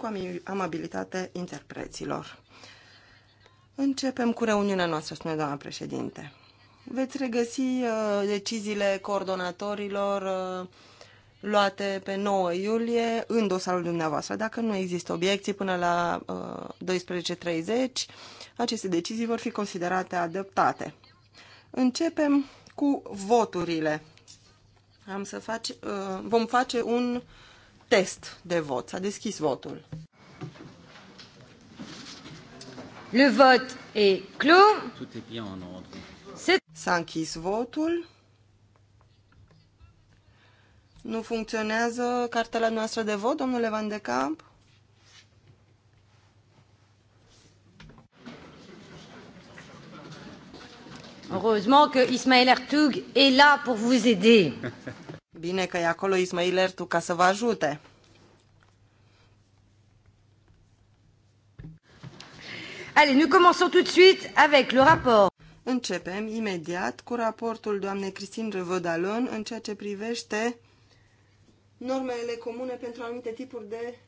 cu amabilitate interpreților. Începem cu reuniunea noastră, spune doamna președinte. Veți regăsi uh, deciziile coordonatorilor uh, luate pe 9 iulie în dosarul dumneavoastră. Dacă nu există obiecții până la uh, 12.30, aceste decizii vor fi considerate adoptate. Începem cu voturile. Am să face, uh, vom face un uh, test de vot. S-a deschis votul. Le vot est clos. Tout est bien en ordre. S-a închis votul. Nu funcționează cartela noastră de vot, domnule Van de Camp? Heureusement que Ismaël Ertug est là pour vous aider. Bine că e acolo Ismail Ertu ca să vă ajute. Allez, nous commençons tout de suite avec le rapport. Începem imediat cu raportul doamnei Christine Revodalon în ceea ce privește normele comune pentru anumite tipuri de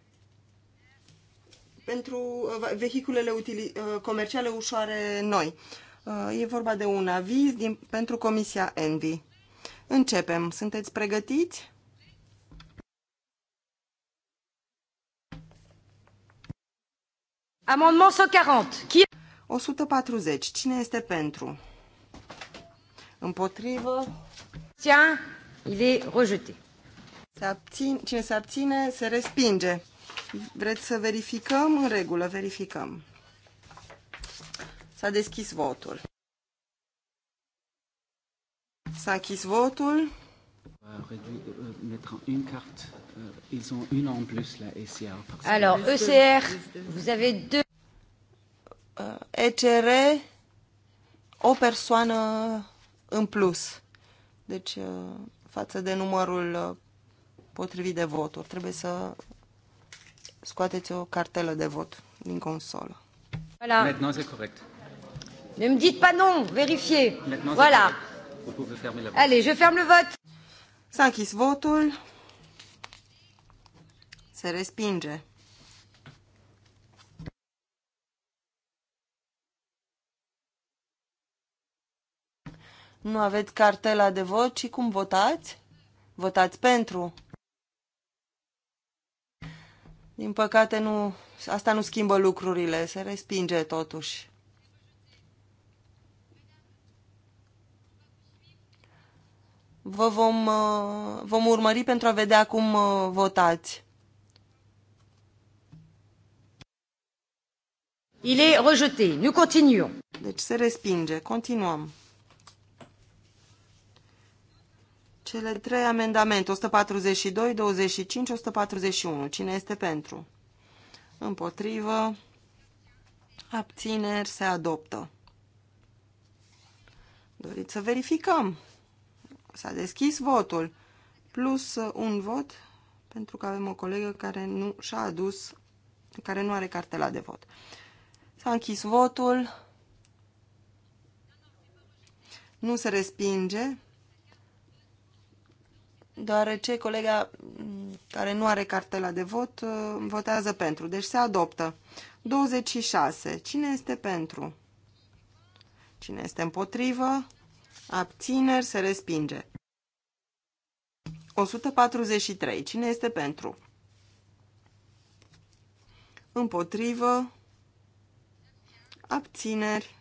pentru uh, vehiculele utili, uh, comerciale ușoare noi. Uh, e vorba de un aviz din, pentru Comisia Envi. Începem. Sunteți pregătiți? Amendement 140. 140. Cine este pentru? Împotrivă? Tiens, il est rejeté. Cine se abține, se respinge. Vreți să verificăm? În regulă, verificăm. S-a deschis votul. S-a închis votul. Alors, ECR, vous avez deux. Uh, ECR, o persoană în plus. Deci, uh, față de numărul uh, potrivit de voturi, trebuie să scoateți o cartelă de vot din consolă. Voilà. Maintenant, c'est correct. Ne me dites pas non, vérifiez. Voilà. Correct. Allez, je ferme le vote. S-a închis votul. Se respinge. Nu aveți cartela de vot și cum votați? Votați pentru. Din păcate, nu, asta nu schimbă lucrurile, se respinge totuși. Vă vom, uh, vom urmări pentru a vedea cum uh, votați. Il est rejeté. Nous continuons. Deci se respinge. Continuăm. Cele trei amendamente, 142, 25, 141. Cine este pentru? Împotrivă. Abțineri se adoptă. Doriți să verificăm. S-a deschis votul. Plus uh, un vot, pentru că avem o colegă care nu și-a adus, care nu are cartela de vot. S-a închis votul. Nu se respinge, deoarece colega mm, care nu are cartela de vot uh, votează pentru. Deci se adoptă. 26. Cine este pentru? Cine este împotrivă? abțineri, se respinge. 143. Cine este pentru? Împotrivă, abțineri,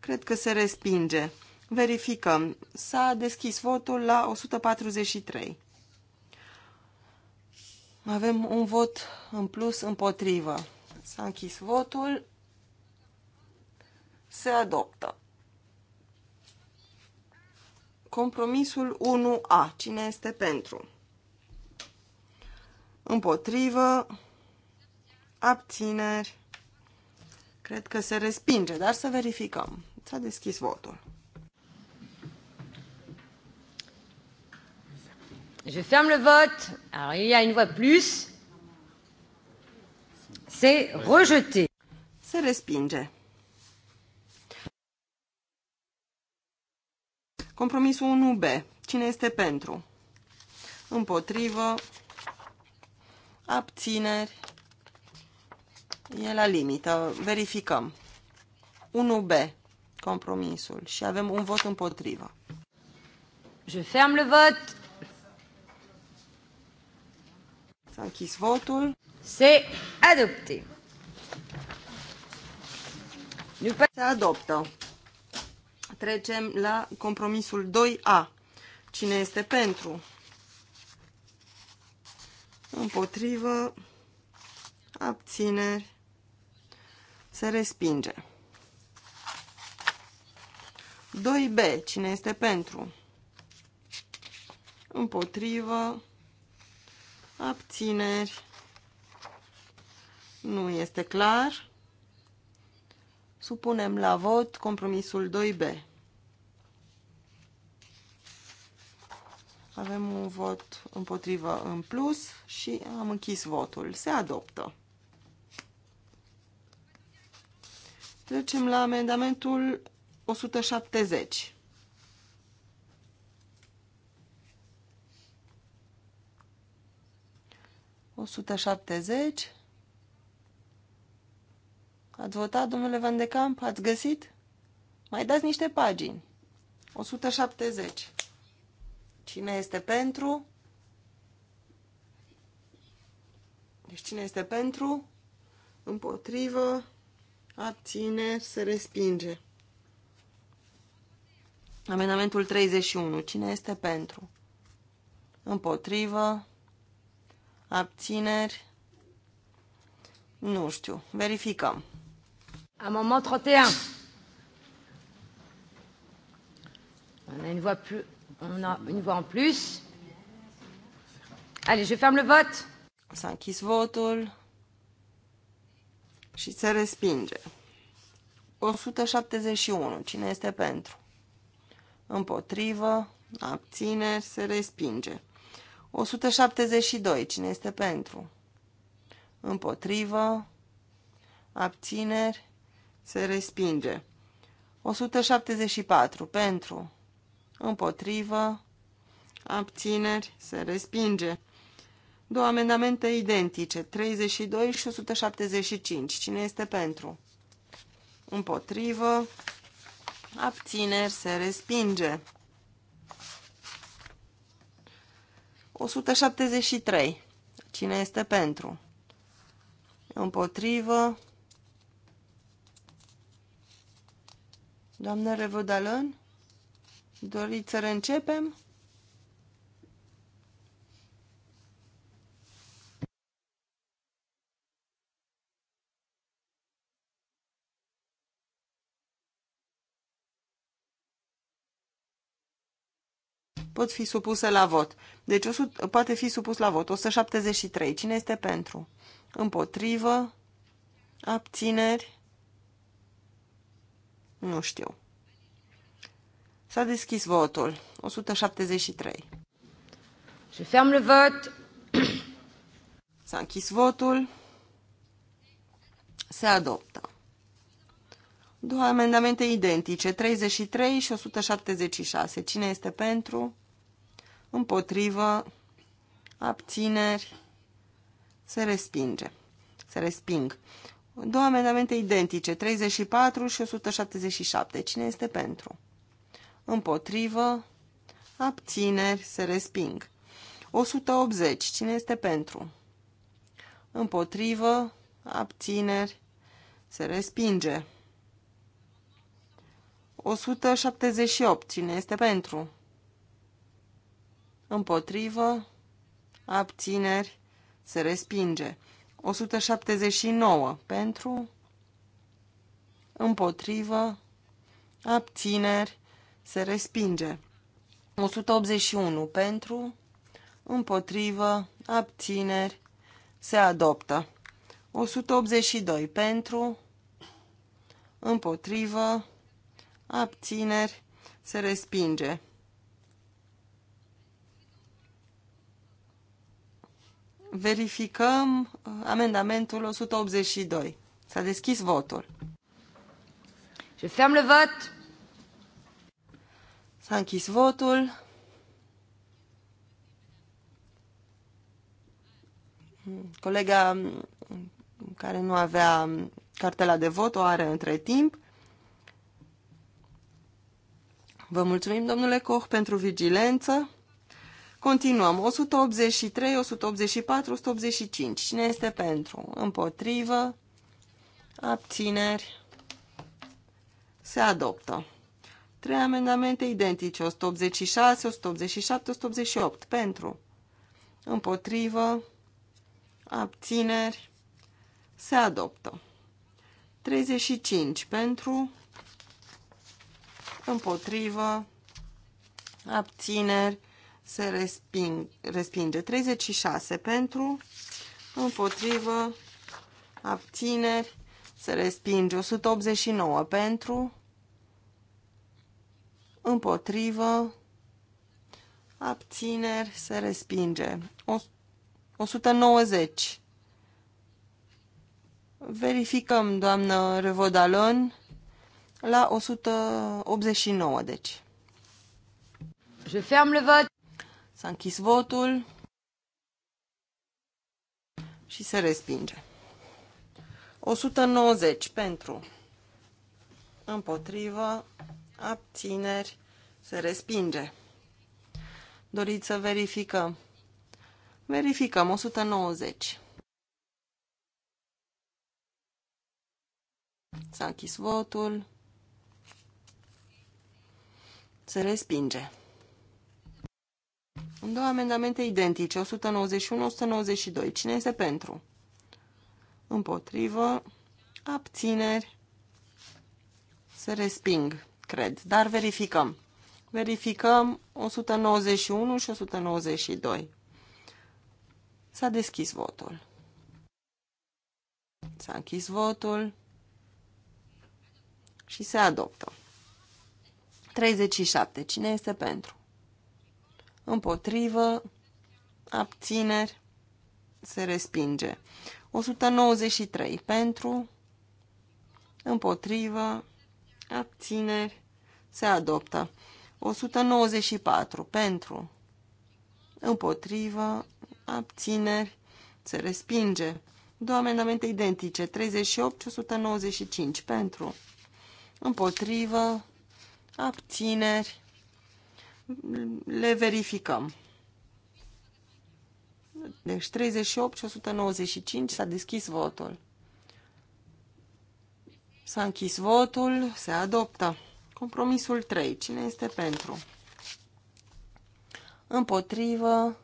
cred că se respinge. Verificăm. S-a deschis votul la 143. Avem un vot în plus împotrivă. S-a închis votul. Se adoptă. Compromisul 1A. Cine este pentru? Împotrivă. Abțineri. Cred că se respinge, dar să verificăm. S-a deschis votul. Je ferme le vote. Alors, il y a une voix plus. C'est rejeté. Se respinge. Compromisul 1B. Cine este pentru? Împotrivă. Abțineri. E la limită. Verificăm. 1B. Compromisul. Și avem un vot împotrivă. Je ferme le vot. S-a închis votul. Se adopte. Se adoptă. Trecem la compromisul 2A. Cine este pentru? Împotrivă. Abțineri. Se respinge. 2B. Cine este pentru? Împotrivă. Abțineri. Nu este clar. Supunem la vot compromisul 2B. Avem un vot împotrivă în plus și am închis votul. Se adoptă. Trecem la amendamentul 170. 170. șaptezeci. Ați votat, domnule Van de Camp? Ați găsit? Mai dați niște pagini. 170. Cine este pentru? Deci cine este pentru? Împotrivă, abține, se respinge. Amendamentul 31. Cine este pentru? Împotrivă, abțineri, nu știu. Verificăm. Amendment 31. On a une voix plus On a une voix en plus. Allez, je ferme le vote. S-a închis votul și se respinge. 171. Cine este pentru? Împotrivă, abțineri, se respinge. 172. Cine este pentru? Împotrivă, abțineri, se respinge. 174. Pentru, împotrivă, abțineri, se respinge. Două amendamente identice, 32 și 175. Cine este pentru? Împotrivă, abțineri, se respinge. 173. Cine este pentru? Împotrivă. Doamne Revădalăn? Doriți să reîncepem? Pot fi supuse la vot. Deci o, poate fi supus la vot. 173. Cine este pentru? Împotrivă? Abțineri? Nu știu. S-a deschis votul. 173. Je ferme le vot. S-a închis votul. Se adoptă. Două amendamente identice, 33 și 176. Cine este pentru? Împotrivă? Abțineri? Se respinge. Se resping. Două amendamente identice, 34 și 177. Cine este pentru? împotrivă, abțineri, se resping. 180. Cine este pentru? Împotrivă, abțineri, se respinge. 178. Cine este pentru? Împotrivă, abțineri, se respinge. 179. Pentru, împotrivă, abțineri, se respinge. 181 pentru, împotrivă, abțineri, se adoptă. 182 pentru, împotrivă, abțineri, se respinge. Verificăm uh, amendamentul 182. S-a deschis votul. Je ferme le vote. S-a închis votul. Colega care nu avea cartela de vot o are între timp. Vă mulțumim, domnule Koch, pentru vigilență. Continuăm. 183, 184, 185. Cine este pentru? Împotrivă. Abțineri. Se adoptă. Trei amendamente identice, 186, 187, 188. Pentru. Împotrivă. Abțineri. Se adoptă. 35 pentru. Împotrivă. Abțineri. Se resping, respinge. 36 pentru. Împotrivă. Abțineri. Se respinge. 189 pentru împotrivă, abțineri, se respinge. O, 190. Verificăm, doamnă Revodalon, la 189, deci. Je ferme le vote. S-a închis votul și se respinge. 190 pentru, împotrivă, abțineri, se respinge. Doriți să verificăm? Verificăm, 190. S-a închis votul. Se respinge. În două amendamente identice, 191-192. Cine este pentru? Împotrivă. Abțineri. Se resping cred, dar verificăm. Verificăm 191 și 192. S-a deschis votul. S-a închis votul și se adoptă. 37. Cine este pentru? Împotrivă, abțineri, se respinge. 193. Pentru, împotrivă, abțineri, se adoptă. 194 pentru, împotrivă, abțineri, se respinge. Două amendamente identice, 38 și 195 pentru, împotrivă, abțineri, le verificăm. Deci 38 și 195 s-a deschis votul. S-a închis votul, se adoptă. Compromisul 3. Cine este pentru? Împotrivă,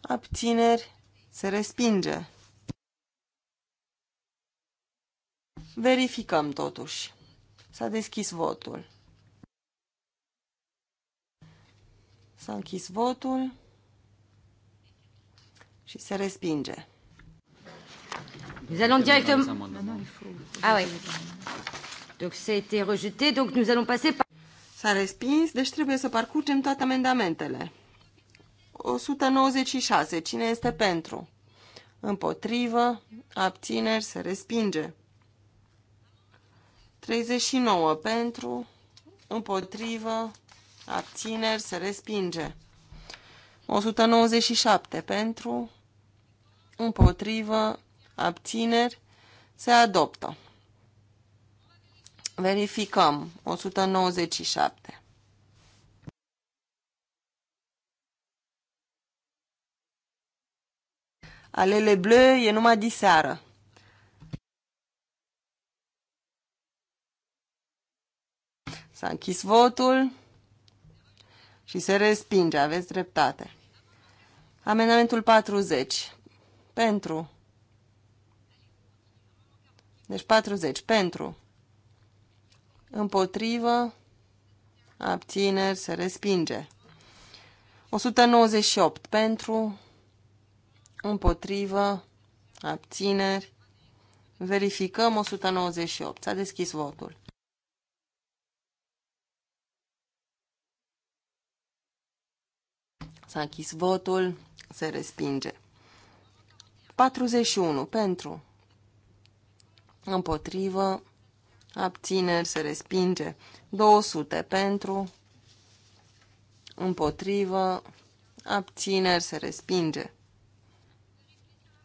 abțineri, se respinge. Verificăm totuși. S-a deschis votul. S-a închis votul și se respinge. Nous allons directement... Ah oui. Donc ça a été rejeté, donc nous allons passer par... S-a respins, deci trebuie să parcurgem toate amendamentele. 196. Cine este pentru? Împotrivă, abțineri, se respinge. 39. Pentru, împotrivă, abțineri, se respinge. 197. Pentru, împotrivă, abțineri, se adoptă. Verificăm. 197. Alele bleu e numai diseară. S-a închis votul și se respinge. Aveți dreptate. Amendamentul 40. Pentru. Deci 40. Pentru împotrivă, abțineri, se respinge. 198 pentru, împotrivă, abțineri. Verificăm 198. S-a deschis votul. S-a închis votul, se respinge. 41 pentru, împotrivă, abțineri, se respinge. 200 pentru, împotrivă, abțineri, se respinge.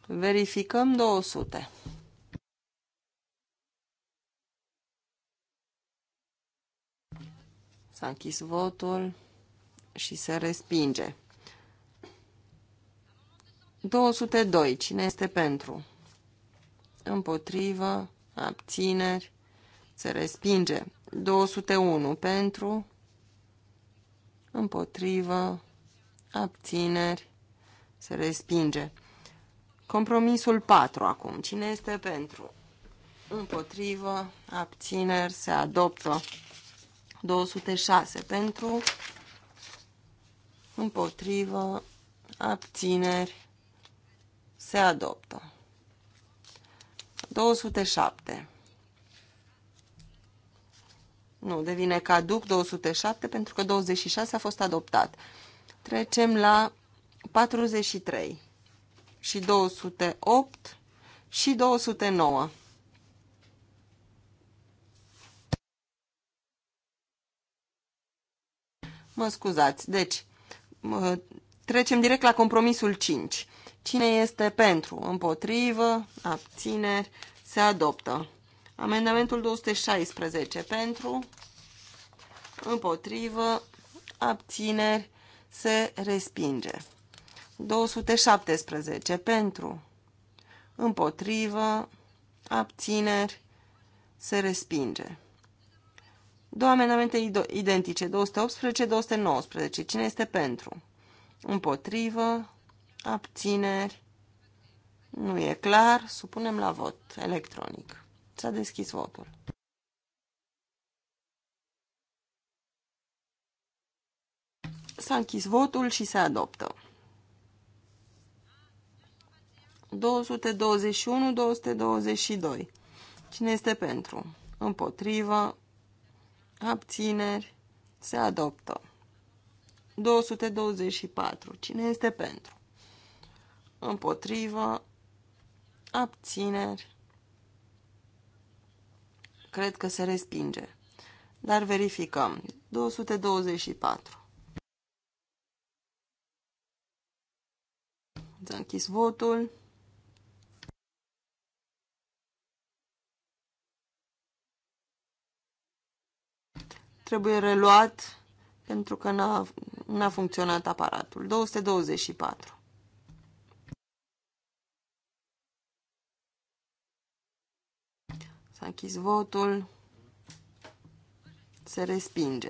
Verificăm 200. S-a închis votul și se respinge. 202. Cine este pentru? Împotrivă, abțineri, se respinge. 201 pentru, împotrivă, abțineri, se respinge. Compromisul 4 acum. Cine este pentru? Împotrivă, abțineri, se adoptă. 206 pentru, împotrivă, abțineri, se adoptă. 207 nu, devine caduc 207 pentru că 26 a fost adoptat. Trecem la 43 și 208 și 209. Mă scuzați. Deci, trecem direct la compromisul 5. Cine este pentru, împotrivă, abțineri, se adoptă. Amendamentul 216 pentru, împotrivă, abțineri, se respinge. 217 pentru, împotrivă, abțineri, se respinge. Două amendamente identice, 218-219. Cine este pentru? Împotrivă, abțineri, nu e clar, supunem la vot electronic. S-a deschis votul. S-a închis votul și se adoptă. 221-222. Cine este pentru? Împotrivă. Abțineri. Se adoptă. 224. Cine este pentru? Împotrivă. Abțineri. Cred că se respinge. Dar verificăm. 224. s închis votul. Trebuie reluat pentru că n-a funcționat aparatul. 224. Închis votul. Se respinge.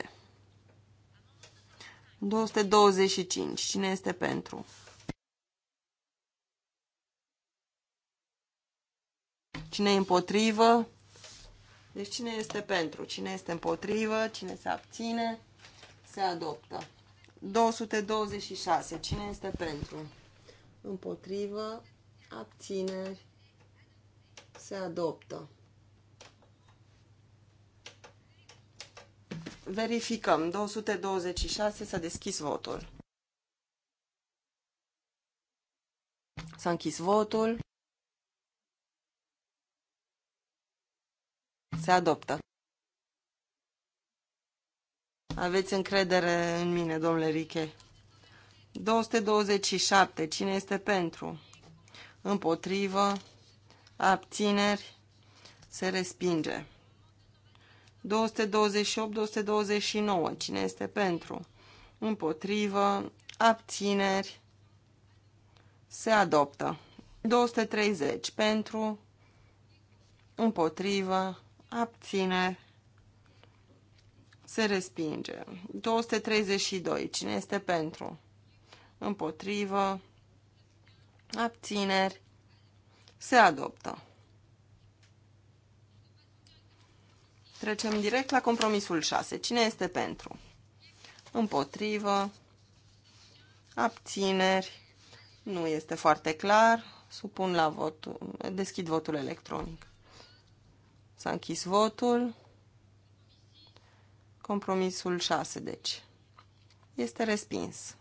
225. Cine este pentru? Cine e împotrivă? Deci cine este pentru? Cine este împotrivă? Cine se abține? Se adoptă. 226. Cine este pentru? Împotrivă, abțineri, se adoptă. Verificăm. 226 s-a deschis votul. S-a închis votul. Se adoptă. Aveți încredere în mine, domnule Riche. 227. Cine este pentru? Împotrivă. Abțineri. Se respinge. 228-229. Cine este pentru? Împotrivă. Abțineri. Se adoptă. 230 pentru. Împotrivă. Abțineri. Se respinge. 232. Cine este pentru? Împotrivă. Abțineri. Se adoptă. Trecem direct la compromisul 6. Cine este pentru? Împotrivă. Abțineri. Nu este foarte clar. Supun la vot. Deschid votul electronic. S-a închis votul. Compromisul 6, deci. Este respins.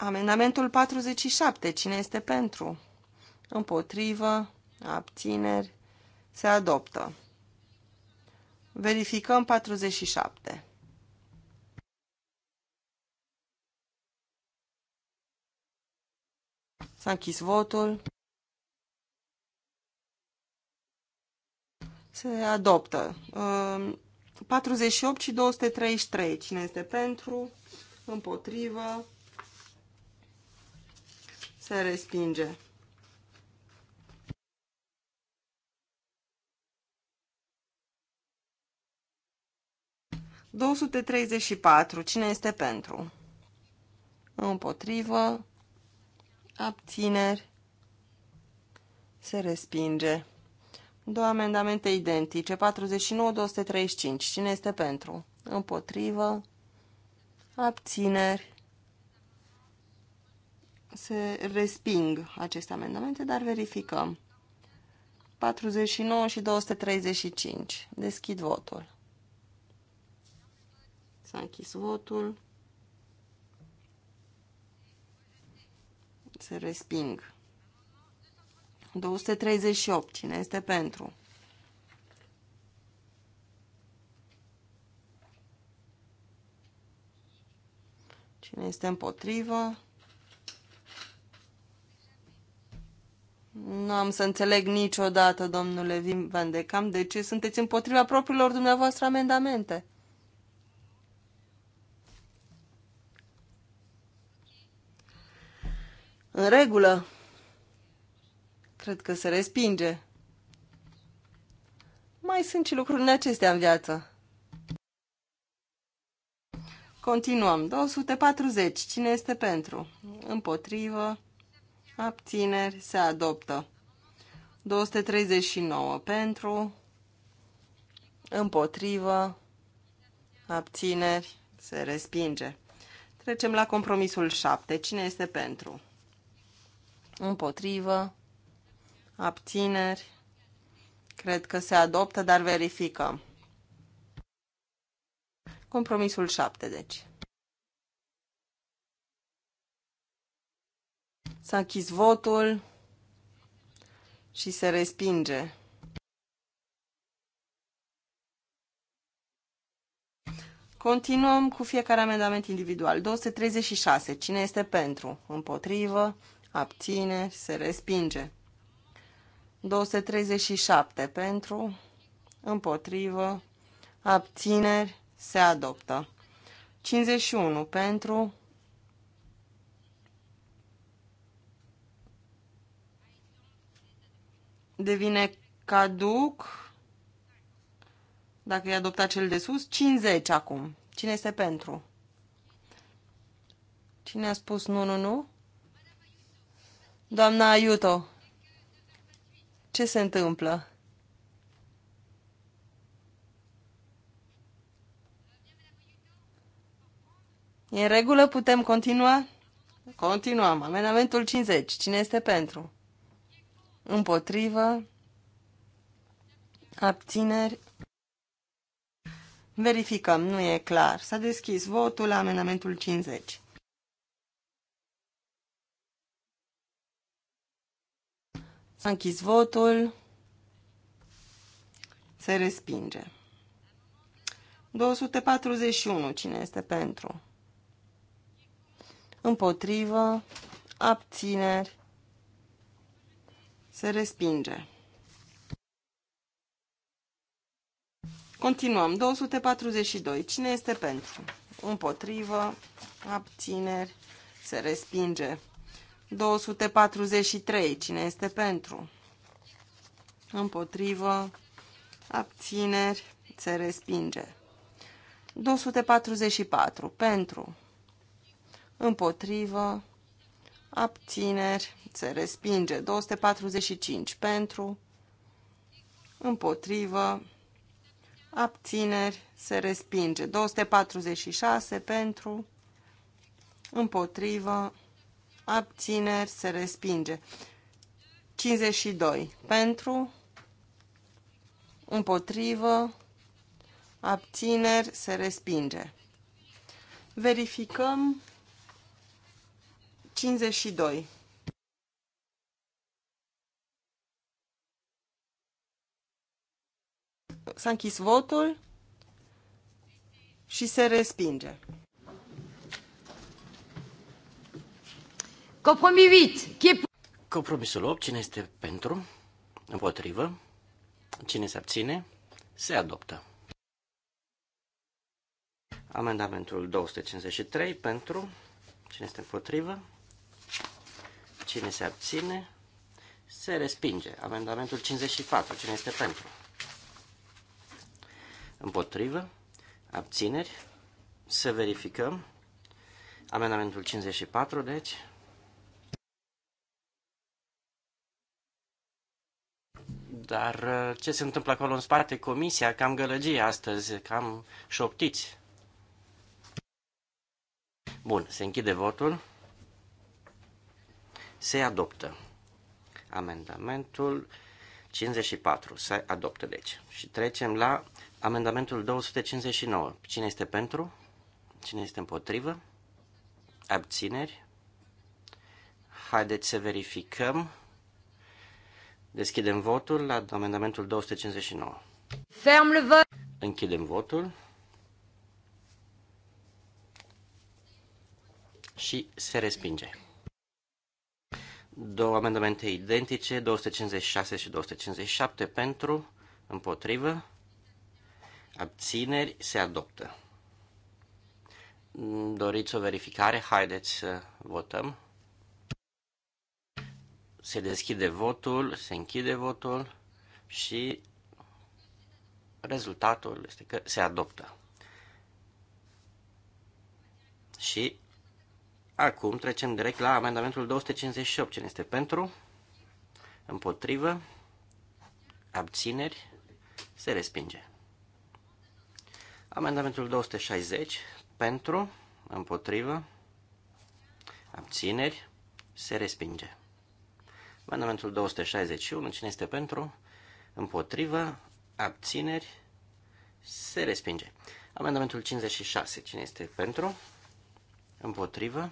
Amendamentul 47. Cine este pentru? Împotrivă. Abțineri. Se adoptă. Verificăm 47. S-a închis votul. Se adoptă. 48 ehm, și 233. Cine este pentru? Împotrivă se respinge. patru. Cine este pentru? Împotrivă. Abțineri. Se respinge. Două amendamente identice. 49-235. Cine este pentru? Împotrivă. Abțineri se resping aceste amendamente, dar verificăm. 49 și 235. Deschid votul. S-a închis votul. Se resping. 238. Cine este pentru? Cine este împotrivă? Nu am să înțeleg niciodată, domnule Vim Van de Cam, de ce sunteți împotriva propriilor dumneavoastră amendamente. În regulă. Cred că se respinge. Mai sunt și lucruri acestea în viață. Continuăm. 240. Cine este pentru? Împotrivă abțineri, se adoptă. 239 pentru, împotrivă, abțineri, se respinge. Trecem la compromisul 7. Cine este pentru? Împotrivă, abțineri, cred că se adoptă, dar verificăm. Compromisul 7, deci. S-a închis votul și se respinge. Continuăm cu fiecare amendament individual. 236. Cine este pentru? Împotrivă? Abține? Se respinge. 237. Pentru? Împotrivă? Abțineri? Se adoptă. 51. Pentru? devine caduc dacă e adoptat cel de sus, 50 acum. Cine este pentru? Cine a spus nu, nu, nu? Doamna Aiuto, ce se întâmplă? E în regulă? Putem continua? Continuăm. Amendamentul 50. Cine este pentru? împotrivă, abțineri. Verificăm, nu e clar. S-a deschis votul la amendamentul 50. S-a închis votul. Se respinge. 241. Cine este pentru? Împotrivă. Abțineri. Se respinge. Continuăm. 242. Cine este pentru? Împotrivă. Abțineri. Se respinge. 243. Cine este pentru? Împotrivă. Abțineri. Se respinge. 244. Pentru. Împotrivă abțineri, se respinge. 245 pentru, împotrivă, abțineri, se respinge. 246 pentru, împotrivă, abțineri, se respinge. 52 pentru, împotrivă, abțineri, se respinge. Verificăm 52. S-a închis votul și se respinge. Compromis 8. Compromisul 8. Cine este pentru? Împotrivă? Cine se abține? Se adoptă. Amendamentul 253 pentru. Cine este împotrivă? Cine se abține? Se respinge. Amendamentul 54. Cine este pentru? Împotrivă. Abțineri. Să verificăm. Amendamentul 54, deci. Dar uh, ce se întâmplă acolo în spate? Comisia cam gălăgie astăzi, cam șoptiți. Bun, se închide votul. Se adoptă. Amendamentul 54 se adoptă, deci. Și trecem la amendamentul 259. Cine este pentru? Cine este împotrivă? Abțineri? Haideți să verificăm. Deschidem votul la amendamentul 259. Ferm le vot. Închidem votul. Și se respinge. Două amendamente identice, 256 și 257 pentru, împotrivă, abțineri, se adoptă. Doriți o verificare? Haideți să votăm. Se deschide votul, se închide votul și rezultatul este că se adoptă. Și Acum trecem direct la amendamentul 258. Cine este pentru? Împotrivă? Abțineri? Se respinge. Amendamentul 260. Pentru? Împotrivă? Abțineri? Se respinge. Amendamentul 261. Cine este pentru? Împotrivă? Abțineri? Se respinge. Amendamentul 56. Cine este pentru? Împotrivă?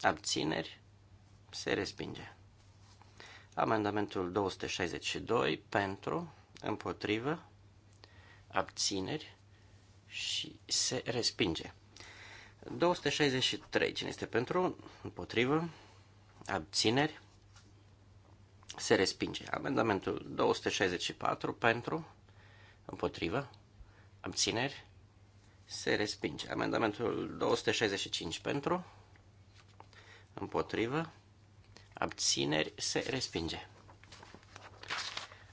abțineri, se respinge. Amendamentul 262 pentru, împotrivă, abțineri și se respinge. 263, cine este pentru, împotrivă, abțineri, se respinge. Amendamentul 264 pentru, împotrivă, abțineri, se respinge. Amendamentul 265 pentru, Împotrivă. Abțineri se respinge.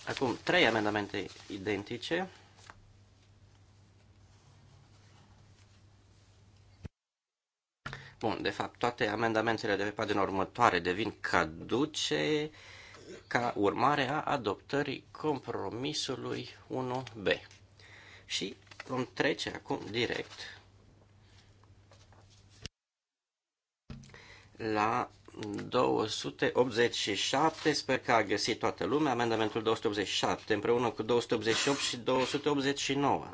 Acum, trei amendamente identice. Bun, de fapt, toate amendamentele de pe pagina următoare devin caduce ca urmare a adoptării compromisului 1B. Și vom trece acum direct la 287, sper că a găsit toată lumea, amendamentul 287 împreună cu 288 și 289.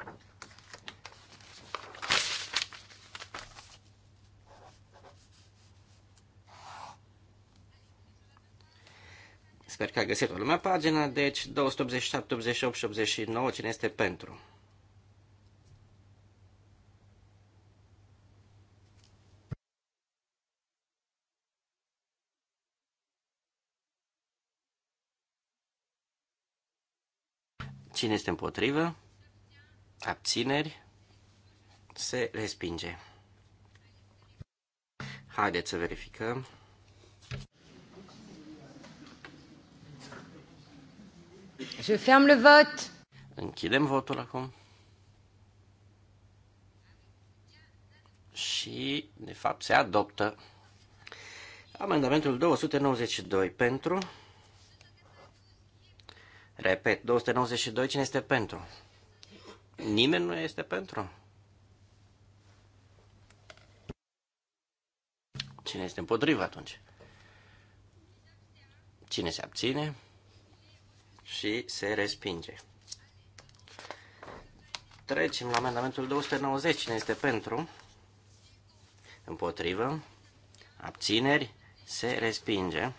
Sper că a găsit o lumea pagina, deci 287, 88 și 89, cine este pentru? Cine este împotrivă? Abțineri? Se respinge. Haideți să verificăm. Je ferme le vote. Închidem votul acum. Și, de fapt, se adoptă amendamentul 292 pentru Repet, 292, cine este pentru? Nimeni nu este pentru? Cine este împotrivă atunci? Cine se abține? Și se respinge. Trecem la amendamentul 290. Cine este pentru? Împotrivă? Abțineri? Se respinge.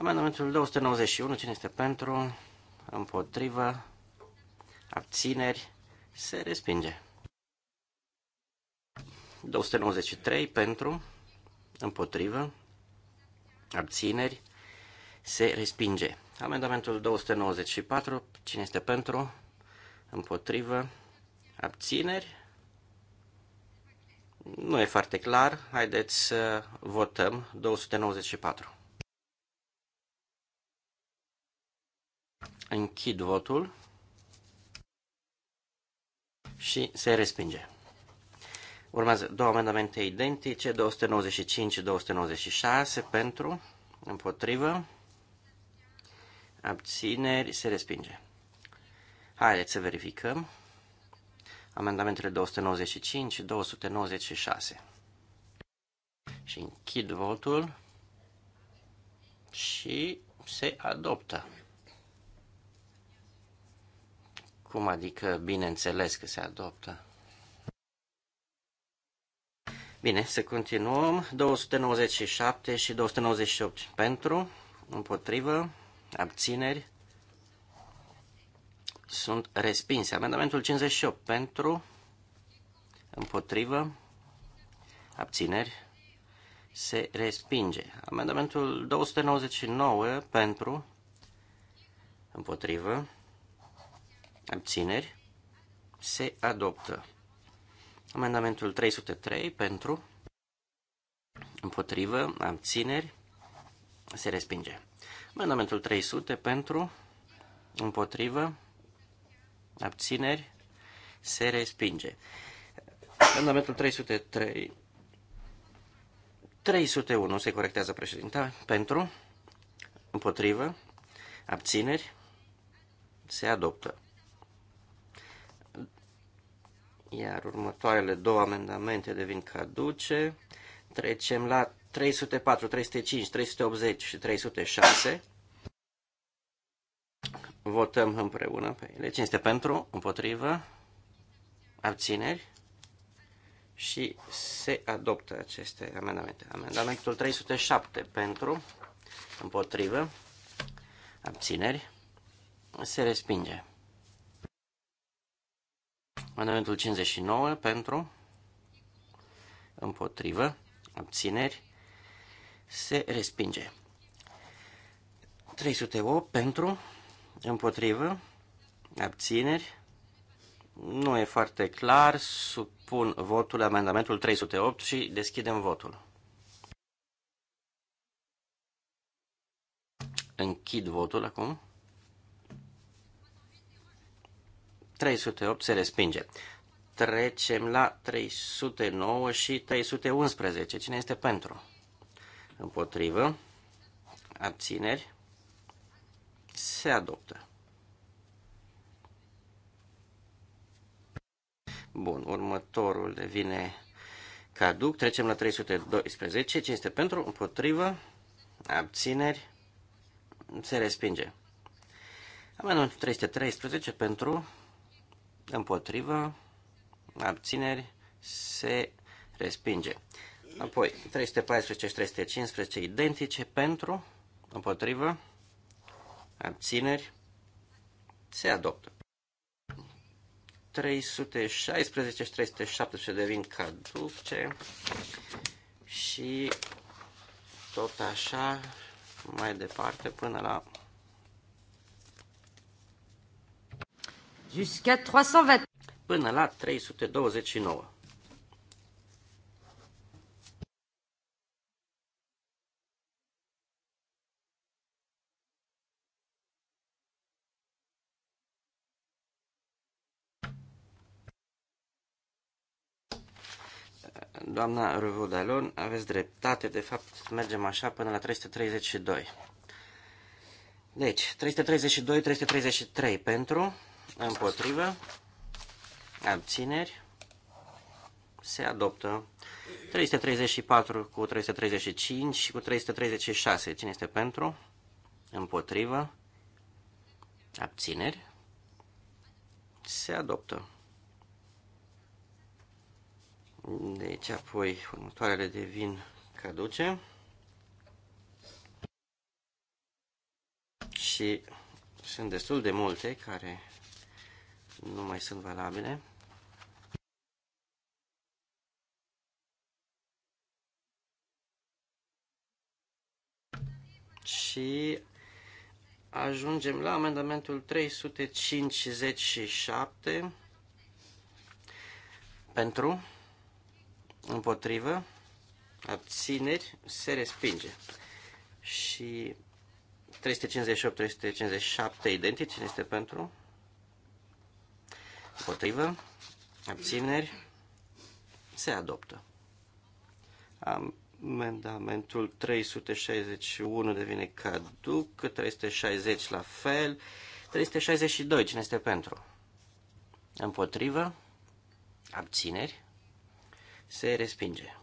Amendamentul 291, cine este pentru, împotrivă, abțineri, se respinge. 293 pentru, împotrivă, abțineri, se respinge. Amendamentul 294, cine este pentru, împotrivă, abțineri, nu e foarte clar, haideți să votăm 294. Închid votul și se respinge. Urmează două amendamente identice, 295-296 pentru, împotrivă, abțineri, se respinge. Haideți să verificăm amendamentele 295 și 296. Și închid votul și se adoptă. Cum adică, bineînțeles că se adoptă? Bine, să continuăm. 297 și 298 pentru, împotrivă, abțineri, sunt respinse. Amendamentul 58 pentru, împotrivă, abțineri, se respinge. Amendamentul 299 pentru, împotrivă, abțineri, se adoptă. Amendamentul 303 pentru, împotrivă, abțineri, se respinge. Amendamentul 300 pentru, împotrivă, abțineri, se respinge. Amendamentul 303, 301 se corectează președinta, pentru, împotrivă, abțineri, se adoptă iar următoarele două amendamente devin caduce. Trecem la 304, 305, 380 și 306. Votăm împreună pe ele. Cine este pentru, împotrivă, abțineri și se adoptă aceste amendamente. Amendamentul 307 pentru, împotrivă, abțineri, se respinge. Amendamentul 59 pentru, împotrivă, abțineri, se respinge. 308 pentru, împotrivă, abțineri, nu e foarte clar, supun votul amendamentul 308 și deschidem votul. Închid votul acum. 308 se respinge. Trecem la 309 și 311. Cine este pentru? Împotrivă. Abțineri. Se adoptă. Bun, următorul devine caduc. Trecem la 312. Cine este pentru? Împotrivă. Abțineri. Se respinge. Amendamentul 313 pentru împotrivă, abțineri, se respinge. Apoi, 314 și 315 identice pentru, împotrivă, abțineri, se adoptă. 316 și 317 devin caduce și tot așa mai departe până la Jusqu'à 320. Până la 329. Doamna Ruvudalon, aveți dreptate, de fapt mergem așa până la 332. Deci, 332-333 pentru, Împotrivă. Abțineri. Se adoptă. 334 cu 335 și cu 336. Cine este pentru? Împotrivă. Abțineri. Se adoptă. Deci apoi următoarele devin caduce. Și sunt destul de multe care nu mai sunt valabile. Și ajungem la amendamentul 357 pentru, împotrivă, abțineri, se respinge. Și 358-357 identici, este pentru, Împotrivă. Abțineri. Se adoptă. Amendamentul 361 devine caduc, 360 la fel, 362, cine este pentru? Împotrivă, abțineri, se respinge.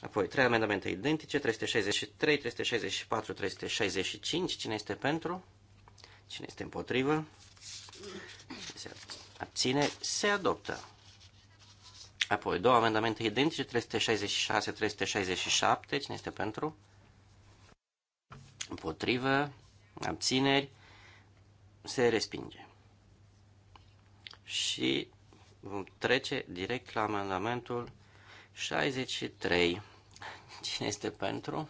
Apoi, trei amendamente identice, 363, 364, 365, cine este pentru? Cine este împotrivă? Cine Se abține abține, se adoptă. Apoi, două amendamente identice, 366, 367, cine este pentru? Împotrivă, abțineri, se respinge. Și vom trece direct la amendamentul 63. Cine este pentru?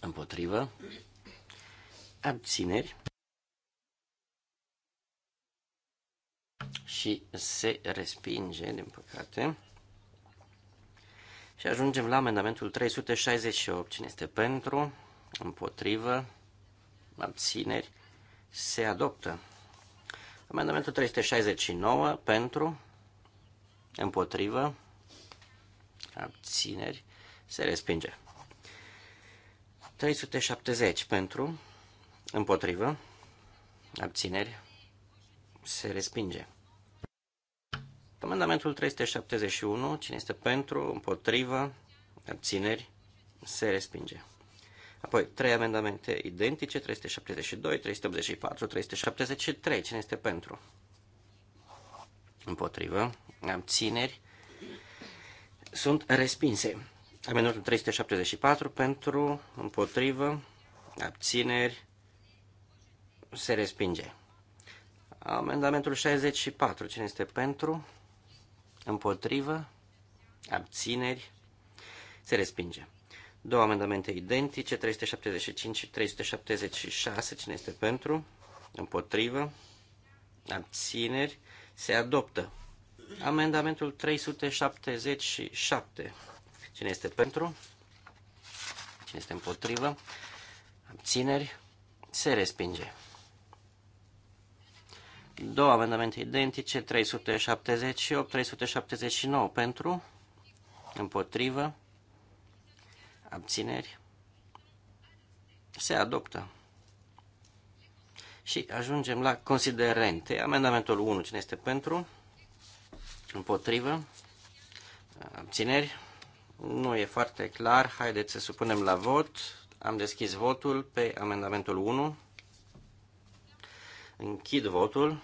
Împotrivă. Abțineri. și se respinge, din păcate. Și ajungem la amendamentul 368. Cine este pentru, împotrivă, abțineri, se adoptă. Amendamentul 369 pentru, împotrivă, abțineri, se respinge. 370 pentru, împotrivă, abțineri, se respinge. Amendamentul 371, cine este pentru, împotrivă, abțineri, se respinge. Apoi, trei amendamente identice, 372, 384, 373. Cine este pentru? Împotrivă. Abțineri. Sunt respinse. Amendamentul 374 pentru, împotrivă, abțineri, se respinge. Amendamentul 64. Cine este pentru? împotrivă, abțineri, se respinge. Două amendamente identice, 375 și 376, cine este pentru, împotrivă, abțineri, se adoptă. Amendamentul 377, cine este pentru, cine este împotrivă, abțineri, se respinge. Două amendamente identice, 378, 379 pentru, împotrivă, abțineri, se adoptă. Și ajungem la considerente. Amendamentul 1, cine este pentru, împotrivă, abțineri, nu e foarte clar, haideți să supunem la vot. Am deschis votul pe amendamentul 1. Închid votul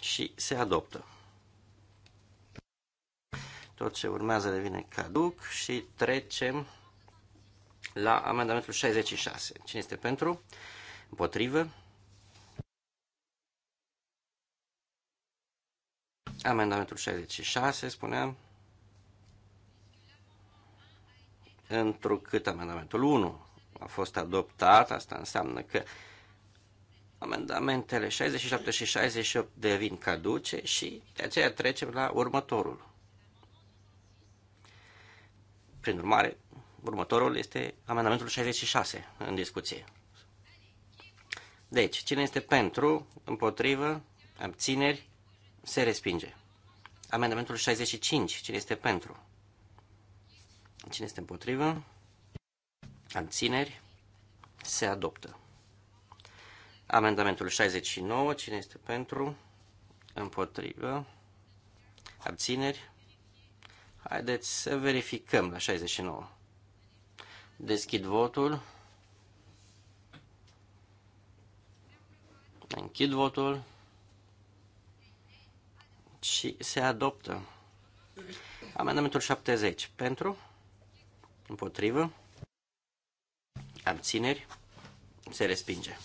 și se adoptă. Tot ce urmează devine caduc și trecem la amendamentul 66. Cine este pentru? Împotrivă? Amendamentul 66, spuneam, întrucât amendamentul 1 a fost adoptat, asta înseamnă că amendamentele 67 și 68 devin caduce și de aceea trecem la următorul. Prin urmare, următorul este amendamentul 66 în discuție. Deci, cine este pentru, împotrivă, abțineri, se respinge. Amendamentul 65, cine este pentru? Cine este împotrivă? Abțineri. Se adoptă. Amendamentul 69. Cine este pentru? Împotrivă. Abțineri. Haideți să verificăm la 69. Deschid votul. Închid votul. Și se adoptă. Amendamentul 70. Pentru? Împotrivă? abțineri, se respinge.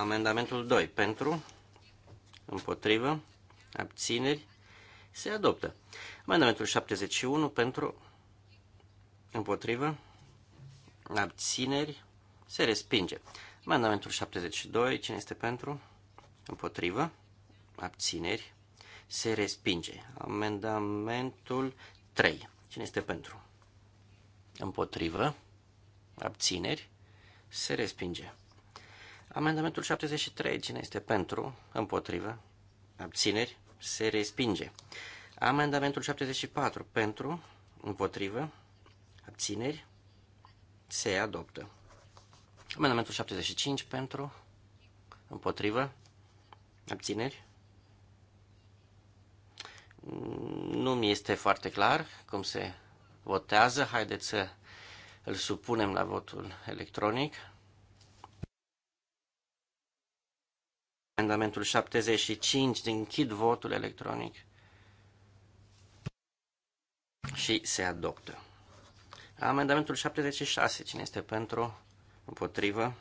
Amendamentul 2 pentru, împotrivă, abțineri, se adoptă. Amendamentul 71 pentru, împotrivă, abțineri, se respinge. Amendamentul 72, cine este pentru, împotrivă, abțineri, se respinge. Amendamentul 3, cine este pentru, împotrivă, abțineri, se respinge. Amendamentul 73. Cine este pentru? Împotrivă? Abțineri? Se respinge. Amendamentul 74. Pentru? Împotrivă? Abțineri? Se adoptă. Amendamentul 75. Pentru? Împotrivă? Abțineri? Nu mi este foarte clar cum se votează. Haideți să îl supunem la votul electronic. Amendamentul 75, închid votul electronic și se adoptă. Amendamentul 76, cine este pentru, împotrivă,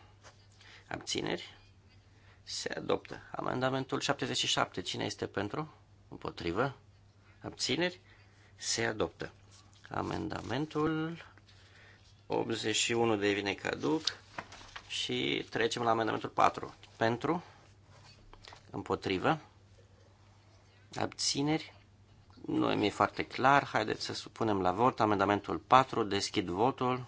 abțineri, se adoptă. Amendamentul 77, cine este pentru, împotrivă, abțineri, se adoptă. Amendamentul 81 devine caduc și trecem la amendamentul 4. Pentru, împotrivă, abțineri, nu mi-e foarte clar, haideți să supunem la vot amendamentul 4, deschid votul,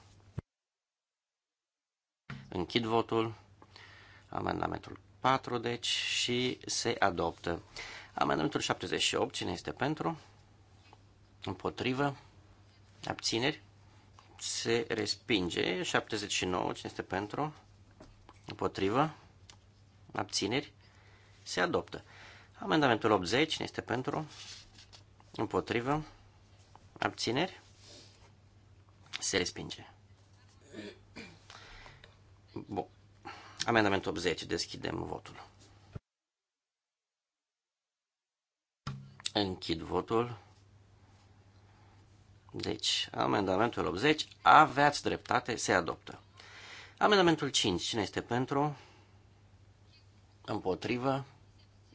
închid votul, amendamentul 4, deci, și se adoptă. Amendamentul 78, cine este pentru? Împotrivă? Abțineri? se respinge. 79, cine este pentru? Împotrivă? Abțineri? Se adoptă. Amendamentul 80, cine este pentru? Împotrivă? Abțineri? Se respinge. Bun. Amendamentul 80, deschidem votul. Închid votul. Deci, amendamentul 80, aveați dreptate, se adoptă. Amendamentul 5, cine este pentru? Împotrivă?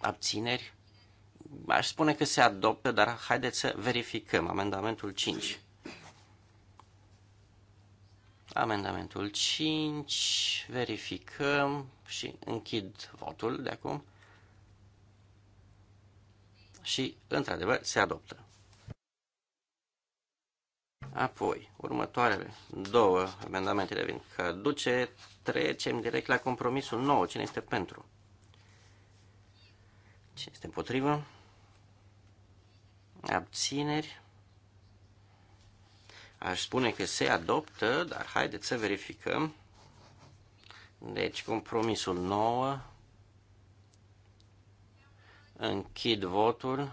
Abțineri? Aș spune că se adoptă, dar haideți să verificăm. Amendamentul 5. Amendamentul 5, verificăm și închid votul de acum. Și, într-adevăr, se adoptă. Apoi, următoarele două amendamente devin caduce. Trecem direct la compromisul nou. Cine este pentru? Cine este împotrivă? Abțineri. Aș spune că se adoptă, dar haideți să verificăm. Deci, compromisul nou Închid votul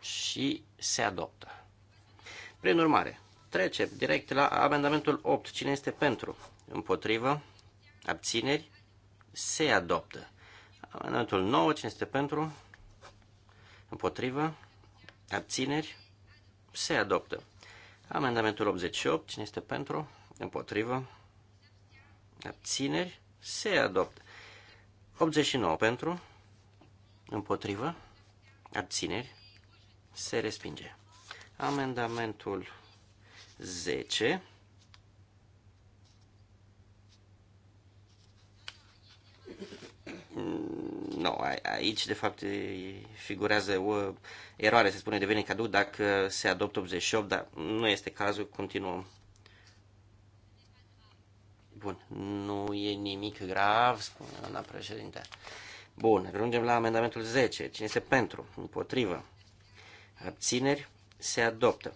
și se adoptă. Prin urmare, trecem direct la amendamentul 8. Cine este pentru? Împotrivă? Abțineri? Se adoptă. Amendamentul 9. Cine este pentru? Împotrivă? Abțineri? Se adoptă. Amendamentul 88. Cine este pentru? Împotrivă? Abțineri? Se adoptă. 89 pentru? Împotrivă? Abțineri? Se respinge. Amendamentul 10. Nu, aici de fapt figurează o eroare, se spune, devine cadou dacă se adoptă 88, dar nu este cazul, continuăm. Bun, nu e nimic grav, spune doamna președinte. Bun, ajungem la amendamentul 10. Cine este pentru? Împotrivă? Abțineri se adoptă.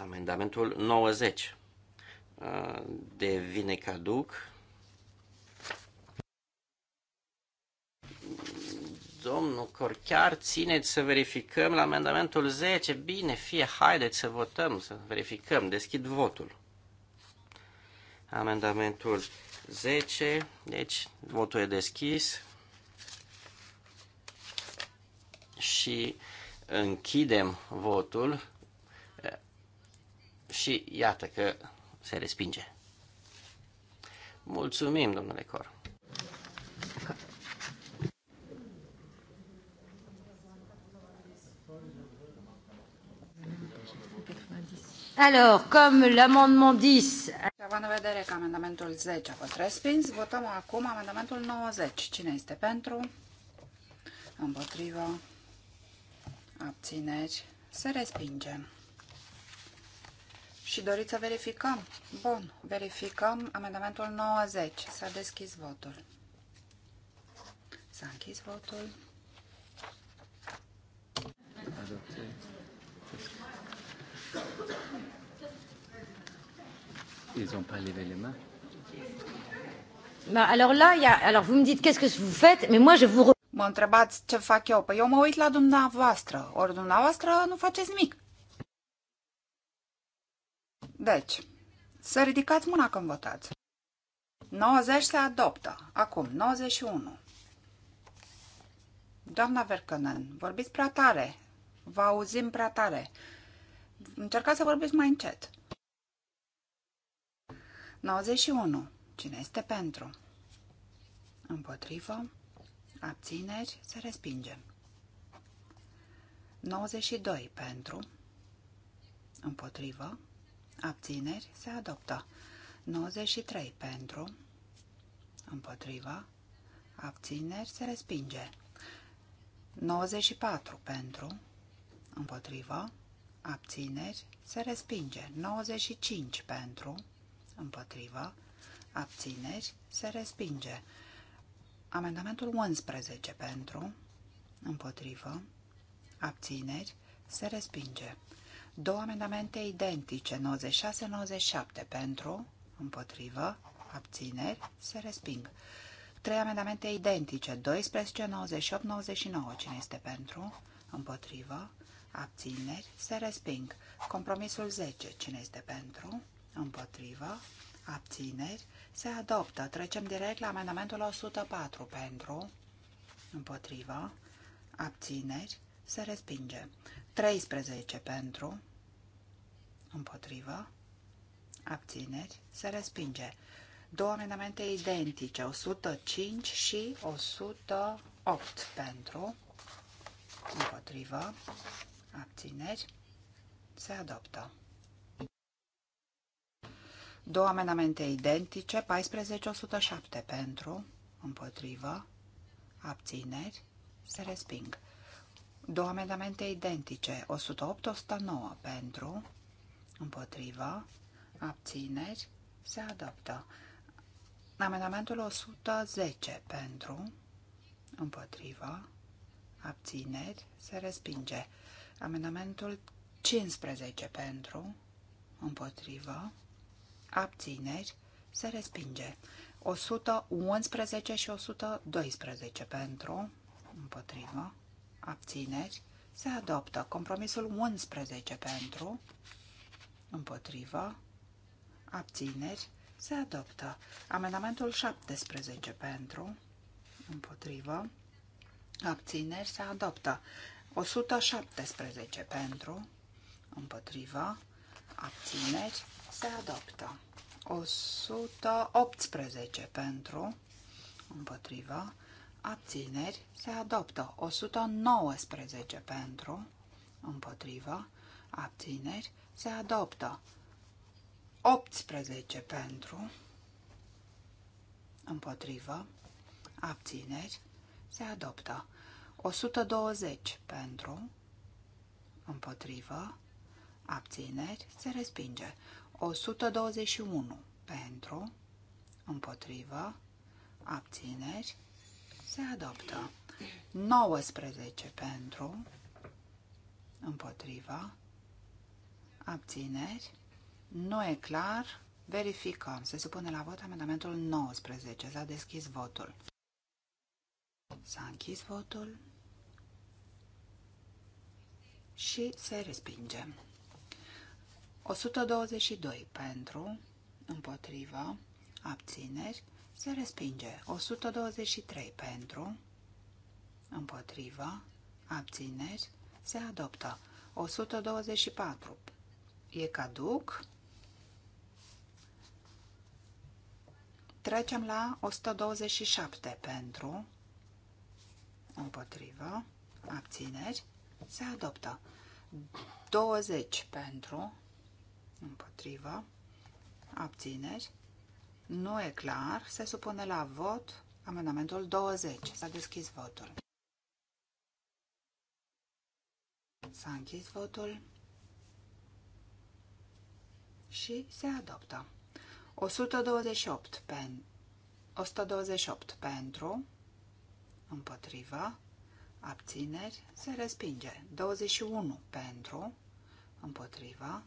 Amendamentul 90 uh, devine caduc. Domnul Corchiar, țineți să verificăm la amendamentul 10. Bine, fie, haideți să votăm, să verificăm. Deschid votul. Amendamentul 10, deci votul e deschis. Și Închidem votul și iată că se respinge. Mulțumim, domnule Cor. Alors, comme l'amendement 10... Având în vedere că amendamentul 10 a fost respins, votăm acum amendamentul 90. Cine este pentru? Împotriva? abțineri, se respinge. Și doriți să verificăm? Bun, verificăm amendamentul 90. S-a deschis votul. S-a închis votul. Ils ont pas levé les mains. Bah alors là, il y a... alors vous me dites qu'est-ce que vous faites, mais moi je vous Mă întrebați ce fac eu? Păi eu mă uit la dumneavoastră. Ori dumneavoastră nu faceți nimic. Deci, să ridicați mâna când votați. 90 se adoptă. Acum, 91. Doamna Vercănen, vorbiți prea tare. Vă auzim prea tare. Încercați să vorbiți mai încet. 91. Cine este pentru? Împotrivă abțineri, se respinge. 92 pentru, împotrivă, abțineri, se adoptă. 93 pentru, împotriva, abțineri, se respinge. 94 pentru, împotriva, abțineri, se respinge. 95 pentru, împotriva, abțineri, se respinge. Amendamentul 11 pentru, împotrivă, abțineri, se respinge. Două amendamente identice, 96-97 pentru, împotrivă, abțineri, se resping. Trei amendamente identice, 12, 98, 99. Cine este pentru? Împotrivă. Abțineri. Se resping. Compromisul 10. Cine este pentru? Împotrivă abțineri, se adoptă. Trecem direct la amendamentul 104 pentru, împotrivă, abțineri, se respinge. 13 pentru, împotrivă, abțineri, se respinge. Două amendamente identice, 105 și 108 pentru, împotrivă, abțineri, se adoptă. Două amenamente identice, 14107 pentru, împotrivă, abțineri, se resping. Două amendamente identice, 108-109 pentru, împotrivă, abțineri, se adoptă. Amendamentul 110 pentru, împotrivă, abțineri, se respinge. Amendamentul 15 pentru, împotrivă, abțineri, se respinge. 111 și 112 pentru, împotrivă, abțineri, se adoptă. Compromisul 11 pentru, împotrivă, abțineri, se adoptă. Amendamentul 17 pentru, împotrivă, abțineri, se adoptă. 117 pentru, împotrivă, abțineri, se adoptă. 118 pentru, împotriva, abțineri, se adoptă. 119 pentru, împotriva, abțineri, se adoptă. 18 pentru, împotriva, abțineri, se adoptă. 120 pentru, împotriva, abțineri, se respinge. 121 pentru, împotrivă, abțineri, se adoptă. 19 pentru, împotrivă, abțineri, nu e clar, verificăm. Se supune la vot amendamentul 19. S-a deschis votul. S-a închis votul și se respinge. 122 pentru, împotrivă, abțineri, se respinge. 123 pentru, împotrivă, abțineri, se adoptă. 124 e caduc. Trecem la 127 pentru, împotrivă, abțineri, se adoptă. 20 pentru, împotrivă, abțineri, nu e clar, se supune la vot amendamentul 20. S-a deschis votul. S-a închis votul și se adoptă. 128, pen, 128 pentru, împotriva, abțineri, se respinge. 21 pentru, împotriva,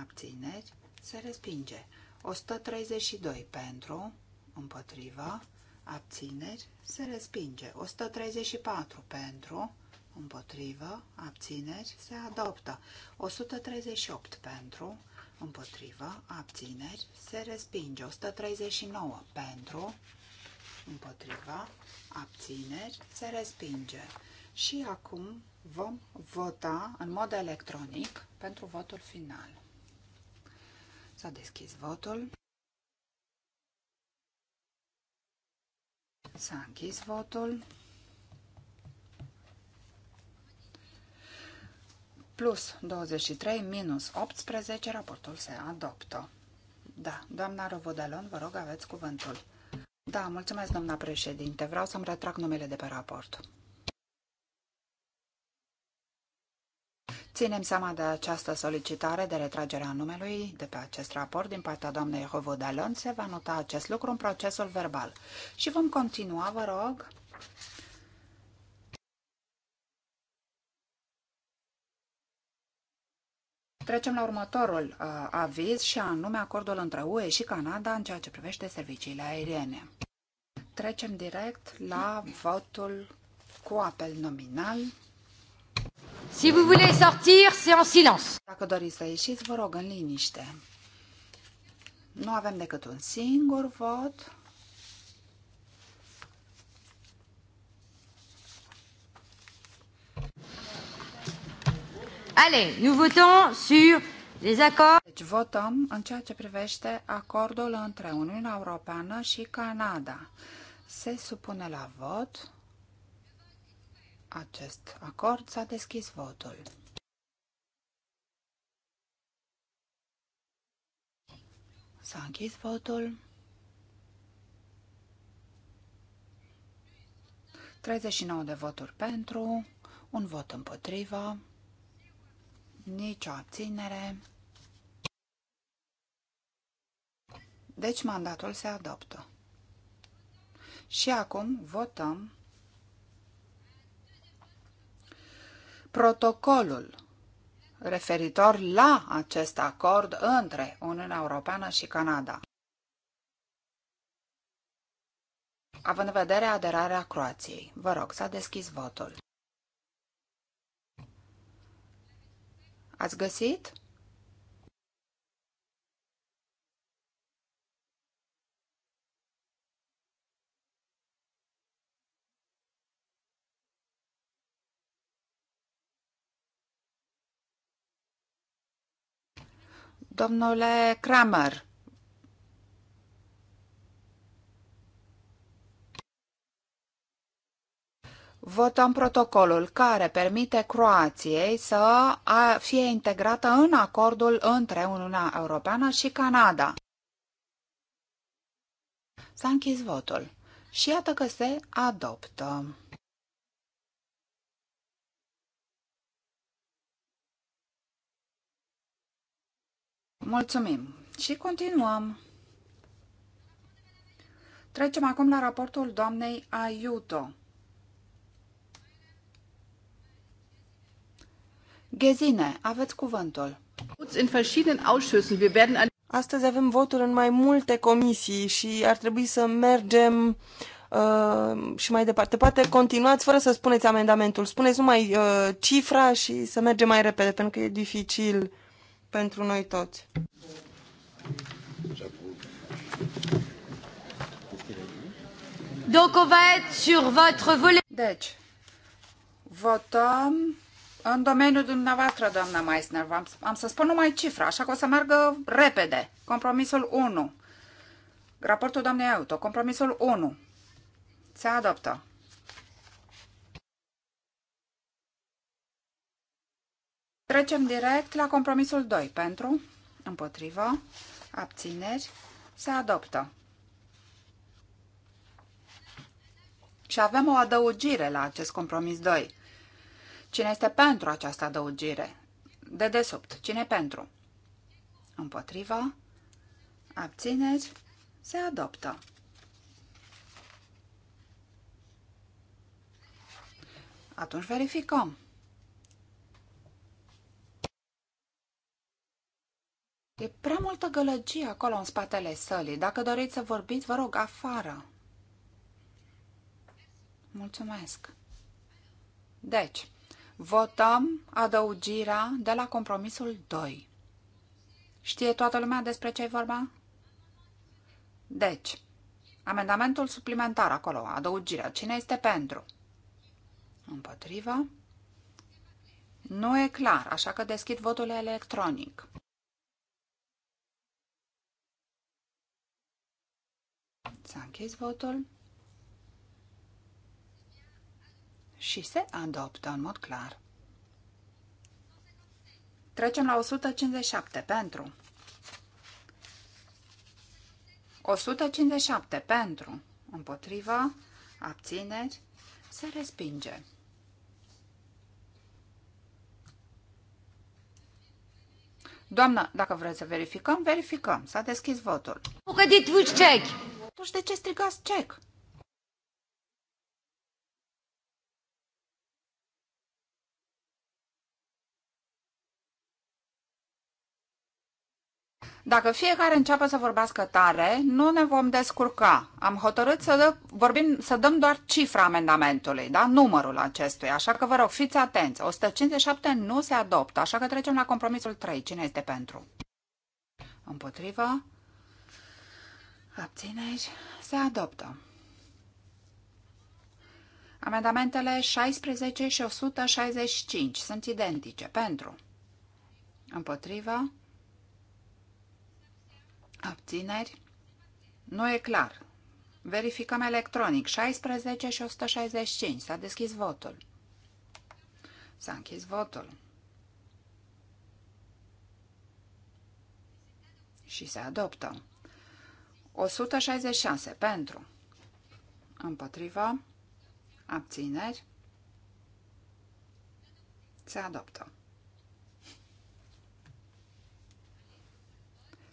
abțineri, se respinge. 132 pentru, împotriva, abțineri, se respinge. 134 pentru, împotrivă, abțineri, se adoptă. 138 pentru, împotrivă, abțineri, se respinge. 139 pentru, împotriva, abțineri, se respinge. Și acum vom vota în mod electronic pentru votul final. S-a deschis votul. S-a închis votul. Plus 23 minus 18, raportul se adoptă. Da, doamna Rovodelon, vă rog, aveți cuvântul. Da, mulțumesc, doamna președinte. Vreau să-mi retrag numele de pe raport. Ținem seama de această solicitare de retragere a numelui de pe acest raport din partea doamnei Hovodalon. Se va nota acest lucru în procesul verbal. Și vom continua, vă rog. Trecem la următorul uh, aviz și anume acordul între UE și Canada în ceea ce privește serviciile aeriene. Trecem direct la votul cu apel nominal Si vous voulez sortir, c'est en silence. Dacă doriți să ieșiți, vă rog în liniște. Nu avem decât un singur vot. Allez, nous votons sur les accords. Deci votăm în ceea ce privește acordul între Uniunea Europeană și Canada. Se supune la vot acest acord. S-a deschis votul. S-a închis votul. 39 de voturi pentru, un vot împotrivă, nicio abținere. Deci mandatul se adoptă. Și acum votăm protocolul referitor la acest acord între Uniunea Europeană și Canada. Având în vedere aderarea Croației, vă rog, s-a deschis votul. Ați găsit? Domnule Kramer. Votăm protocolul care permite Croației să fie integrată în acordul între Uniunea Europeană și Canada. S-a închis votul și iată că se adoptă. Mulțumim. Și continuăm. Trecem acum la raportul doamnei Aiuto. Gezine, aveți cuvântul. Astăzi avem voturi în mai multe comisii și ar trebui să mergem uh, și mai departe. Poate continuați fără să spuneți amendamentul. Spuneți numai uh, cifra și să mergem mai repede, pentru că e dificil pentru noi toți. Donc on va être sur votre volet. Deci, votăm în domeniul dumneavoastră, doamna Meissner. Am, am să spun numai cifra, așa că o să meargă repede. Compromisul 1. Raportul doamnei Auto. Compromisul 1. Se adoptă. Trecem direct la compromisul 2. Pentru, împotrivă, abțineri, se adoptă. Și avem o adăugire la acest compromis 2. Cine este pentru această adăugire? De desubt. Cine pentru? Împotriva. Abțineri. Se adoptă. Atunci verificăm. E prea multă gălăgie acolo în spatele sălii. Dacă doriți să vorbiți, vă rog, afară. Mulțumesc. Deci, votăm adăugirea de la compromisul 2. Știe toată lumea despre ce i vorba? Deci, amendamentul suplimentar acolo, adăugirea. Cine este pentru? Împotriva? Nu e clar, așa că deschid votul electronic. S-a închis votul și se adoptă în mod clar. Trecem la 157 pentru. 157 pentru. Împotriva, abțineri, se respinge. Doamnă, dacă vreți să verificăm, verificăm. S-a deschis votul. Bucă de atunci de ce strigați cec? Dacă fiecare începe să vorbească tare, nu ne vom descurca. Am hotărât să, dă, vorbim, să dăm doar cifra amendamentului, da? numărul acestuia, așa că vă rog, fiți atenți. 157 nu se adoptă, așa că trecem la compromisul 3. Cine este pentru? Împotrivă? Abțineri. Se adoptă. Amendamentele 16 și 165 sunt identice. Pentru. Împotriva. Abțineri. Nu e clar. Verificăm electronic. 16 și 165. S-a deschis votul. S-a închis votul. Și se adoptă. 166 pentru, împotriva, abțineri, se adoptă.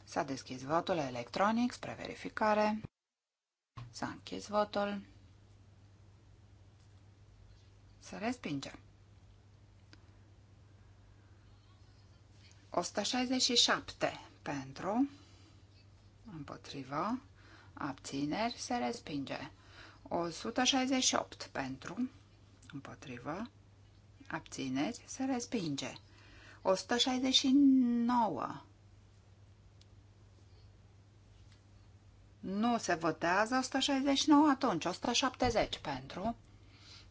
S-a deschis votul electronic spre verificare. S-a închis votul. Se respinge. 167 pentru, împotrivă, abțineri, se respinge. 168 pentru, împotrivă, abțineri, se respinge. 169 Nu se votează 169 atunci, 170 pentru,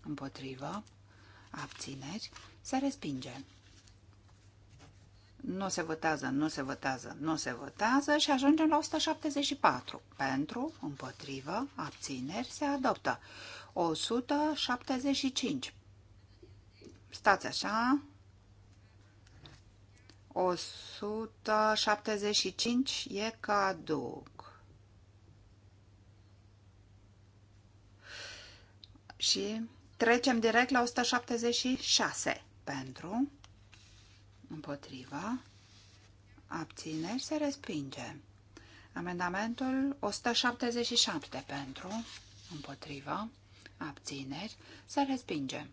împotrivă, abțineri, se respinge. Nu se votează, nu se votează, nu se votează și ajungem la 174. Pentru, împotrivă, abțineri, se adoptă. 175. Stați așa. 175 e caduc. Și trecem direct la 176 pentru împotriva, abțineri, se respinge. Amendamentul 177 pentru, împotriva, abțineri, se respinge.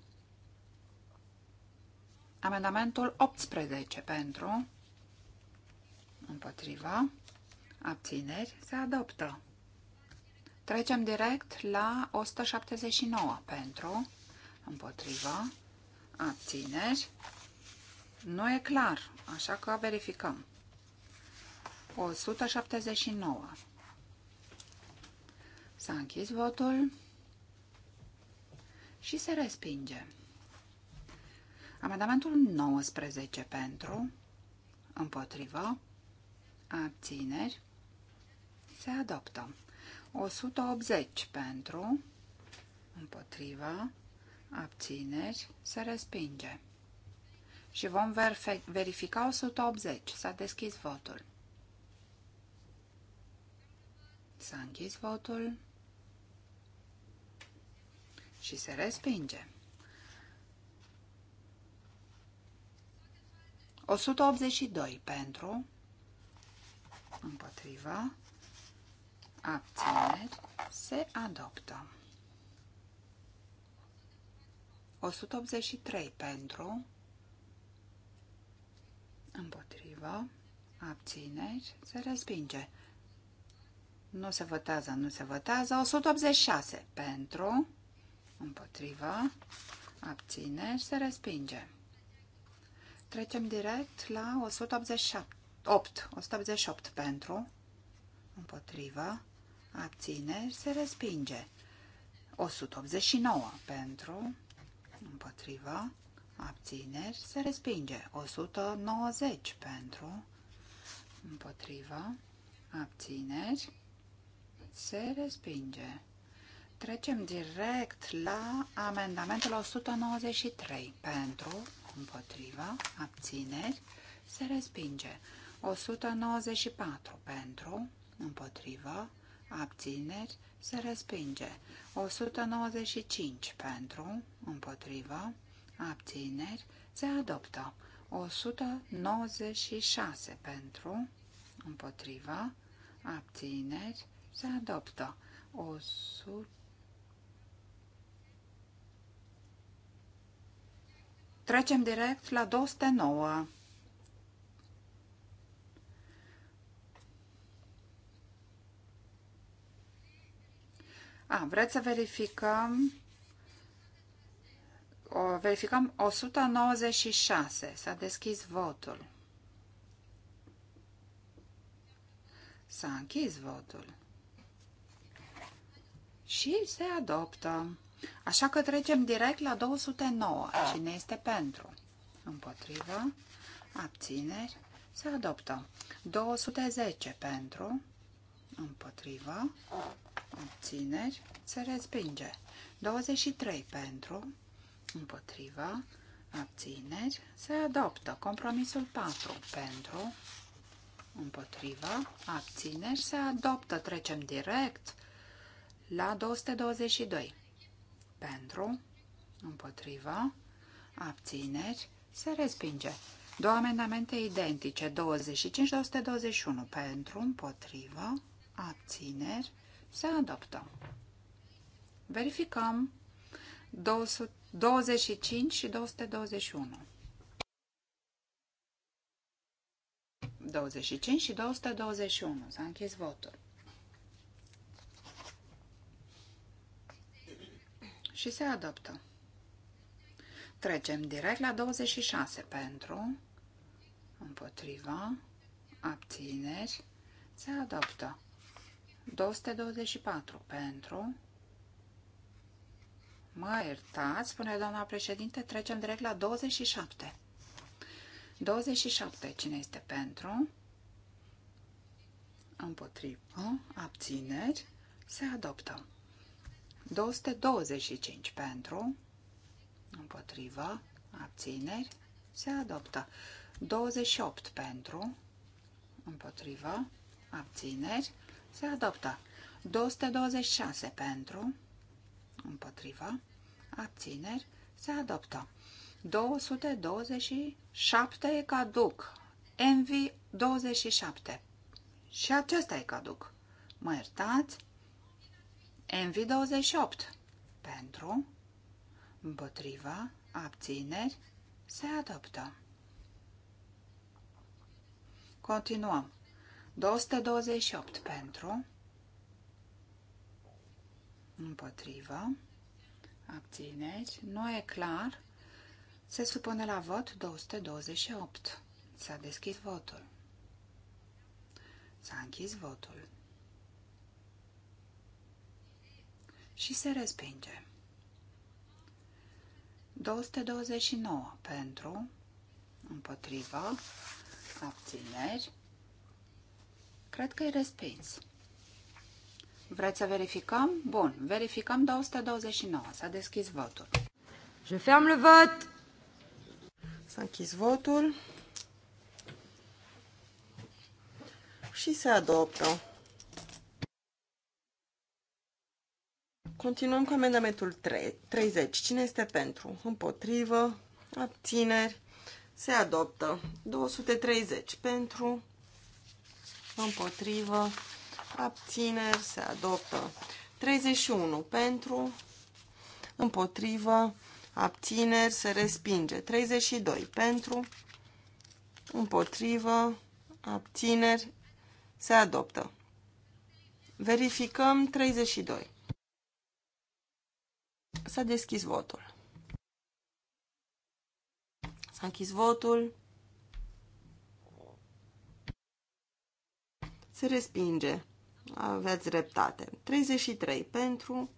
Amendamentul 18 pentru, împotriva, abțineri, se adoptă. Trecem direct la 179 pentru, împotriva, abțineri, nu e clar, așa că verificăm. 179. S-a închis votul și se respinge. Amendamentul 19 pentru, împotrivă, abțineri, se adoptă. 180 pentru, împotrivă, abțineri, se respinge și vom verifica 180. S-a deschis votul. S-a închis votul și se respinge. 182 pentru, împotriva, abțineri, se adoptă. 183 pentru, împotrivă, abțineri, se respinge. Nu se votează, nu se votează. 186 pentru, împotrivă, abțineri, se respinge. Trecem direct la 187. 8, 188 pentru, împotrivă, abțineri, se respinge. 189 pentru, împotrivă, abțineri, se respinge. 190 pentru, împotriva, abțineri, se respinge. Trecem direct la amendamentul 193 pentru, împotriva, abțineri, se respinge. 194 pentru, împotriva, abțineri, se respinge. 195 pentru, împotriva, abțineri, se adoptă. 196 pentru, împotriva, abțineri, se adoptă. 100 Trecem direct la 209. A, vreți să verificăm o, verificăm 196. S-a deschis votul. S-a închis votul. Și se adoptă. Așa că trecem direct la 209. Cine este pentru? Împotrivă. Abțineri. Se adoptă. 210 pentru. Împotrivă. Abțineri. Se respinge. 23 pentru împotriva, abțineri, se adoptă. Compromisul 4 pentru, împotriva, abțineri, se adoptă. Trecem direct la 222. Pentru, împotriva, abțineri, se respinge. Două amendamente identice, 25-221, pentru, împotriva, abțineri, se adoptă. Verificăm 200 25 și 221. 25 și 221. S-a închis votul. Și se adoptă. Trecem direct la 26 pentru, împotriva, abțineri, se adoptă. 224 pentru, Mă iertați, spune doamna președinte, trecem direct la 27. 27. Cine este pentru? Împotrivă. Abțineri. Se adoptă. 225 pentru. Împotrivă. Abțineri. Se adoptă. 28 pentru. Împotrivă. Abțineri. Se adoptă. 226 pentru Împotriva. Abțineri. Se adoptă. 227 e caduc. Envy 27. Și acesta e caduc. Mă iertați? Envy 28. Pentru. Împotriva. Abțineri. Se adoptă. Continuăm. 228 pentru, împotrivă, abțineri, nu e clar, se supune la vot 228. S-a deschis votul. S-a închis votul. Și se respinge. 229 pentru, împotrivă, abțineri. Cred că e respins. Vreți să verificăm? Bun, verificăm 229. S-a deschis votul. Je ferme le vot. S-a închis votul. Și se adoptă. Continuăm cu amendamentul 3, 30. Cine este pentru? Împotrivă? Abțineri? Se adoptă. 230 pentru? Împotrivă? abțineri, se adoptă. 31 pentru, împotrivă, abțineri, se respinge. 32 pentru, împotrivă, abțineri, se adoptă. Verificăm 32. S-a deschis votul. S-a închis votul. Se respinge. Aveți dreptate. 33 pentru,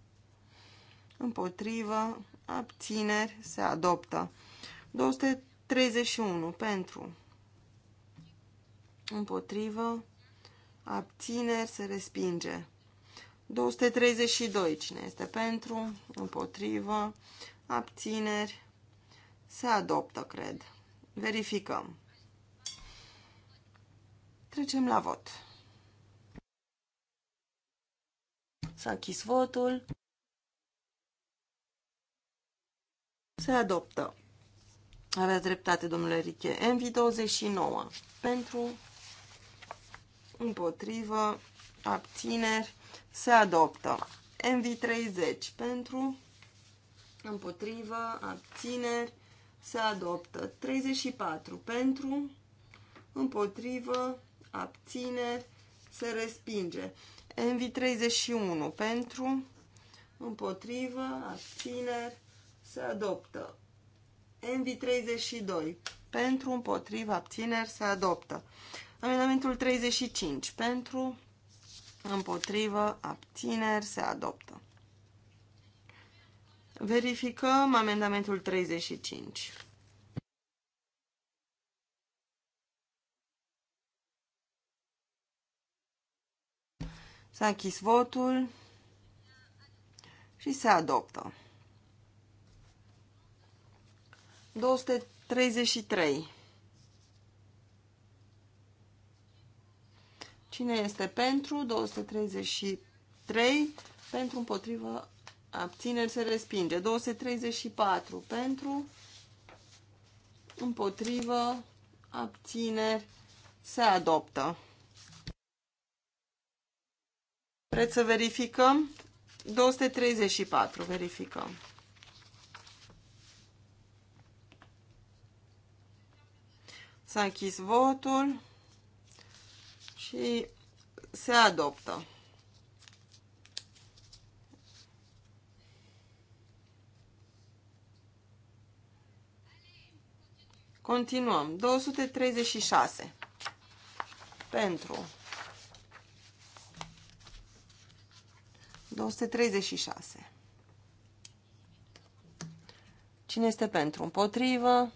împotrivă, abțineri, se adoptă. 231 pentru, împotrivă, abțineri, se respinge. 232, cine este pentru, împotrivă, abțineri, se adoptă, cred. Verificăm. Trecem la vot. S-a închis votul. Se adoptă. Avea dreptate, domnule Riche. MV29. Pentru, împotrivă, abțineri, se adoptă. MV30. Pentru, împotrivă, abțineri, se adoptă. 34. Pentru, împotrivă, abțineri, se respinge. NV31 pentru, împotrivă, abțineri, se adoptă. NV32 pentru, împotrivă, abțineri, se adoptă. Amendamentul 35 pentru, împotrivă, abțineri, se adoptă. Verificăm amendamentul 35. S-a închis votul și se adoptă. 233. Cine este pentru? 233. Pentru, împotrivă, abțineri se respinge. 234. Pentru, împotrivă, abțineri se adoptă. Preț să verificăm? 234 verificăm. S-a închis votul și se adoptă. Continuăm. 236. Pentru. 236. Cine este pentru? Împotrivă?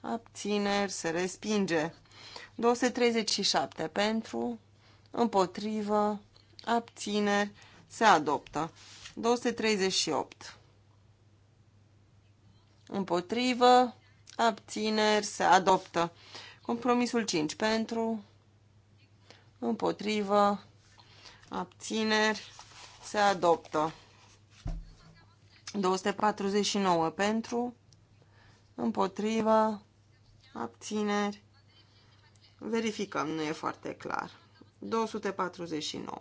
Abțineri? Se respinge. 237 pentru, împotrivă, abțineri, se adoptă. 238 împotrivă, abțineri, se adoptă. Compromisul 5 pentru, împotrivă, abțineri, se adoptă. 249 pentru, împotriva abțineri. Verificăm, nu e foarte clar. 249.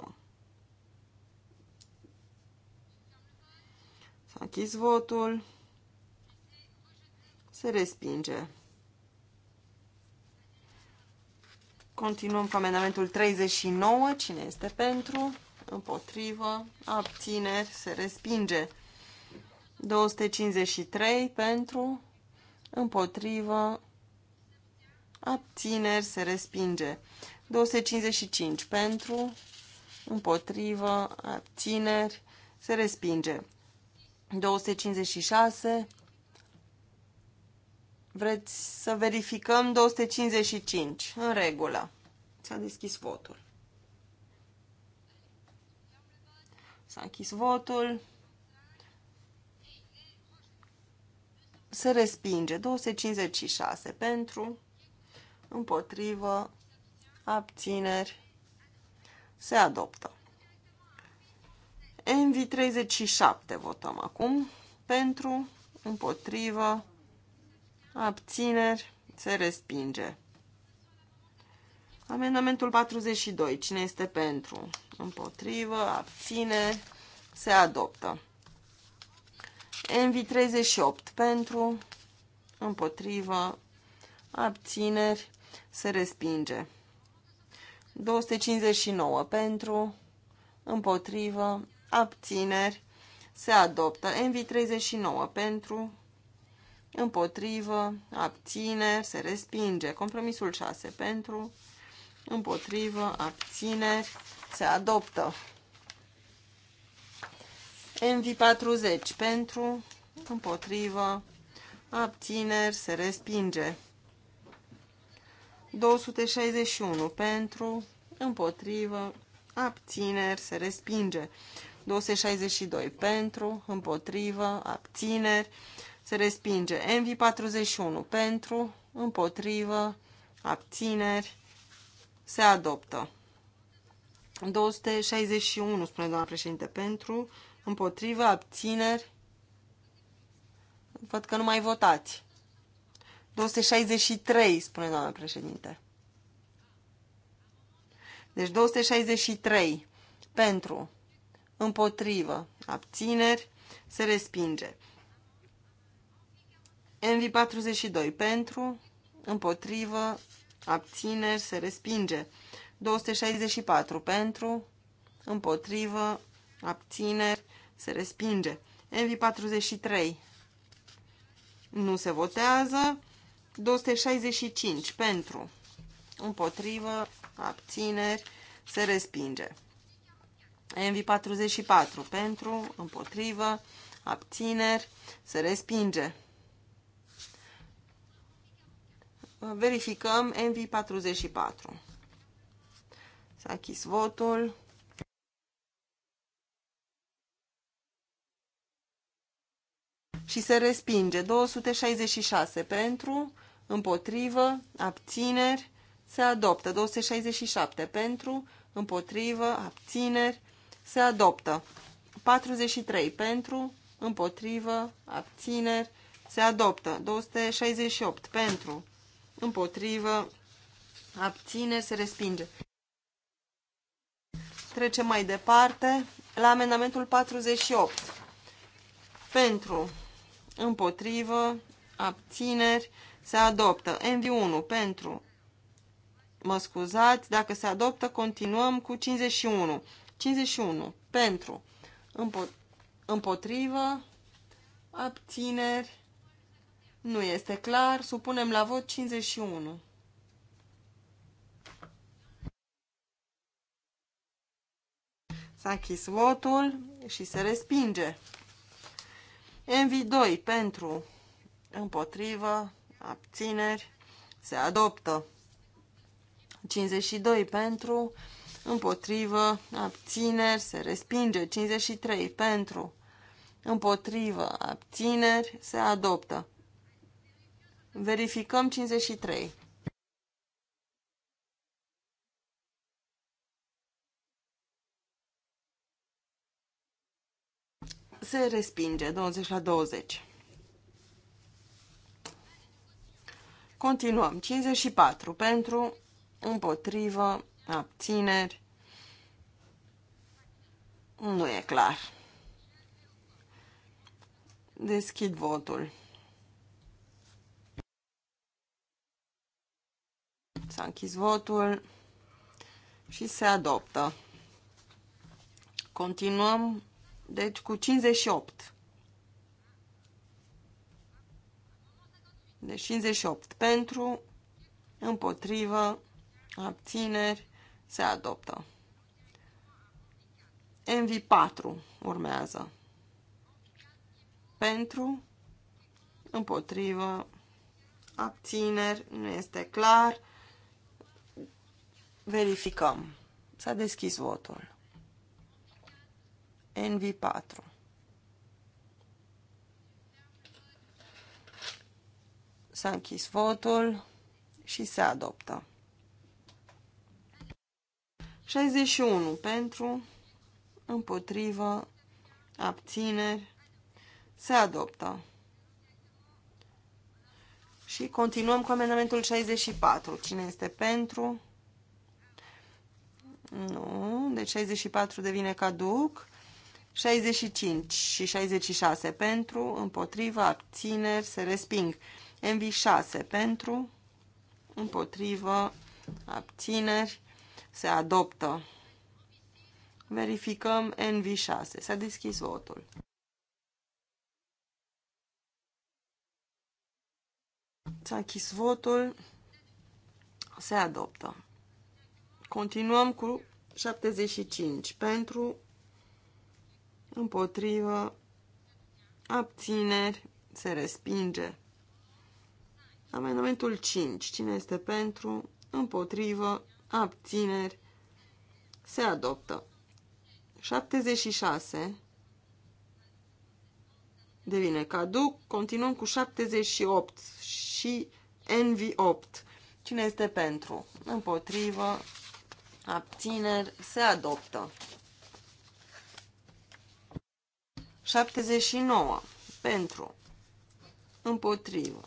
S-a închis votul. Se respinge. Continuăm cu amendamentul 39. Cine este pentru? împotrivă, abțineri, se respinge. 253 pentru, împotrivă, abțineri, se respinge. 255 pentru, împotrivă, abțineri, se respinge. 256 Vreți să verificăm 255. În regulă. S-a deschis votul. S-a închis votul. Se respinge 256 pentru, împotrivă, abțineri, se adoptă. Envi 37 votăm acum, pentru, împotrivă, abțineri, se respinge. Amendamentul 42. Cine este pentru? Împotrivă, abține, se adoptă. Envi 38. Pentru, împotrivă, abțineri, se respinge. 259. Pentru, împotrivă, abțineri, se adoptă. Envi 39. Pentru, împotrivă, abțineri, se respinge. Compromisul 6. Pentru, împotrivă, abțineri, se adoptă. NV40 pentru, împotrivă, abțineri, se respinge. 261 pentru, împotrivă, abțineri, se respinge. 262 pentru, împotrivă, abțineri, se respinge. NV41 pentru, împotrivă, abțineri, se adoptă. 261, spune doamna președinte, pentru, împotrivă, abțineri. Văd că nu mai votați. 263, spune doamna președinte. Deci 263, pentru, împotrivă, abțineri, se respinge. NV42, pentru, împotrivă, abțineri, se respinge. 264 pentru, împotrivă, abțineri, se respinge. MV43 nu se votează. 265 pentru, împotrivă, abțineri, se respinge. MV44 pentru, împotrivă, abțineri, se respinge. verificăm NV44. S-a închis votul. Și se respinge 266 pentru, împotrivă, abțineri, se adoptă 267 pentru, împotrivă, abțineri, se adoptă 43 pentru, împotrivă, abțineri, se adoptă 268 pentru, împotrivă, abține, se respinge. Trecem mai departe la amendamentul 48. Pentru, împotrivă, abțineri, se adoptă. NV1 pentru, mă scuzați, dacă se adoptă, continuăm cu 51. 51 pentru, împotrivă, abțineri, nu este clar. Supunem la vot 51. S-a închis votul și se respinge. MV2 pentru, împotrivă, abțineri, se adoptă. 52 pentru, împotrivă, abțineri, se respinge. 53 pentru, împotrivă, abțineri, se adoptă. Verificăm 53. Se respinge 20 la 20. Continuăm. 54 pentru, împotrivă, abțineri. Nu e clar. Deschid votul. S-a închis votul și se adoptă. Continuăm, deci, cu 58. Deci 58 pentru, împotrivă, abțineri, se adoptă. MV4 urmează. Pentru, împotrivă, abțineri, nu este clar, Verificăm. S-a deschis votul. NV4. S-a închis votul și se adoptă. 61 pentru, împotrivă, abțineri, se adoptă. Și continuăm cu amendamentul 64. Cine este pentru? Pentru. Nu, deci 64 devine caduc. 65 și 66 pentru, împotriva, abțineri, se resping. MV6 pentru, împotrivă, abțineri, se adoptă. Verificăm NV6. S-a deschis votul. S-a închis votul. Se adoptă. Continuăm cu 75 pentru, împotrivă, abțineri, se respinge. Amendamentul 5. Cine este pentru, împotrivă, abțineri, se adoptă. 76 devine caduc. Continuăm cu 78 și NV8. Cine este pentru? Împotrivă, abțineri, se adoptă. 79 pentru, împotrivă,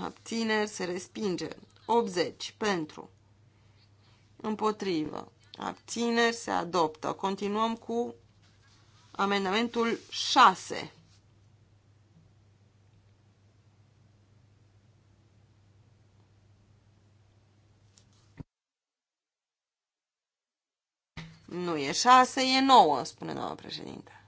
abțineri, se respinge. 80 pentru, împotrivă, abțineri, se adoptă. Continuăm cu amendamentul 6 Nu e șase, e nouă, spune doamna președinte.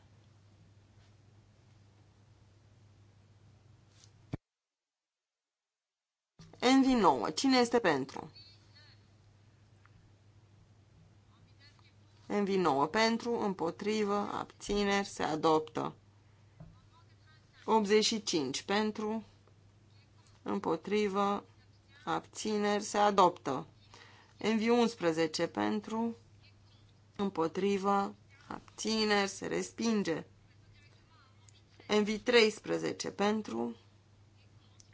Envi nouă. Cine este pentru? Envi nouă pentru, împotrivă, abțineri, se adoptă. 85 pentru, împotrivă, abțineri, se adoptă. Envi 11 pentru, împotrivă, abțineri, se respinge. MV13 pentru,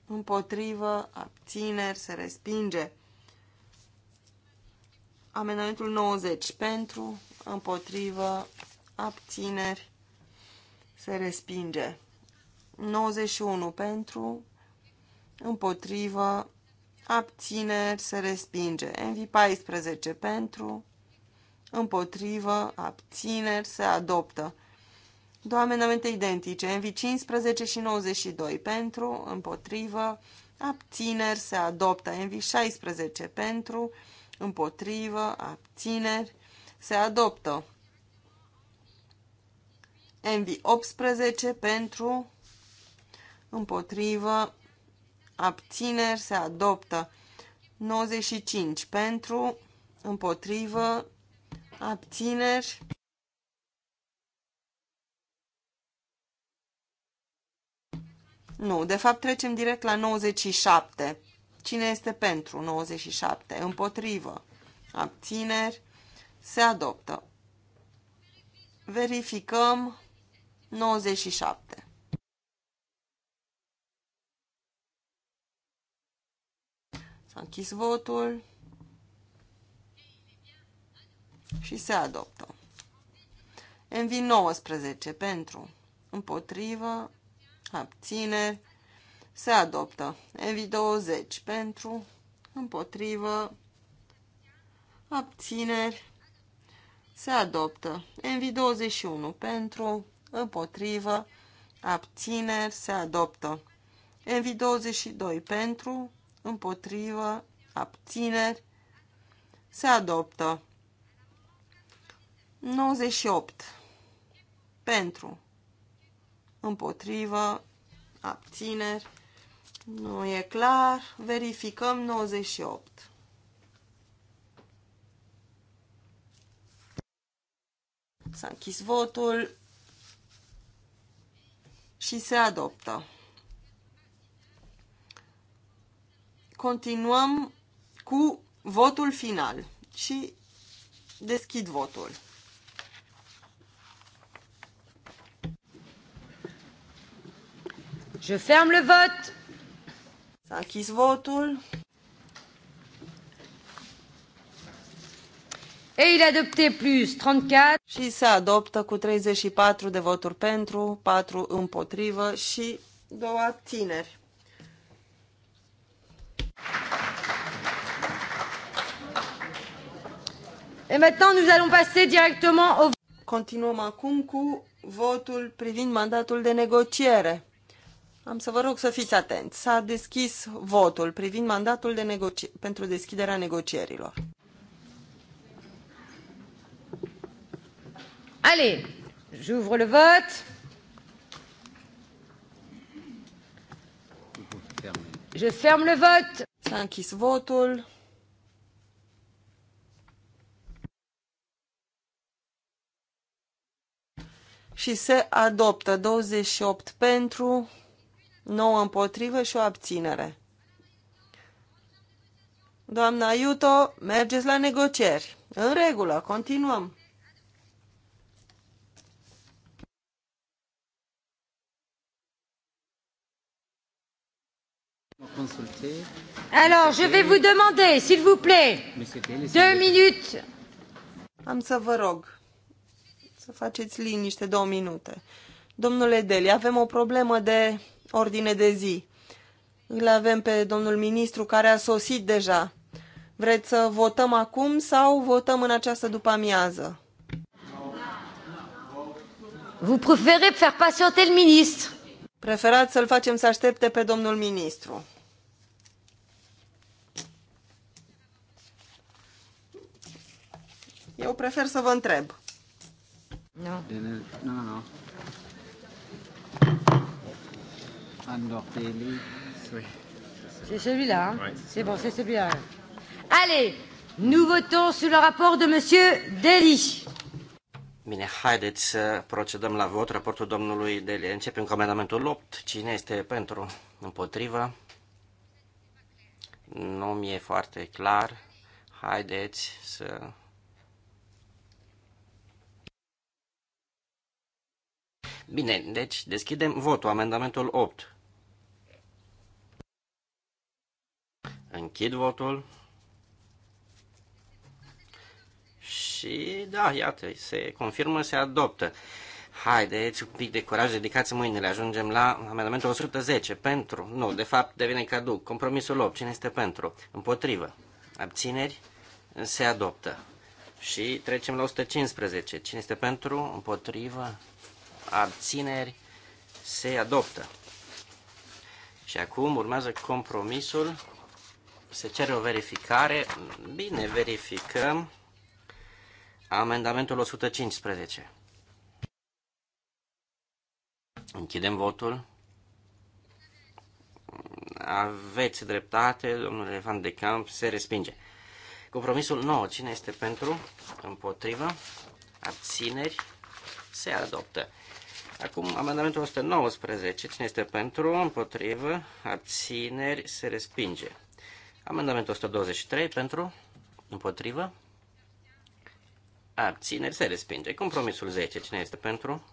împotrivă, abțineri, se respinge. Amendamentul 90 pentru, împotrivă, abțineri, se respinge. 91 pentru, împotrivă, abțineri, se respinge. MV14 pentru, împotrivă, abțineri, se adoptă. Două amendamente identice, NV15 și 92, pentru, împotrivă, abțineri, se adoptă. NV16, pentru, împotrivă, abțineri, se adoptă. NV18, pentru, împotrivă, abțineri, se adoptă. 95, pentru, împotrivă, abțineri. Nu, de fapt trecem direct la 97. Cine este pentru 97? Împotrivă. Abțineri. Se adoptă. Verificăm 97. S-a închis votul și se adoptă. MV19 pentru, împotrivă, abțineri, se adoptă. MV20 pentru, împotrivă, abțineri, se adoptă. MV21 pentru, împotrivă, abțineri, se adoptă. MV22 pentru, împotrivă, abțineri, se adoptă. 98. Pentru. Împotrivă. Abțineri. Nu e clar. Verificăm 98. S-a închis votul și se adoptă. Continuăm cu votul final și deschid votul. Je ferme le vote. S-a închis votul. Et il a adopté plus 34. Și se adoptă cu 34 de voturi pentru, 4 împotrivă și 2 abțineri. Et maintenant nous allons passer directement au Continuăm acum cu votul privind mandatul de negociere. Am să vă rog să fiți atenți. S-a deschis votul privind mandatul de pentru deschiderea negocierilor. Allez, j'ouvre le vote. Je ferme le vote. S-a închis votul. Și se adoptă 28 pentru, 9 împotrivă și o abținere. Doamna Iuto, mergeți la negocieri. În regulă, continuăm. Alors, je vais vous demander, s'il vous plaît, deux minutes. Am să vă rog să faceți liniște două minute. Domnule Deli, avem o problemă de ordine de zi. Îl avem pe domnul ministru care a sosit deja. Vreți să votăm acum sau votăm în această după-amiază? Vous préférez faire patienter le ministre. Preferați să-l facem să aștepte pe domnul ministru. Eu prefer să vă întreb. Nu. No. Nu, no, nu, no, nu. C'est celui-là. Hein ouais, c'est bon, c'est celui-là. Allez, nous votons sur le rapport de Monsieur Deli. Bine, haideți să procedăm la vot. Raportul domnului Deli. Începem cu amendamentul 8. Cine este pentru? Împotrivă? Nu mi-e foarte clar. Haideți să Bine, deci deschidem votul, amendamentul 8. Închid votul. Și da, iată, se confirmă, se adoptă. Haideți un pic de curaj, ridicați mâinile, ajungem la amendamentul 110. Pentru, nu, de fapt devine caduc. Compromisul 8, cine este pentru? Împotrivă. Abțineri? Se adoptă. Și trecem la 115. Cine este pentru? Împotrivă? Abțineri? Se adoptă. Și acum urmează compromisul se cere o verificare. Bine, verificăm. Amendamentul 115. Închidem votul. Aveți dreptate, domnule Van de Camp, se respinge. Compromisul 9. Cine este pentru? Împotrivă? Abțineri? Se adoptă. Acum, amendamentul 119. Cine este pentru? Împotrivă? Abțineri? Se respinge. Amendamentul 123 pentru, împotrivă, abțineri, se respinge. Compromisul 10, cine este pentru,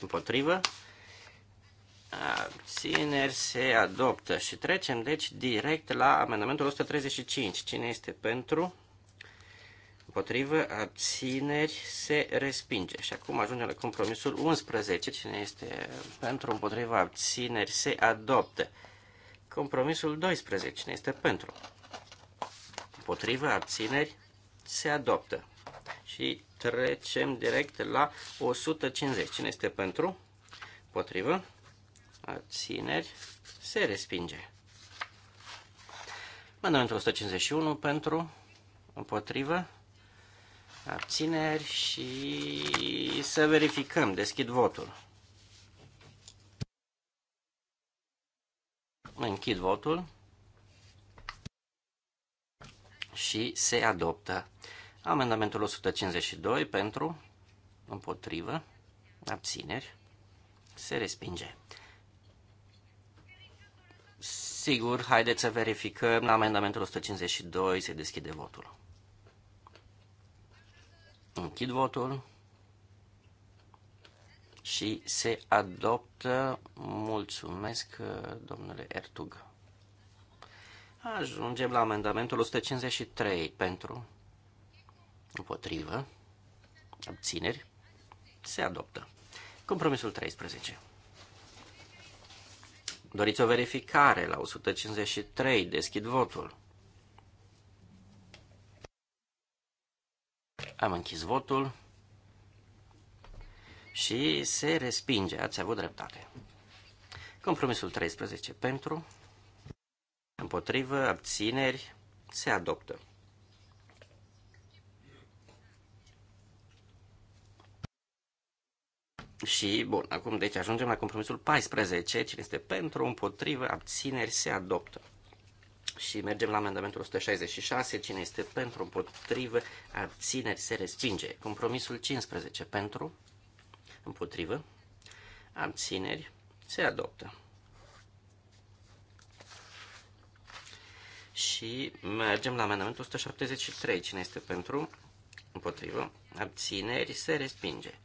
împotrivă, abțineri, se adoptă. Și trecem, deci, direct la amendamentul 135. Cine este pentru, împotrivă, abțineri, se respinge. Și acum ajungem la compromisul 11. Cine este pentru, împotrivă, abțineri, se adoptă. Compromisul 12. Cine este pentru? Împotrivă, abțineri, se adoptă. Și trecem direct la 150. Cine este pentru? Potrivă. Abțineri. Se respinge. Mandamentul 151 pentru. Împotrivă. Abțineri și să verificăm. Deschid votul. Închid votul și se adoptă. Amendamentul 152 pentru, împotrivă, abțineri, se respinge. Sigur, haideți să verificăm. La amendamentul 152 se deschide votul. Închid votul și se adoptă, mulțumesc, domnule Ertug. Ajungem la amendamentul 153 pentru, împotrivă, abțineri, se adoptă. Compromisul 13. Doriți o verificare la 153, deschid votul. Am închis votul și se respinge. Ați avut dreptate. Compromisul 13 pentru, împotrivă, abțineri, se adoptă. Și, bun, acum deci ajungem la compromisul 14, cine este pentru, împotrivă, abțineri, se adoptă. Și mergem la amendamentul 166, cine este pentru, împotrivă, abțineri, se respinge. Compromisul 15, pentru, împotrivă, abțineri, se adoptă. Și mergem la amendamentul 173. Cine este pentru? Împotrivă. Abțineri se respinge.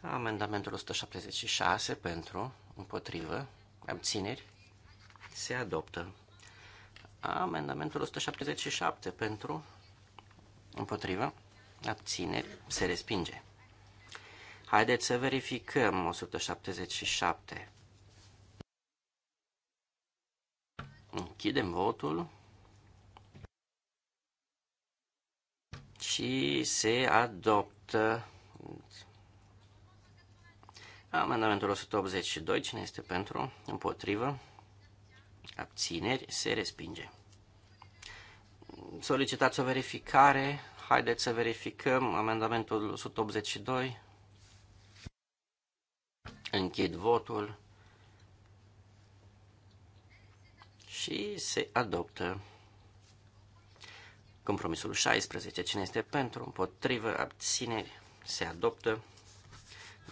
Amendamentul 176 pentru, împotrivă, abțineri se adoptă. Amendamentul 177 pentru, împotrivă, abțineri se respinge. Haideți să verificăm 177. Închidem votul și se adoptă amendamentul 182. Cine este pentru? Împotrivă? Abțineri? Se respinge. Solicitați o verificare. Haideți să verificăm amendamentul 182. Închid votul. Și se adoptă compromisul 16. Cine este pentru, împotrivă, abțineri, se adoptă.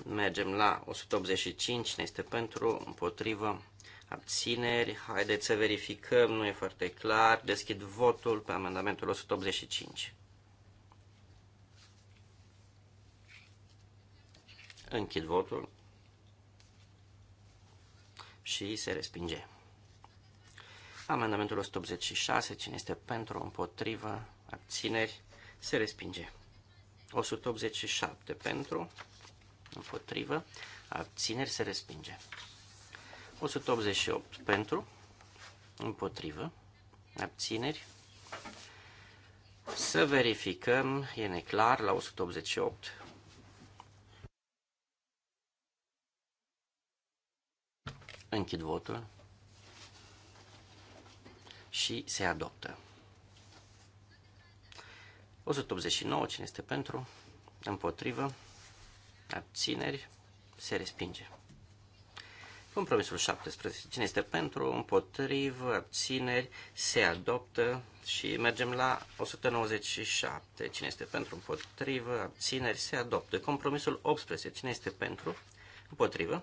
Mergem la 185. Cine este pentru, împotrivă, abțineri. Haideți să verificăm, nu e foarte clar. Deschid votul pe amendamentul 185. Închid votul și se respinge. Amendamentul 186, cine este pentru, împotrivă, abțineri, se respinge. 187 pentru, împotrivă, abțineri, se respinge. 188 pentru, împotrivă, abțineri. Să verificăm, e neclar, la 188 Închid votul. Și se adoptă. 189, cine este pentru? Împotrivă. Abțineri. Se respinge. Compromisul 17. Cine este pentru, împotrivă, abțineri, se adoptă și mergem la 197. Cine este pentru, împotrivă, abțineri, se adoptă. Compromisul 18. Cine este pentru, împotrivă,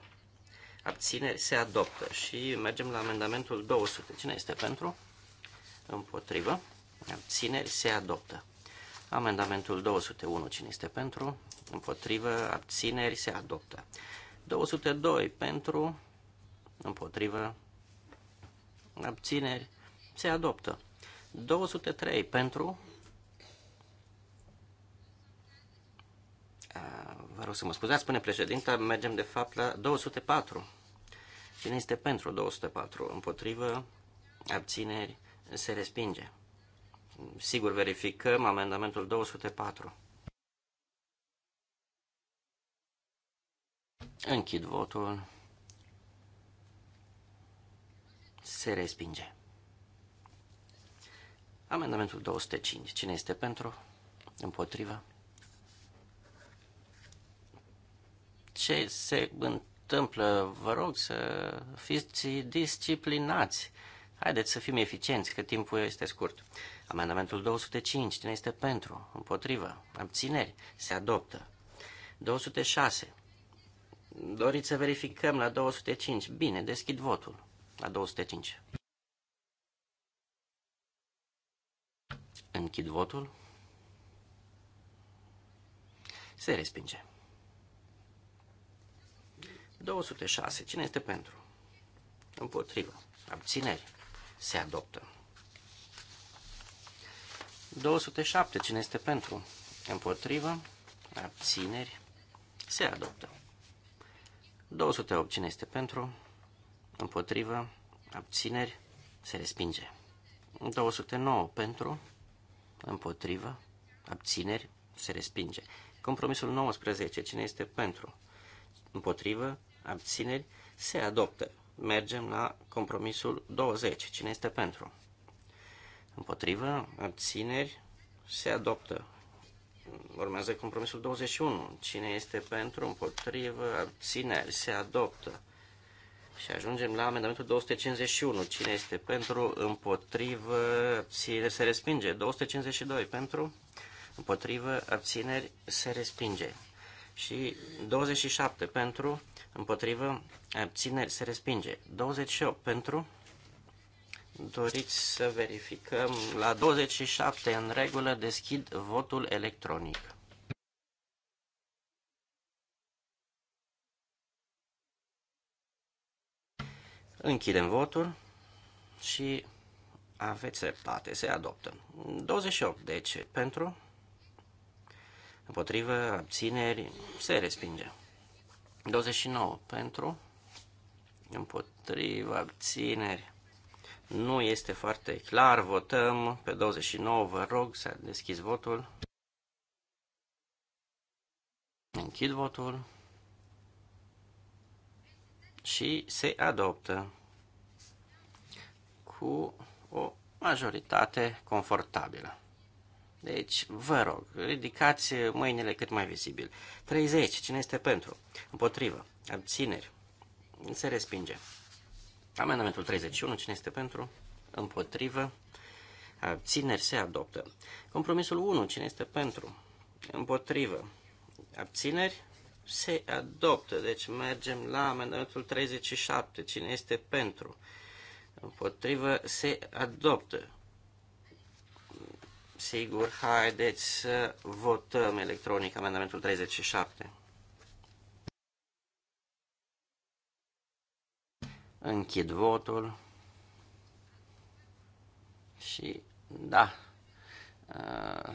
abțineri, se adoptă. Și mergem la amendamentul 200. Cine este pentru? Împotrivă. Abțineri, se adoptă. Amendamentul 201. Cine este pentru? Împotrivă. Abțineri, se adoptă. 202. Pentru. Împotrivă. Abțineri, se adoptă. 203. Pentru. Vă rog să mă scuzați, spune președinta, mergem de fapt la 204. Cine este pentru 204? Împotrivă? Abțineri? Se respinge. Sigur, verificăm amendamentul 204. Închid votul. Se respinge. Amendamentul 205. Cine este pentru? Împotrivă? Ce se întâmplă? întâmplă. Vă rog să fiți disciplinați. Haideți să fim eficienți, că timpul este scurt. Amendamentul 205, cine este pentru? Împotrivă? Abțineri? Se adoptă. 206. Doriți să verificăm la 205. Bine, deschid votul la 205. Închid votul. Se respinge. 206. Cine este pentru? Împotrivă. Abțineri. Se adoptă. 207. Cine este pentru? Împotrivă. Abțineri. Se adoptă. 208. Cine este pentru? Împotrivă. Abțineri. Se respinge. 209. Pentru. Împotrivă. Abțineri. Se respinge. Compromisul 19. Cine este pentru? Împotrivă abțineri, se adoptă. Mergem la compromisul 20. Cine este pentru? Împotrivă, abțineri, se adoptă. Urmează compromisul 21. Cine este pentru, împotrivă, abțineri, se adoptă. Și ajungem la amendamentul 251. Cine este pentru, împotrivă, abțineri, se respinge. 252 pentru, împotrivă, abțineri, se respinge și 27 pentru, împotrivă, abțineri se respinge. 28 pentru, doriți să verificăm, la 27 în regulă deschid votul electronic. Închidem votul și aveți dreptate, se adoptă. 28, deci, pentru, Împotrivă, abțineri, se respinge. 29 pentru, împotrivă, abțineri. Nu este foarte clar, votăm pe 29, vă rog să deschizi votul. Închid votul și se adoptă cu o majoritate confortabilă. Deci, vă rog, ridicați mâinile cât mai vizibil. 30. Cine este pentru? Împotrivă. Abțineri. Se respinge. Amendamentul 31. Cine este pentru? Împotrivă. Abțineri se adoptă. Compromisul 1. Cine este pentru? Împotrivă. Abțineri se adoptă. Deci mergem la amendamentul 37. Cine este pentru? Împotrivă se adoptă. Sigur, haideți să votăm electronic amendamentul 37. Închid votul. Și da, uh,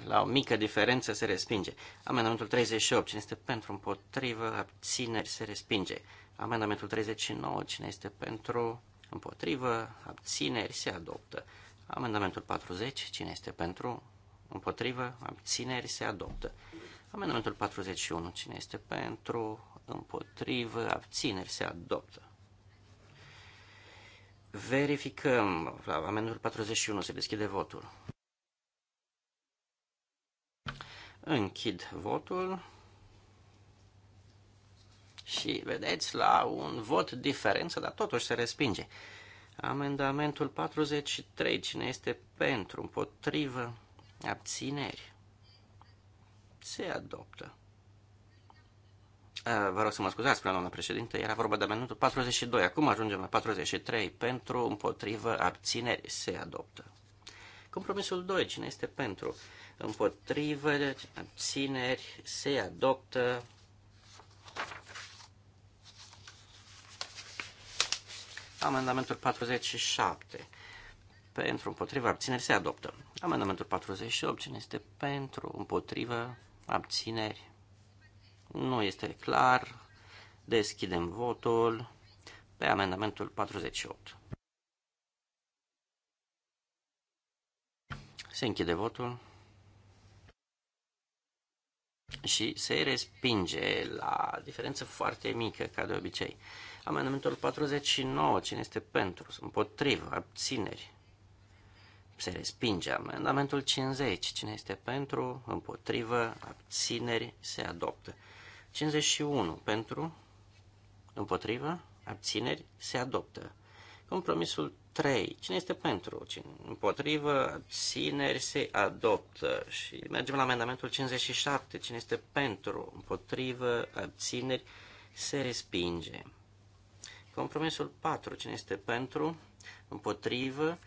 la o mică diferență se respinge. Amendamentul 38, cine este pentru, împotrivă, abțineri, se respinge. Amendamentul 39, cine este pentru, împotrivă, abțineri, se adoptă. Amendamentul 40, cine este pentru, Împotrivă, abțineri, se adoptă. Amendamentul 41. Cine este pentru? Împotrivă, abțineri, se adoptă. Verificăm. La amendamentul 41 se deschide votul. Închid votul. Și vedeți, la un vot diferență, dar totuși se respinge. Amendamentul 43. Cine este pentru? Împotrivă? Abțineri. Se adoptă. Eh, vă rog să mă scuzați, până doamnă președinte, era vorba de amendamentul 42. Acum ajungem la 43. Pentru, împotrivă, abțineri, se adoptă. Compromisul 2. Cine este pentru? Împotrivă, abțineri, se adoptă. Amendamentul 47. Pentru, împotrivă, abțineri, se adoptă. Amendamentul 48, cine este pentru, împotrivă, abțineri, nu este clar. Deschidem votul pe amendamentul 48. Se închide votul și se respinge la diferență foarte mică, ca de obicei. Amendamentul 49, cine este pentru, împotrivă, abțineri, se respinge amendamentul 50. Cine este pentru, împotrivă, abțineri, se adoptă. 51. Pentru, împotrivă, abțineri, se adoptă. Compromisul 3. Cine este pentru? Cine împotrivă, abțineri, se adoptă. Și mergem la amendamentul 57. Cine este pentru? Împotrivă, abțineri, se respinge. Compromisul 4. Cine este pentru? Împotrivă,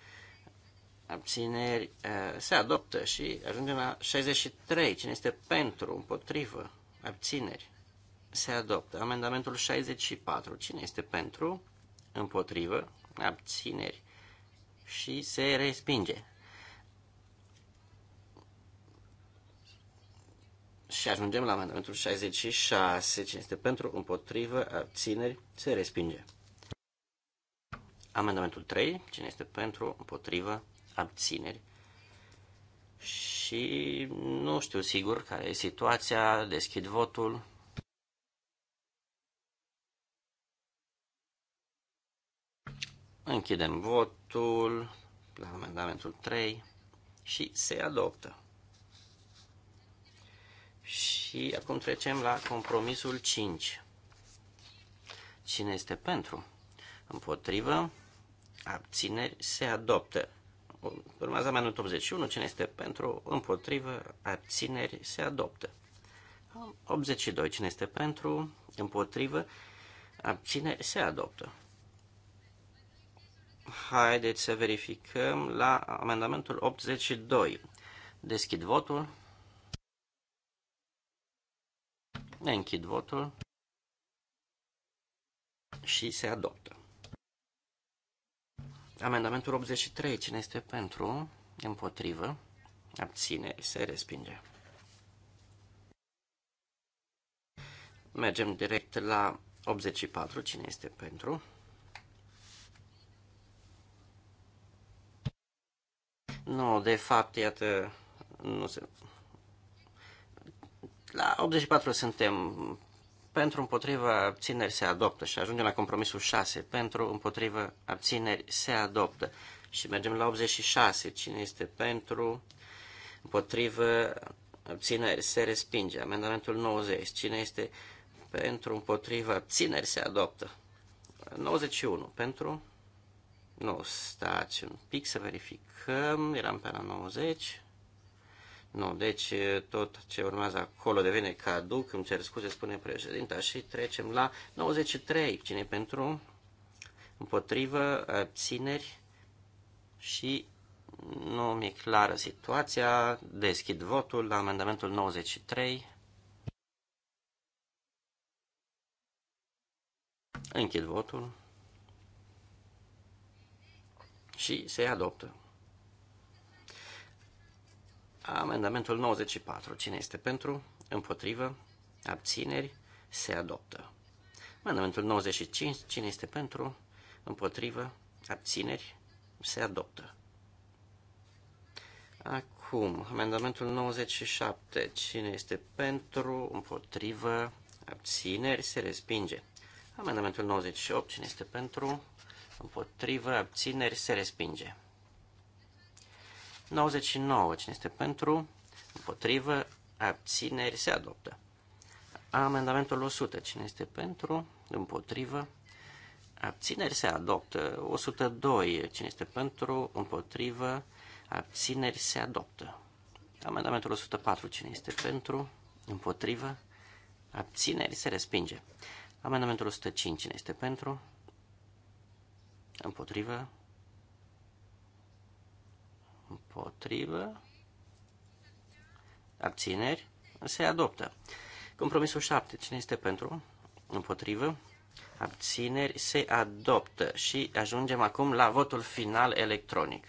abțineri se adoptă și ajungem la 63. Cine este pentru, împotrivă, abțineri se adoptă. Amendamentul 64. Cine este pentru, împotrivă, abțineri și se respinge. Și ajungem la amendamentul 66. Cine este pentru, împotrivă, abțineri, se respinge. Amendamentul 3. Cine este pentru, împotrivă, abțineri. Și nu știu sigur care e situația, deschid votul. Închidem votul la amendamentul 3 și se adoptă. Și acum trecem la compromisul 5. Cine este pentru? Împotrivă? Abțineri? Se adoptă. Urmează amendamentul 81. Cine este pentru? Împotrivă. Abțineri. Se adoptă. 82. Cine este pentru? Împotrivă. Abțineri. Se adoptă. Haideți să verificăm la amendamentul 82. Deschid votul. închid votul. Și se adoptă. Amendamentul 83. Cine este pentru? Împotrivă. abține Se respinge. Mergem direct la 84. Cine este pentru? Nu, de fapt, iată, nu se... La 84 suntem pentru împotriva abțineri se adoptă și ajungem la compromisul 6. Pentru împotriva abțineri se adoptă. Și mergem la 86. Cine este pentru împotriva abțineri se respinge. Amendamentul 90. Cine este pentru împotriva abțineri se adoptă. 91. Pentru nu, stați un pic să verificăm. Eram pe la 90. Nu, deci tot ce urmează acolo devine caduc, îmi cer scuze, spune președinta, și trecem la 93. Cine pentru? Împotrivă, abțineri și nu mi-e clară situația. Deschid votul la amendamentul 93. Închid votul și se adoptă. Amendamentul 94. Cine este pentru? Împotrivă? Abțineri? Se adoptă. Amendamentul 95. Cine este pentru? Împotrivă? Abțineri? Se adoptă. Acum, amendamentul 97. Cine este pentru? Împotrivă? Abțineri? Se respinge. Amendamentul 98. Cine este pentru? Împotrivă? Abțineri? Se respinge. 99. Cine este pentru? Împotrivă? Abțineri? Se adoptă. Amendamentul 100. Cine este pentru? Împotrivă? Abțineri? Se adoptă. 102. Cine este pentru? Împotrivă? Abțineri? Se adoptă. Amendamentul 104. Cine este pentru? Împotrivă? Abțineri? Se respinge. Amendamentul 105. Cine este pentru? Împotrivă? Împotrivă. Abțineri. Se adoptă. Compromisul 7. Cine este pentru? Împotrivă. Abțineri. Se adoptă. Și ajungem acum la votul final electronic.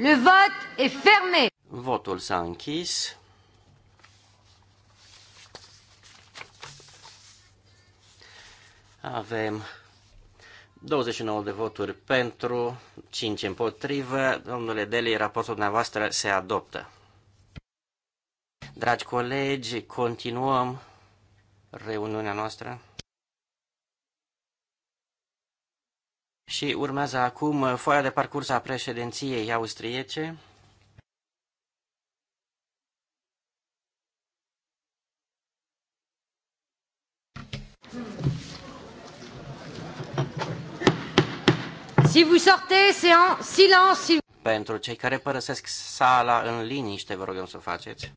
Le vote est fermé. Votul s-a închis. Avem 29 de voturi pentru, 5 împotrivă. Domnule Deli, raportul dumneavoastră se adoptă. Dragi colegi, continuăm reuniunea noastră. Și urmează acum foaia de parcurs a președinției austriece. Si vous sortez, c'est un silence. Si... Pentru cei care părăsesc sala în liniște, vă rugăm să faceți.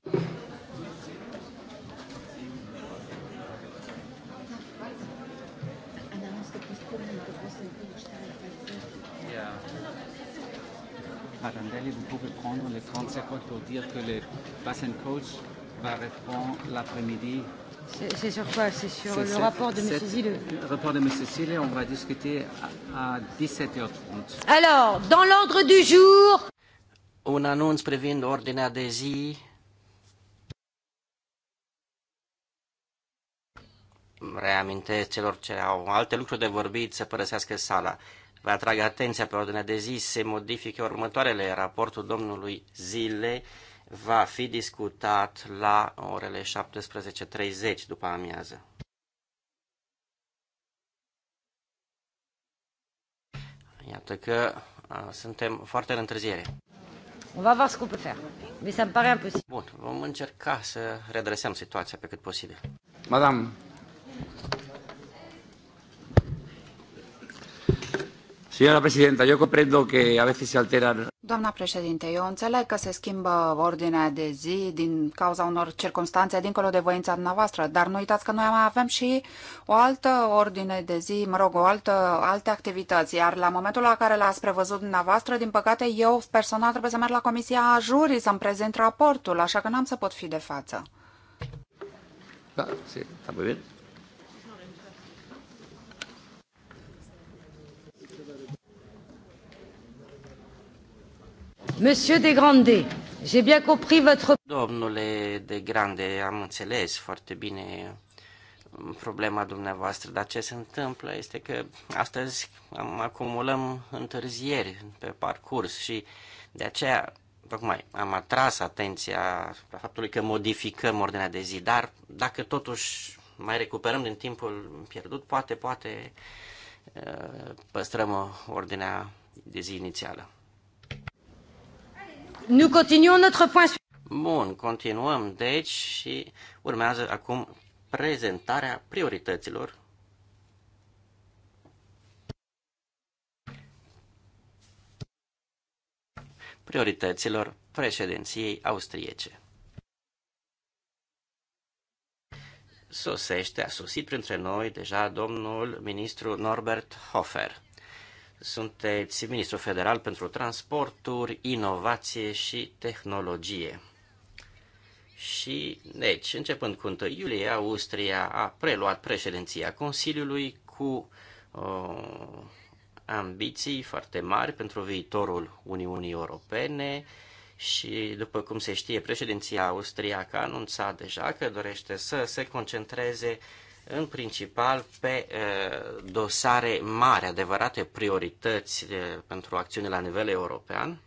Arandelli, vous pouvez prendre les 35 pour dire que les bassin coach va répondre l'après-midi. C'est sur quoi C'est sur le rapport de M. Zille Le rapport de M. Zille, on va discuter à, à 17h30. Alors, dans l'ordre du jour... Un annonce privind ordinea de zi reamintesc celor ce au alte lucruri de vorbit să părăsească sala. Vă atrag atenția pe ordinea de zi, se modifică următoarele. Raportul domnului Zile va fi discutat la orele 17.30 după amiază. Iată că a, suntem foarte în întârziere. On va voir ce qu'on peut faire. Mais ça Bun, vom încerca să redresăm situația pe cât posibil. Madame, Señora președintă, eu comprendo că a veces se Doamna președinte, eu înțeleg că se schimbă ordinea de zi din cauza unor circunstanțe dincolo de voința dumneavoastră, dar nu uitați că noi mai avem și o altă ordine de zi, mă rog, o altă, alte activități, iar la momentul la care l-ați prevăzut dumneavoastră, din păcate, eu personal trebuie să merg la Comisia Jurii să-mi prezint raportul, așa că n-am să pot fi de față. Da, sí, Monsieur de Grande, j'ai bien compris votre... Domnule de Grande, am înțeles foarte bine problema dumneavoastră, dar ce se întâmplă este că astăzi acumulăm întârzieri pe parcurs și de aceea tocmai am atras atenția la faptului că modificăm ordinea de zi, dar dacă totuși mai recuperăm din timpul pierdut, poate, poate uh, păstrăm ordinea de zi inițială notre point Bun, continuăm deci și urmează acum prezentarea priorităților. Priorităților președinției austriece. Sosește, a sosit printre noi deja domnul ministru Norbert Hofer. Sunteți ministru federal pentru transporturi, inovație și tehnologie. Și, deci, începând cu 1 iulie, Austria a preluat președinția Consiliului cu uh, ambiții foarte mari pentru viitorul Uniunii Europene și, după cum se știe, președinția austriacă a anunțat deja că dorește să se concentreze în principal pe dosare mari, adevărate priorități pentru acțiune la nivel european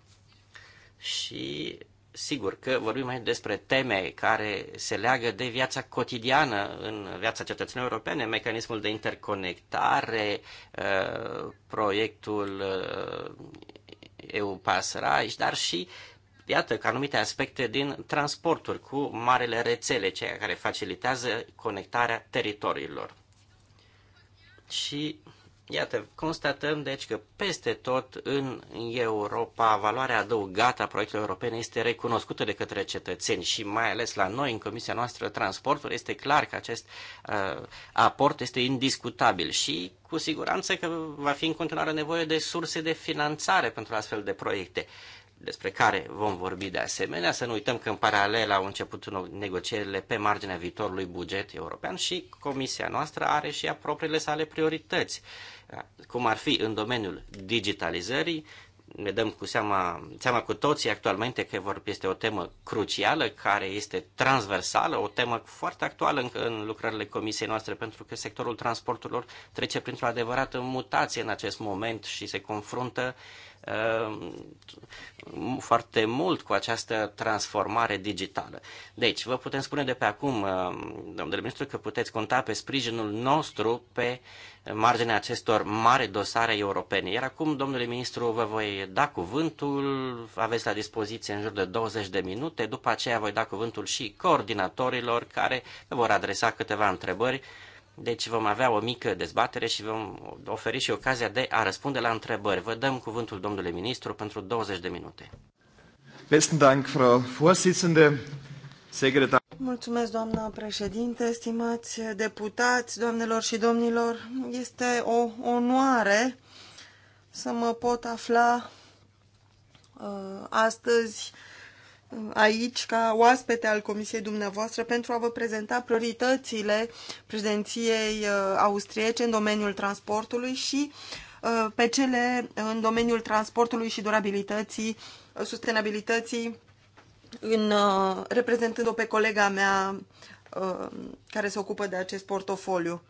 și sigur că vorbim aici despre teme care se leagă de viața cotidiană în viața cetățenilor europene, mecanismul de interconectare, proiectul EU Pasrai, dar și Iată că anumite aspecte din transporturi cu marele rețele, ceea care facilitează conectarea teritoriilor. Și Iată, constatăm deci că peste tot în Europa valoarea adăugată a proiectelor europene este recunoscută de către cetățeni și mai ales la noi, în Comisia noastră transportul este clar că acest uh, aport este indiscutabil și cu siguranță că va fi în continuare nevoie de surse de finanțare pentru astfel de proiecte despre care vom vorbi de asemenea. Să nu uităm că în paralel au început negocierile pe marginea viitorului buget european și comisia noastră are și a propriile sale priorități, cum ar fi în domeniul digitalizării, ne dăm cu seama, seama cu toții actualmente că vorb este o temă crucială, care este transversală, o temă foarte actuală încă în lucrările comisiei noastre, pentru că sectorul transporturilor trece printr-o adevărată mutație în acest moment și se confruntă uh, Ehm, foarte mult cu această transformare digitală. Deci, vă putem spune de pe acum, ehm, domnule ministru, că puteți conta pe sprijinul nostru pe marginea acestor mari dosare europene. Iar acum, domnule ministru, vă voi da cuvântul, aveți la dispoziție în jur de 20 de minute, după aceea voi da cuvântul și coordinatorilor care vă vor adresa câteva întrebări deci vom avea o mică dezbatere și vom oferi și ocazia de a răspunde la întrebări. Vă dăm cuvântul domnului ministru pentru 20 de minute. Besten Dank, Frau Vorsitzende, Secretar. Mulțumesc, doamnă președinte, stimați deputați, doamnelor și domnilor. Este o onoare să mă pot afla uh, astăzi uh, aici ca oaspete al comisiei dumneavoastră pentru a vă prezenta prioritățile prezenției uh, austriece în domeniul transportului și uh, pe cele în domeniul transportului și durabilității, uh, sustenabilității, în, reprezentând-o pe colega mea care se ocupă de acest portofoliu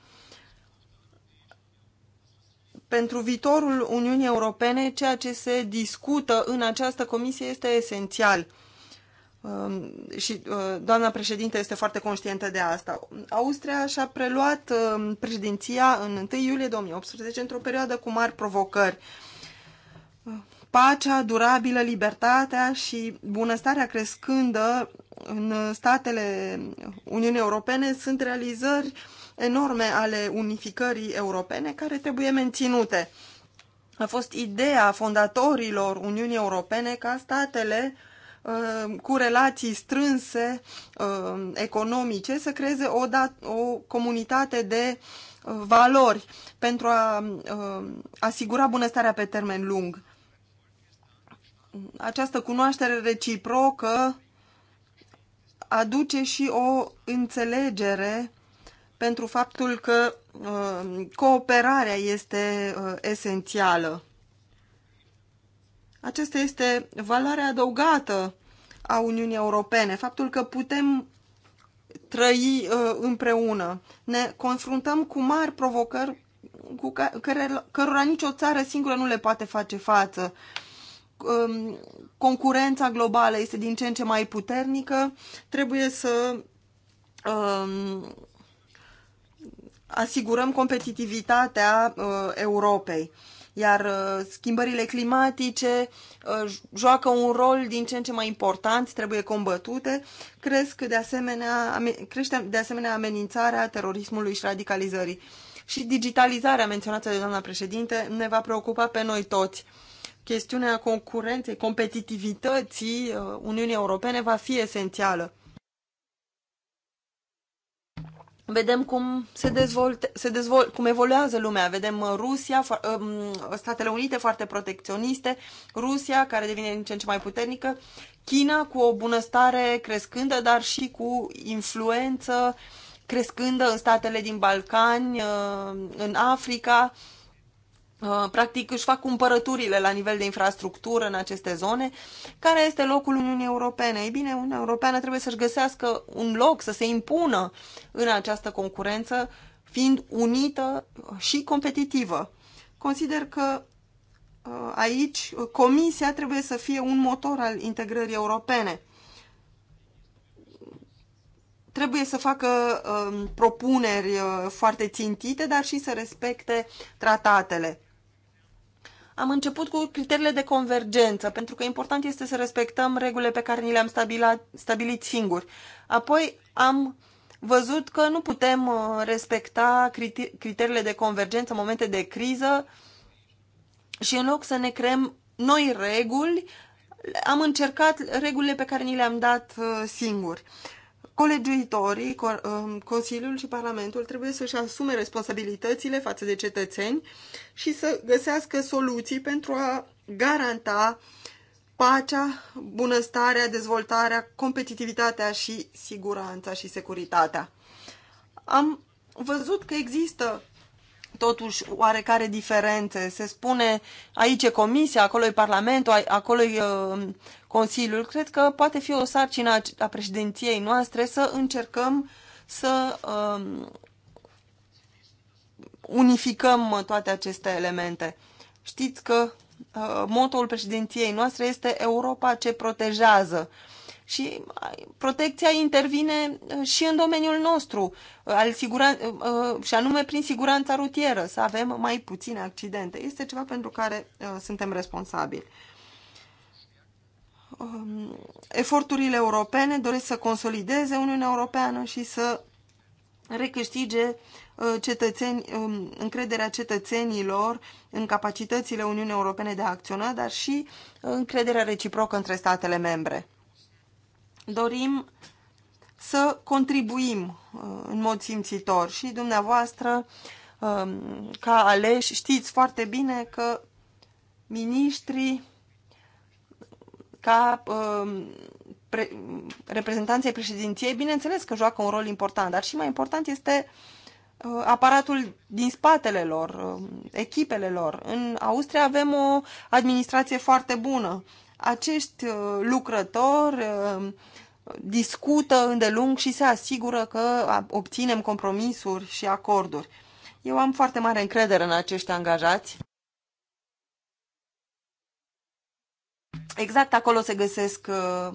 pentru viitorul Uniunii Europene, ceea ce se discută în această comisie este esențial. Um, și uh, doamna președinte este foarte conștientă de asta. Austria și-a preluat um, președinția în 1 iulie 2018 într-o perioadă cu mari provocări. Pacea durabilă, libertatea și bunăstarea crescândă în statele Uniunii Europene sunt realizări enorme ale unificării europene care trebuie menținute. A fost ideea fondatorilor Uniunii Europene ca statele uh, Uh, cu relații strânse uh, economice să creeze o, o comunitate de uh, valori pentru a asigura bunăstarea pe termen lung. Această cunoaștere reciprocă aduce și o înțelegere pentru faptul că cooperarea este esențială. Acesta este valoarea adăugată a Uniunii Europene, faptul că putem trăi uh, împreună. Ne confruntăm cu mari provocări cu care, căre, cărora nicio țară singură nu le poate face față. Um, concurența globală este din ce în ce mai puternică. Trebuie să um, asigurăm competitivitatea uh, Europei. Uh, iar uh, schimbările climatice uh, joacă un rol din ce în ce mai important, trebuie combătute, cresc de asemenea, crește de asemenea amenințarea terorismului și radicalizării. Și digitalizarea menționată de doamna președinte ne va preocupa pe noi toți. Chestiunea concurenței, competitivității uh, Uniunii Europene va fi esențială vedem cum se, dezvolte, se dezvol, cum evoluează lumea. Vedem uh, Rusia, um, Statele Unite foarte protecționiste, Rusia care devine din ce în ce mai puternică, China cu o bunăstare crescândă, dar și cu influență crescândă în statele din Balcani, uh, în Africa, Uh, practic își fac cumpărăturile la nivel de infrastructură în aceste zone, care este locul Uniunii Europene. Ei bine, Uniunea Europeană trebuie să-și găsească un loc, să se impună în această concurență, fiind unită și competitivă. Consider că uh, aici Comisia trebuie să fie un motor al integrării europene. Trebuie să facă um, propuneri uh, foarte țintite, dar și să respecte tratatele am început cu criteriile de convergență, pentru că important este să respectăm regulile pe care ni le-am stabilit singuri. Apoi am văzut că nu putem uh, respecta criteriile de convergență în momente de criză și în loc să ne creăm noi reguli, am încercat regulile pe care ni le-am dat uh, singuri. Colegiuitorii, um, Consiliul și Parlamentul trebuie să-și asume responsabilitățile față de cetățeni și să găsească soluții pentru a garanta pacea, bunăstarea, dezvoltarea, competitivitatea și siguranța și securitatea. Am văzut că există totuși oarecare diferențe. Se spune aici e comisia, acolo e parlamentul, acolo e um, Consiliul. Cred că poate fi o sarcină a președinției noastre să încercăm să uh, unificăm toate aceste elemente. Știți că uh, motoul președinției noastre este Europa ce protejează. Și uh, protecția intervine uh, și în domeniul nostru, uh, al siguran- și anume prin siguranța rutieră, să avem mai puține accidente. Este ceva pentru care suntem responsabili. Um, eforturile europene doresc să consolideze Uniunea Europeană și să recâștige uh, cetățeni, um, încrederea cetățenilor în capacitățile Uniunii Europene de a acționa, dar și uh, încrederea reciprocă între statele membre. Dorim să contribuim uh, în mod simțitor și dumneavoastră, um, ca aleși, știți foarte bine că ministrii ca um, pre, reprezentanței președinției, bineînțeles că joacă un rol important, dar și mai important este uh, aparatul din spatele lor, um, echipele lor. În Austria avem o administrație foarte bună. Acești uh, lucrători um, discută îndelung și se asigură că obținem compromisuri și acorduri. Eu am foarte mare încredere în acești angajați. exact acolo se găsesc uh,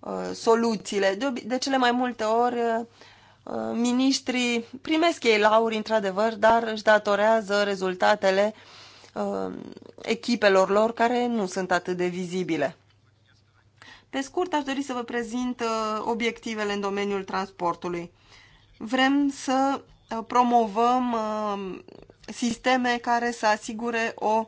uh, soluțiile. De, de cele mai multe ori, uh, miniștrii primesc ei lauri, într-adevăr, dar își datorează rezultatele echipelor lor care nu sunt atât de vizibile. Pe scurt, aș dori să vă prezint obiectivele în domeniul transportului. Vrem să promovăm sisteme care să asigure o uh,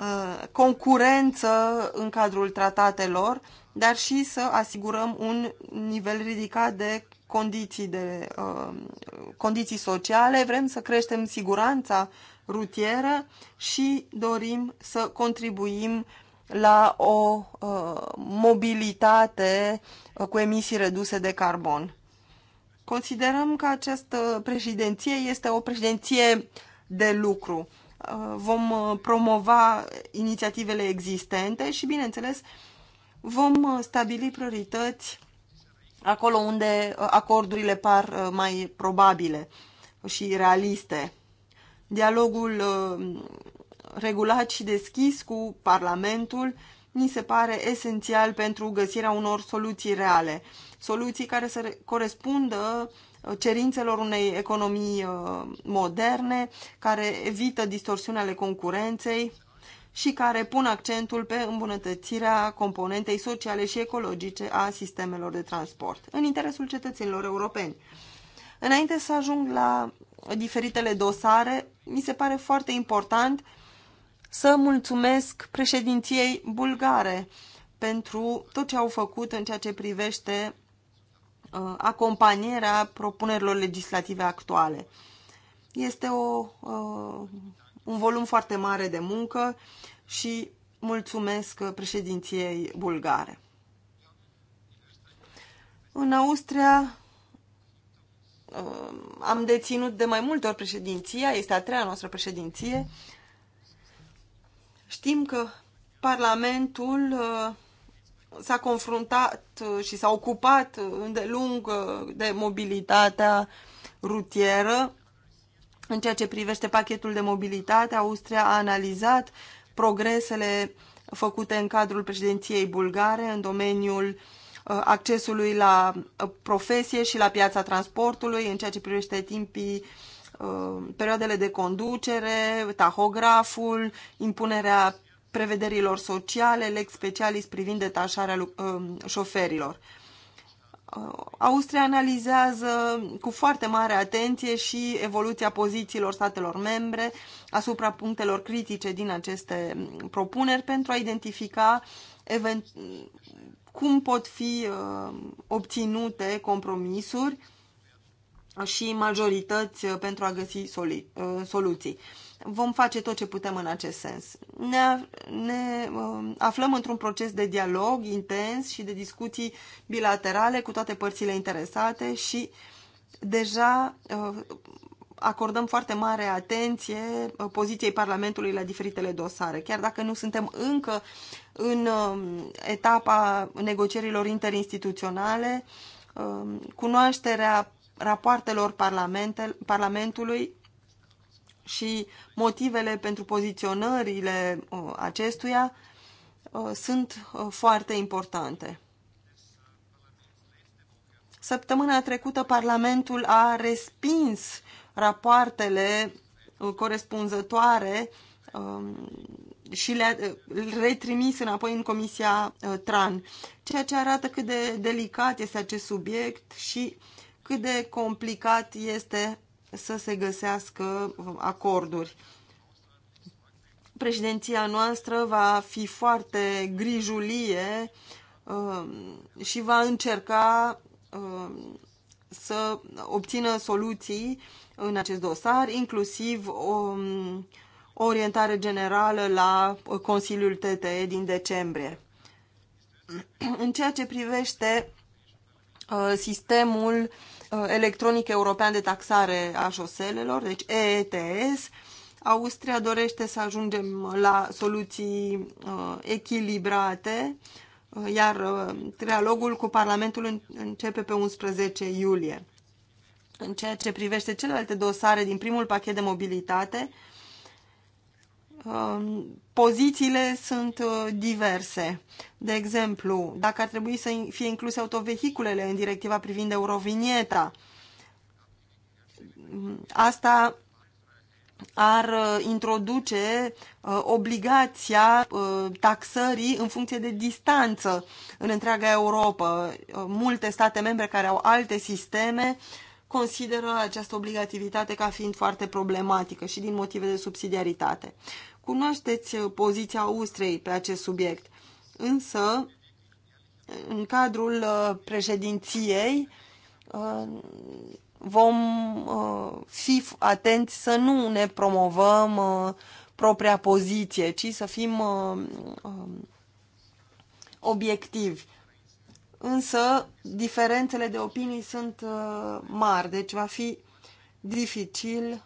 Uh, concurență în cadrul tratatelor, dar și să asigurăm un nivel ridicat de condiții, de, uh, condiții sociale, vrem să creștem siguranța rutieră și dorim să contribuim la o uh, mobilitate uh, cu emisii reduse de carbon. Considerăm că această președinție este o președinție de lucru vom uh, promova inițiativele existente și, bineînțeles, vom uh, stabili priorități acolo unde uh, acordurile par mai probabile și realiste. Dialogul regulat și deschis cu Parlamentul ni se pare esențial pentru găsirea unor soluții reale, soluții care să corespundă cerințelor unei economii uh, moderne, care evită distorsiunea concurenței și care pun accentul pe îmbunătățirea componentei sociale și ecologice a sistemelor de transport, în interesul cetățenilor europeni. Înainte să ajung la diferitele dosare, mi se pare foarte important să mulțumesc președinției bulgare pentru tot ce au făcut în ceea ce privește uh, acompanierea propunerilor legislative actuale. Este o, uh, un volum foarte mare de muncă și mulțumesc președinției bulgare. În Austria uh, am deținut de mai multe ori președinția, este a treia noastră președinție. Știm că Parlamentul uh, s-a confruntat uh, și s-a ocupat uh, îndelung uh, de mobilitatea rutieră. În ceea ce privește pachetul de mobilitate, Austria a analizat progresele făcute în cadrul președinției bulgare în domeniul accesului la profesie și la piața transportului, în ceea ce privește timpii, perioadele de conducere, tahograful, impunerea prevederilor sociale, lex specialis privind detașarea um, șoferilor. Uh, Austria analizează cu foarte mare atenție și evoluția pozițiilor statelor membre asupra punctelor critice din aceste propuneri pentru a identifica event... cum pot fi uh, obținute compromisuri și majorități pentru a găsi uh, soluții. Vom face tot ce putem în acest sens. Ne, ne um, aflăm într-un proces de dialog intens și de discuții bilaterale cu toate părțile interesate și deja uh, acordăm foarte mare atenție uh, poziției Parlamentului la diferitele dosare, chiar dacă nu suntem încă în um, etapa negocierilor interinstituționale, um, cunoașterea rapoartelor Parlamentului și motivele pentru poziționările uh, acestuia uh, sunt uh, foarte importante. Săptămâna trecută Parlamentul a respins rapoartele corespunzătoare um, și le-a retrimis înapoi în Comisia TRAN, ceea ce arată cât de delicat este acest subiect și cât de complicat este să se găsească acorduri. Președinția noastră va fi foarte grijulie um, și va încerca um, să obțină soluții în acest dosar, inclusiv um, o orientare generală la Consiliul TTE din decembrie. În ceea ce privește uh, sistemul Uh, electronic european de taxare a șoselelor, deci EETS. Austria dorește să ajungem la soluții uh, echilibrate, uh, iar trialogul cu Parlamentul începe pe 11 iulie. În ceea ce privește celelalte dosare din primul pachet de mobilitate, Um, pozițiile sunt uh, diverse. De exemplu, dacă ar trebui să fie incluse autovehiculele în directiva privind Eurovinieta, asta ar uh, introduce uh, obligația taxării în funcție de distanță în întreaga Europa. Multe state membre care au alte sisteme consideră această obligativitate ca fiind foarte problematică și din motive de subsidiaritate. Cunoașteți uh, poziția Austriei pe acest subiect, însă în cadrul uh, președinției uh, vom fi atenți să nu ne promovăm propria poziție, ci să fim um, obiectivi. Însă diferențele de opinii sunt mari, deci va fi dificil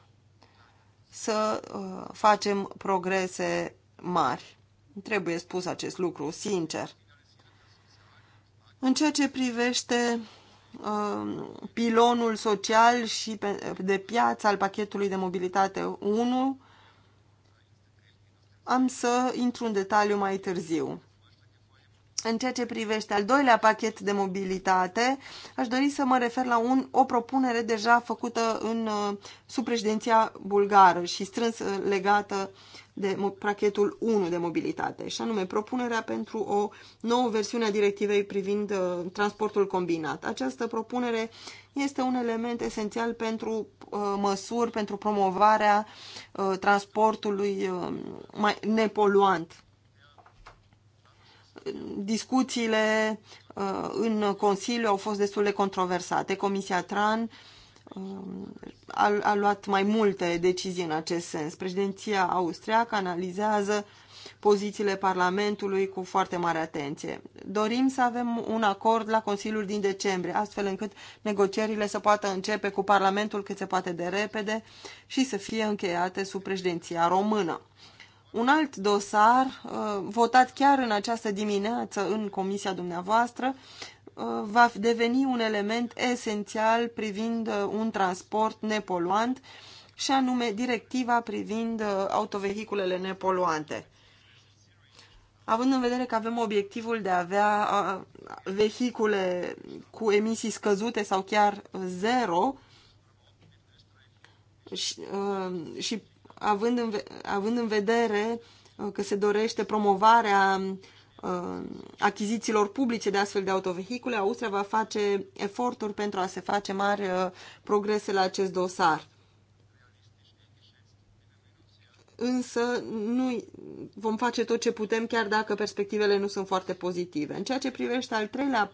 să uh, facem progrese mari. Trebuie spus acest lucru, sincer. În ceea ce privește um, pilonul social și de piață al pachetului de mobilitate 1, am să intru în detaliu mai târziu. În ceea ce privește al doilea pachet de mobilitate, aș dori să mă refer la un, o propunere deja făcută în uh, supreședinția bulgară și strâns uh, legată de pachetul 1 de mobilitate, și anume propunerea pentru o nouă versiune a directivei privind uh, transportul combinat. Această propunere este un element esențial pentru uh, măsuri, pentru promovarea uh, transportului uh, mai nepoluant discuțiile uh, în Consiliu au fost destul de controversate. Comisia TRAN uh, a, a luat mai multe decizii în acest sens. Președinția austriacă analizează pozițiile Parlamentului cu foarte mare atenție. Dorim să avem un acord la Consiliul din decembrie, astfel încât negocierile să poată începe cu Parlamentul cât se poate de repede și să fie încheiate sub președinția română. Un alt dosar, uh, votat chiar în această dimineață în comisia dumneavoastră, uh, va deveni un element esențial privind uh, un transport nepoluant și anume directiva privind autovehiculele nepoluante. Având în vedere că avem obiectivul de a avea vehicule cu emisii scăzute sau chiar zero și, și având în, având în vedere uh, că se dorește promovarea uh, achizițiilor publice de astfel de autovehicule, Austria va face eforturi pentru a se face mari uh, progrese la acest dosar. Însă nu vom face tot ce putem, chiar dacă perspectivele nu sunt foarte pozitive. În ceea ce privește al treilea,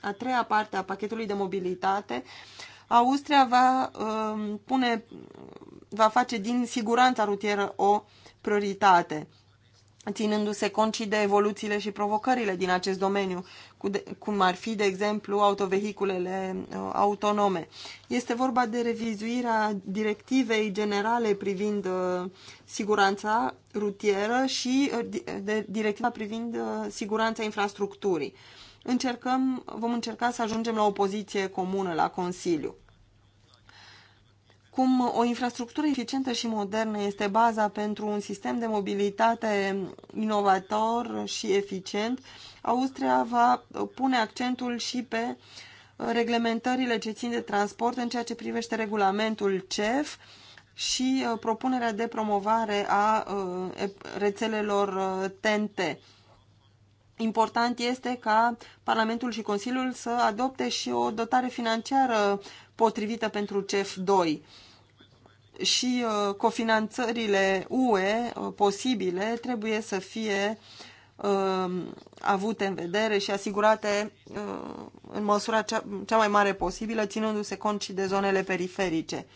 a treia parte a pachetului de mobilitate, Austria va uh, pune va face din siguranța rutieră o prioritate, ținându-se cont și de evoluțiile și provocările din acest domeniu, cum ar fi, de exemplu, autovehiculele uh, autonome. Este vorba de revizuirea directivei generale privind uh, siguranța rutieră și uh, de directiva privind siguranța infrastructurii. Încercăm, vom încerca să ajungem la o poziție comună la Consiliu cum o infrastructură eficientă și modernă este baza pentru un sistem de mobilitate inovator și eficient, Austria va pune accentul și pe reglementările ce țin de transport în ceea ce privește regulamentul CEF și uh, propunerea de promovare a uh, rețelelor TNT. Uh, Important este ca Parlamentul și Consiliul să adopte și o dotare financiară potrivită pentru CEF 2 și uh, cofinanțările UE uh, posibile trebuie să fie uh, avute în vedere și asigurate în măsura cea mai mare posibilă, ținându-se cont și de zonele periferice.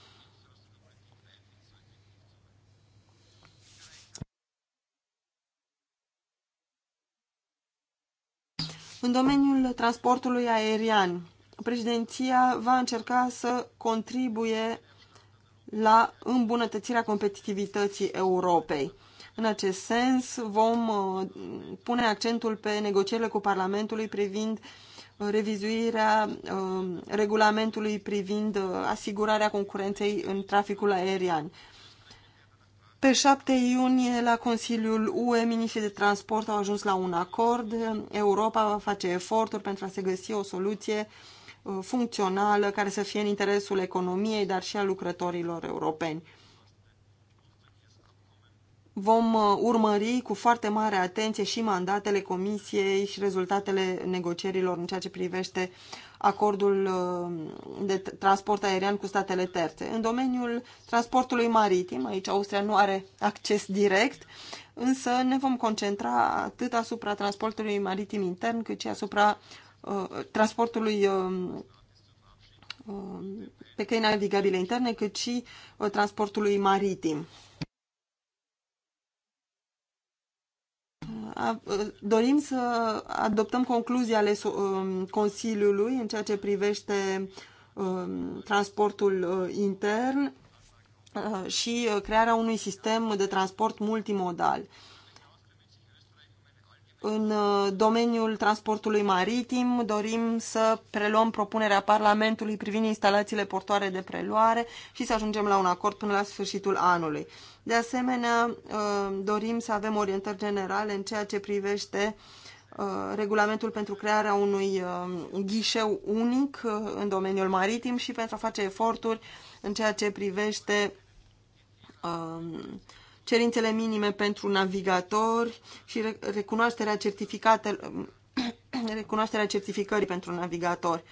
În domeniul transportului aerian, președinția va încerca să contribuie la îmbunătățirea competitivității Europei. În acest sens, vom uh, pune accentul pe negocierile cu Parlamentul privind uh, revizuirea uh, regulamentului privind asigurarea concurenței în traficul aerian. Pe 7 iunie, la Consiliul UE, ministrii de transport au ajuns la un acord. Europa va face eforturi pentru a se găsi o soluție Uh, funcțională care să fie în interesul economiei, dar și a lucrătorilor europeni. Vom uh, urmări cu foarte mare atenție și mandatele comisiei și rezultatele negocierilor în ceea ce privește acordul uh, de transport aerian cu statele terțe. În domeniul transportului maritim, aici Austria nu are acces direct, însă ne vom concentra atât asupra transportului maritim intern cât și asupra Uh, transportului um, um, pe căi navigabile interne, cât și uh, transportului maritim. Uh, dorim să adoptăm concluzii ale um, Consiliului în ceea ce privește transportul intern și crearea unui sistem de transport multimodal. În uh, domeniul transportului maritim dorim să preluăm propunerea Parlamentului privind instalațiile portoare de preluare și să ajungem la un acord până la sfârșitul anului. De asemenea, uh, dorim să avem orientări generale în ceea ce privește uh, regulamentul pentru crearea unui ghișeu unic în domeniul maritim și pentru a face eforturi în ceea ce privește cerințele minime pentru navigatori și recunoașterea, recunoașterea certificării pentru navigatori.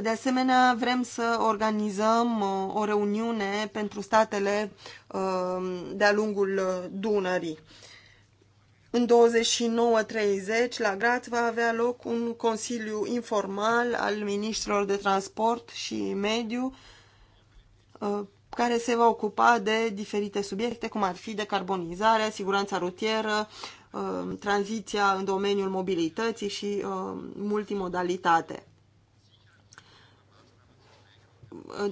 De asemenea, vrem să organizăm uh, o reuniune pentru statele uh, de-a lungul uh, Dunării. În 29-30, la Graz, va avea loc un consiliu informal al ministrilor de transport și mediu care se va ocupa de diferite subiecte, cum ar fi decarbonizarea, siguranța rutieră, um, tranziția în domeniul mobilității și um, multimodalitate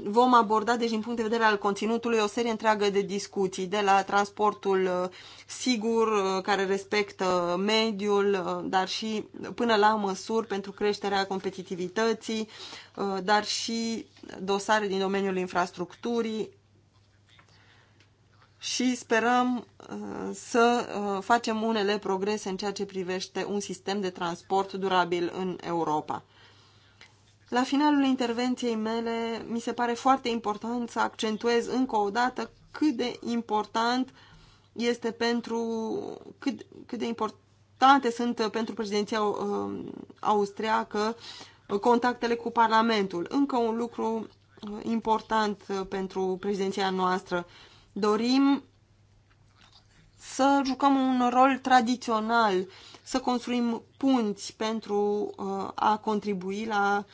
vom aborda, deci din punct de vedere al conținutului, o serie întreagă de discuții, de la transportul uh, sigur, uh, care respectă mediul, uh, dar și până la măsuri pentru creșterea competitivității, dar și dosare din domeniul infrastructurii. Și sperăm să facem unele progrese în ceea ce privește un sistem de transport durabil în Europa. La finalul intervenției mele, mi se pare foarte important să accentuez încă o dată cât de important este pentru cât, cât de importante sunt pentru președinția um, austriacă contactele cu Parlamentul. Încă un lucru uh, important uh, pentru președinția noastră. Dorim să jucăm un rol tradițional, să construim punți pentru uh, a contribui la uh,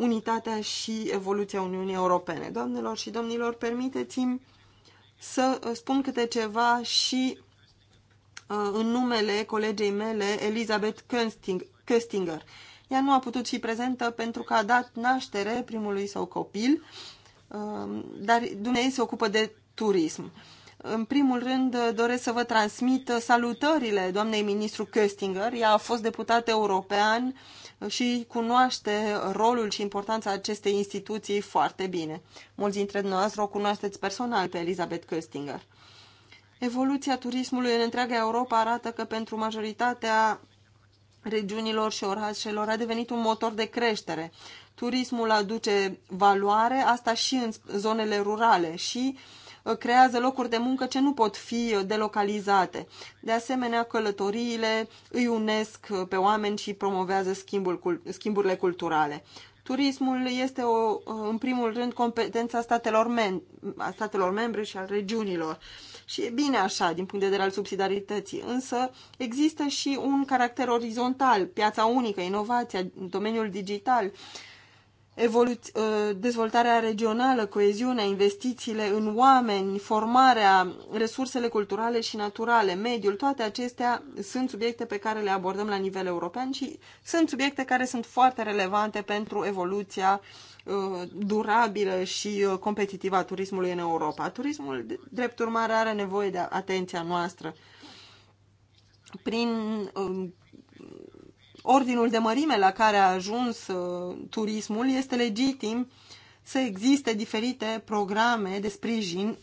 unitatea și evoluția Uniunii Europene. Doamnelor și domnilor, permiteți-mi să uh, spun câte ceva și uh, în numele colegei mele, Elizabeth Köstinger. Ea nu a putut fi prezentă pentru că a dat naștere primului său copil, um, dar dumneavoastră se ocupă de turism. În primul rând, uh, doresc să vă transmit salutările doamnei ministru Köstinger. Ea a fost deputat european și cunoaște rolul și importanța acestei instituții foarte bine. Mulți dintre dumneavoastră o cunoașteți personal pe Elizabeth Köstinger. Evoluția turismului în întreaga Europa arată că pentru majoritatea regiunilor și orașelor a devenit un motor de creștere. Turismul aduce valoare, asta și în zonele rurale și uh, Uh, creează locuri de muncă ce nu pot fi uh, delocalizate. De asemenea, călătoriile îi unesc uh, pe oameni și promovează schimbul, schimburile culturale. Turismul este, o, în primul rând, competența statelor, men, a statelor membre și al regiunilor. Și e bine așa, din punct de vedere al subsidiarității. Însă există și un caracter orizontal, piața unică, inovația, domeniul digital. Uh, Uh, dezvoltarea regională, coeziunea, investițiile în oameni, formarea, resursele culturale și naturale, mediul, toate acestea sunt subiecte pe care le abordăm la nivel european și sunt subiecte care sunt foarte relevante pentru evoluția uh, durabilă și uh, competitivă a turismului în Europa. Turismul, drept urmare, are nevoie de atenția noastră prin um, ordinul de mărime la care a ajuns uh, turismul, este legitim să existe diferite programe de sprijin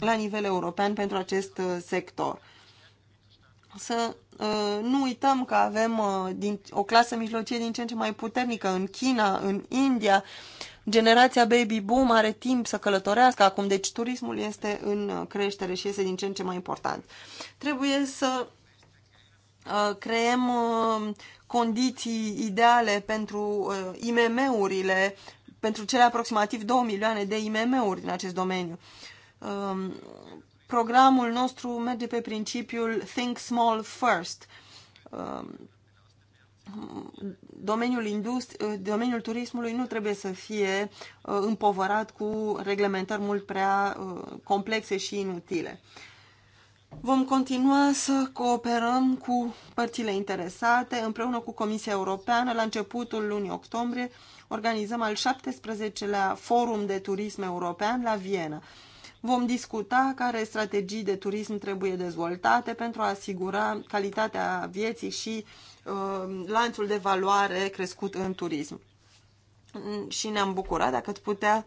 la nivel european pentru acest uh, sector. Să uh, nu uităm că avem din, o clasă mijlocie din ce în ce mai puternică în China, în India. Generația baby boom are timp să călătorească acum, deci turismul este în creștere și este din ce în ce mai important. Trebuie să Uh, creăm uh, condiții ideale pentru uh, IMM-urile, pentru cele aproximativ 2 milioane de IMM-uri din acest domeniu. Um, programul nostru merge pe principiul Think Small First. Um, domeniul, industri- domeniul turismului nu trebuie să fie împovărat cu reglementări mult prea complexe și inutile. Vom continua să cooperăm cu părțile interesate. Împreună cu Comisia Europeană, la începutul lunii octombrie, organizăm al 17-lea Forum de Turism European la Viena. Vom discuta care strategii de turism trebuie dezvoltate pentru a asigura calitatea vieții și uh, lanțul de valoare crescut în turism. Și ne-am bucurat dacă ați putea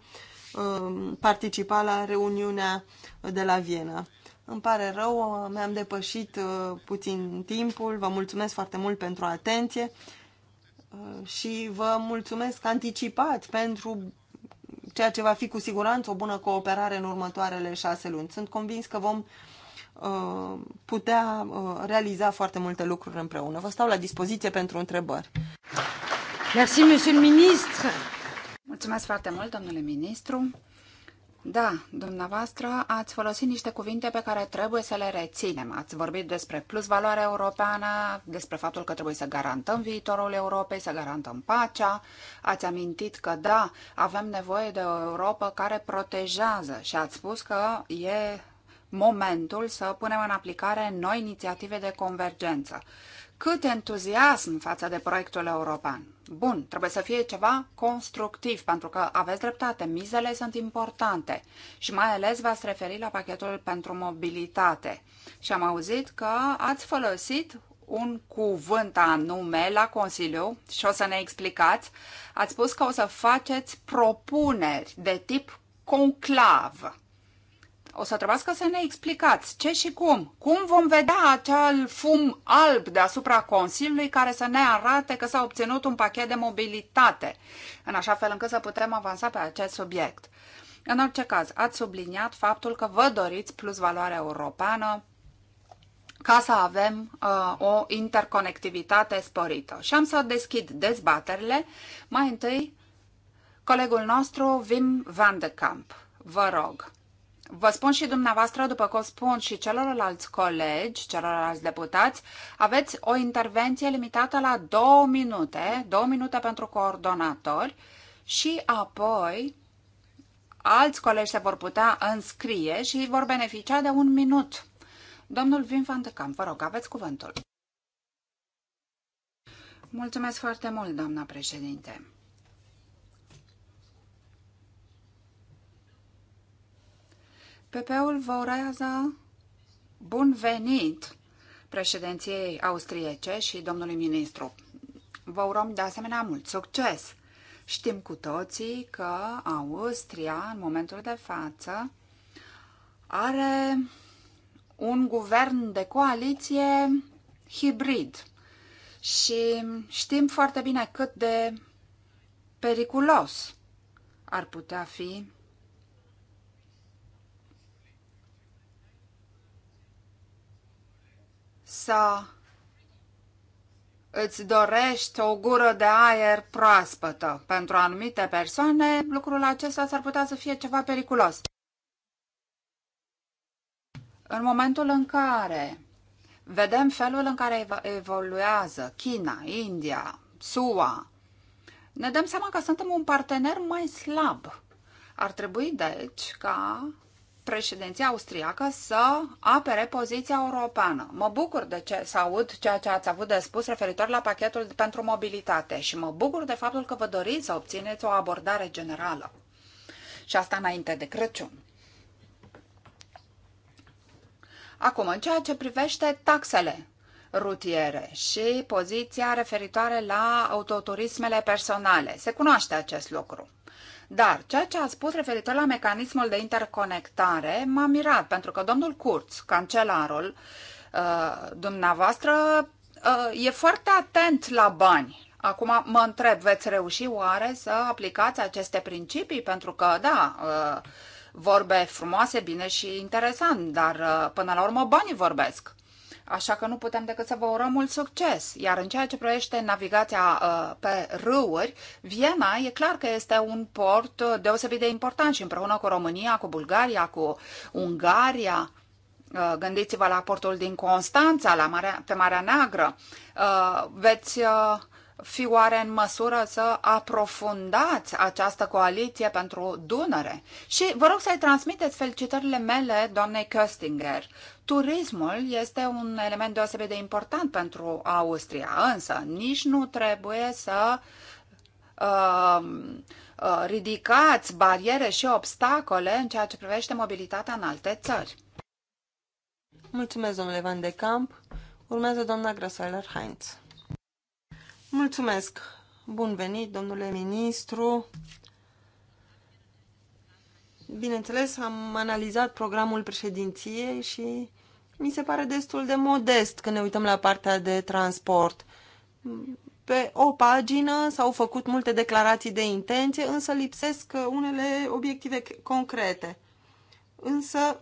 uh, participa la reuniunea de la Viena. Îmi pare rău, mi-am depășit uh, puțin timpul. Vă mulțumesc foarte mult pentru atenție uh, și vă mulțumesc anticipat pentru ceea ce va fi cu siguranță o bună cooperare în următoarele șase luni. Sunt convins că vom uh, putea realiza foarte multe lucruri împreună. Vă stau la dispoziție pentru întrebări. monsieur Mulțumesc foarte mult, domnule ministru. Da, dumneavoastră ați folosit niște cuvinte pe care trebuie să le reținem. Ați vorbit despre plus valoare europeană, despre faptul că trebuie să garantăm viitorul Europei, să garantăm pacea. Ați amintit că da, avem nevoie de o Europa care protejează și ați spus că e momentul să punem în aplicare noi inițiative de convergență. Cât entuziasm față de proiectul european! bun, trebuie să fie ceva constructiv, pentru că aveți dreptate, mizele sunt importante și mai ales v-ați referit la pachetul pentru mobilitate. Și am auzit că ați folosit un cuvânt anume la Consiliu și o să ne explicați. Ați spus că o să faceți propuneri de tip conclav o să trebuiască să ne explicați ce și cum. Cum vom vedea acel fum alb deasupra Consiliului care să ne arate că s-a obținut un pachet de mobilitate, în așa fel încât să putem avansa pe acest subiect. În orice caz, ați subliniat faptul că vă doriți plus valoare europeană ca să avem uh, o interconectivitate sporită. Și am să deschid dezbaterile. Mai întâi, colegul nostru, Wim van de Kamp. Vă rog vă spun și dumneavoastră, după cum spun și celorlalți colegi, celorlalți deputați, aveți o intervenție limitată la două minute, două minute pentru coordonatori și apoi alți colegi se vor putea înscrie și vor beneficia de un minut. Domnul Vin van de Camp, vă rog, aveți cuvântul. Mulțumesc foarte mult, doamna președinte. PP-ul vă urează bun venit președinției austriece și domnului ministru. Vă urăm de asemenea mult succes! Știm cu toții că Austria, în momentul de față, are un guvern de coaliție hibrid. Și știm foarte bine cât de periculos ar putea fi să îți dorești o gură de aer proaspătă. Pentru anumite persoane, lucrul acesta s-ar putea să fie ceva periculos. În momentul în care vedem felul în care evoluează China, India, SUA, ne dăm seama că suntem un partener mai slab. Ar trebui, deci, ca președinția austriacă să apere poziția europeană. Mă bucur de ce să aud ceea ce ați avut de spus referitor la pachetul pentru mobilitate și mă bucur de faptul că vă doriți să obțineți o abordare generală. Și asta înainte de Crăciun. Acum, în ceea ce privește taxele rutiere și poziția referitoare la autoturismele personale, se cunoaște acest lucru. Dar ceea ce a spus referitor la mecanismul de interconectare m-a mirat, pentru că domnul Curț, cancelarul uh, dumneavoastră, uh, e foarte atent la bani. Acum mă întreb, veți reuși oare să aplicați aceste principii? Pentru că, da, uh, vorbe frumoase, bine și interesant, dar până la urmă banii vorbesc. Așa că nu putem decât să vă urăm mult succes. Iar în ceea ce privește navigația uh, pe râuri, Viena e clar că este un port uh, deosebit de important și împreună cu România, cu Bulgaria, cu Ungaria, uh, gândiți-vă la portul din Constanța, la Marea, pe Marea Neagră, uh, veți... Uh, fi oare în măsură să aprofundați această coaliție pentru Dunăre? Și vă rog să-i transmiteți felicitările mele doamnei Köstinger. Turismul este un element deosebit de important pentru Austria, însă nici nu trebuie să uh, uh, ridicați bariere și obstacole în ceea ce privește mobilitatea în alte țări. Mulțumesc, domnule Van de Camp. Urmează doamna Grasweiler-Heinz. Mulțumesc! Bun venit, domnule ministru! Bineînțeles, am analizat programul președinției și mi se pare destul de modest când ne uităm la partea de transport. Pe o pagină s-au făcut multe declarații de intenție, însă lipsesc unele obiective concrete. Însă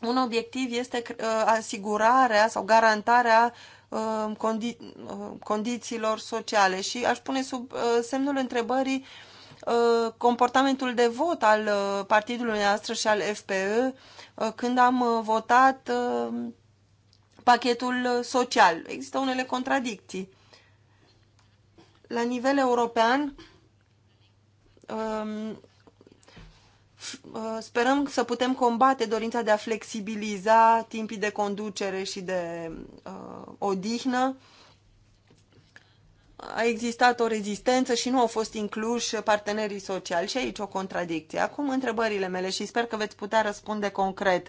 un obiectiv este uh, asigurarea sau garantarea uh, condi uh, condițiilor sociale și aș pune sub semnul întrebării comportamentul de vot al partidului noastră și al FPE când am votat pachetul social. Există unele contradicții. La nivel european, um, Uh, sperăm să putem combate dorința de a flexibiliza timpii de conducere și de uh, odihnă. A existat o rezistență și nu au fost incluși partenerii sociali și aici o contradicție. Acum întrebările mele și sper că veți putea răspunde concret.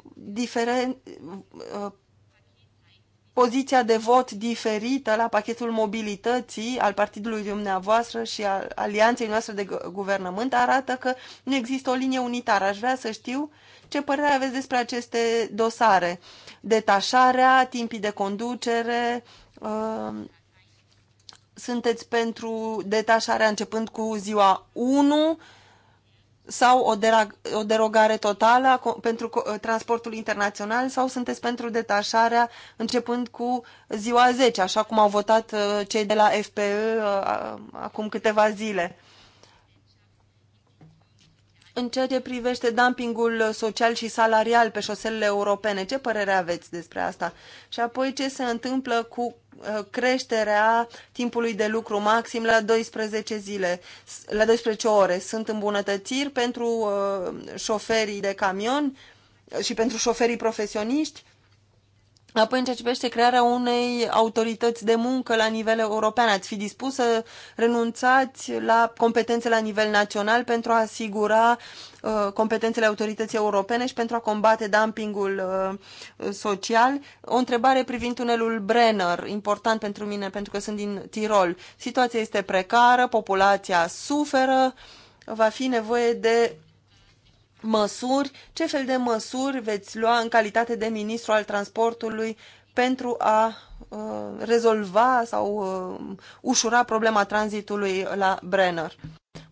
uh, poziția de vot diferită la pachetul mobilității al partidului dumneavoastră și al alianței noastre de guvernământ arată că nu există o linie unitară. Aș vrea să știu ce părere aveți despre aceste dosare. Detașarea, timpii de conducere, um, sunteți pentru detașarea începând cu ziua 1 sau o, derag- o derogare totală pentru transportul internațional sau sunteți pentru detașarea începând cu ziua 10, așa cum au votat uh, cei de la FPE uh, acum câteva zile. În ceea ce privește dumpingul social și salarial pe șoselele europene, ce părere aveți despre asta? Și apoi ce se întâmplă cu Uh, creșterea timpului de lucru maxim la 12 zile, la 12 ore. Sunt îmbunătățiri pentru uh, șoferii de camion și pentru șoferii profesioniști Apoi, în ceea ce privește crearea unei autorități de muncă la nivel european, ați fi dispus să renunțați la competențe la nivel național pentru a asigura uh, competențele autorității europene și pentru a combate dumpingul uh, social. O întrebare privind tunelul Brenner, important pentru mine pentru că sunt din Tirol. Situația este precară, populația suferă, va fi nevoie de măsuri, ce fel de măsuri veți lua în calitate de ministru al transportului pentru a Uh, rezolva sau uh, ușura problema tranzitului la Brenner.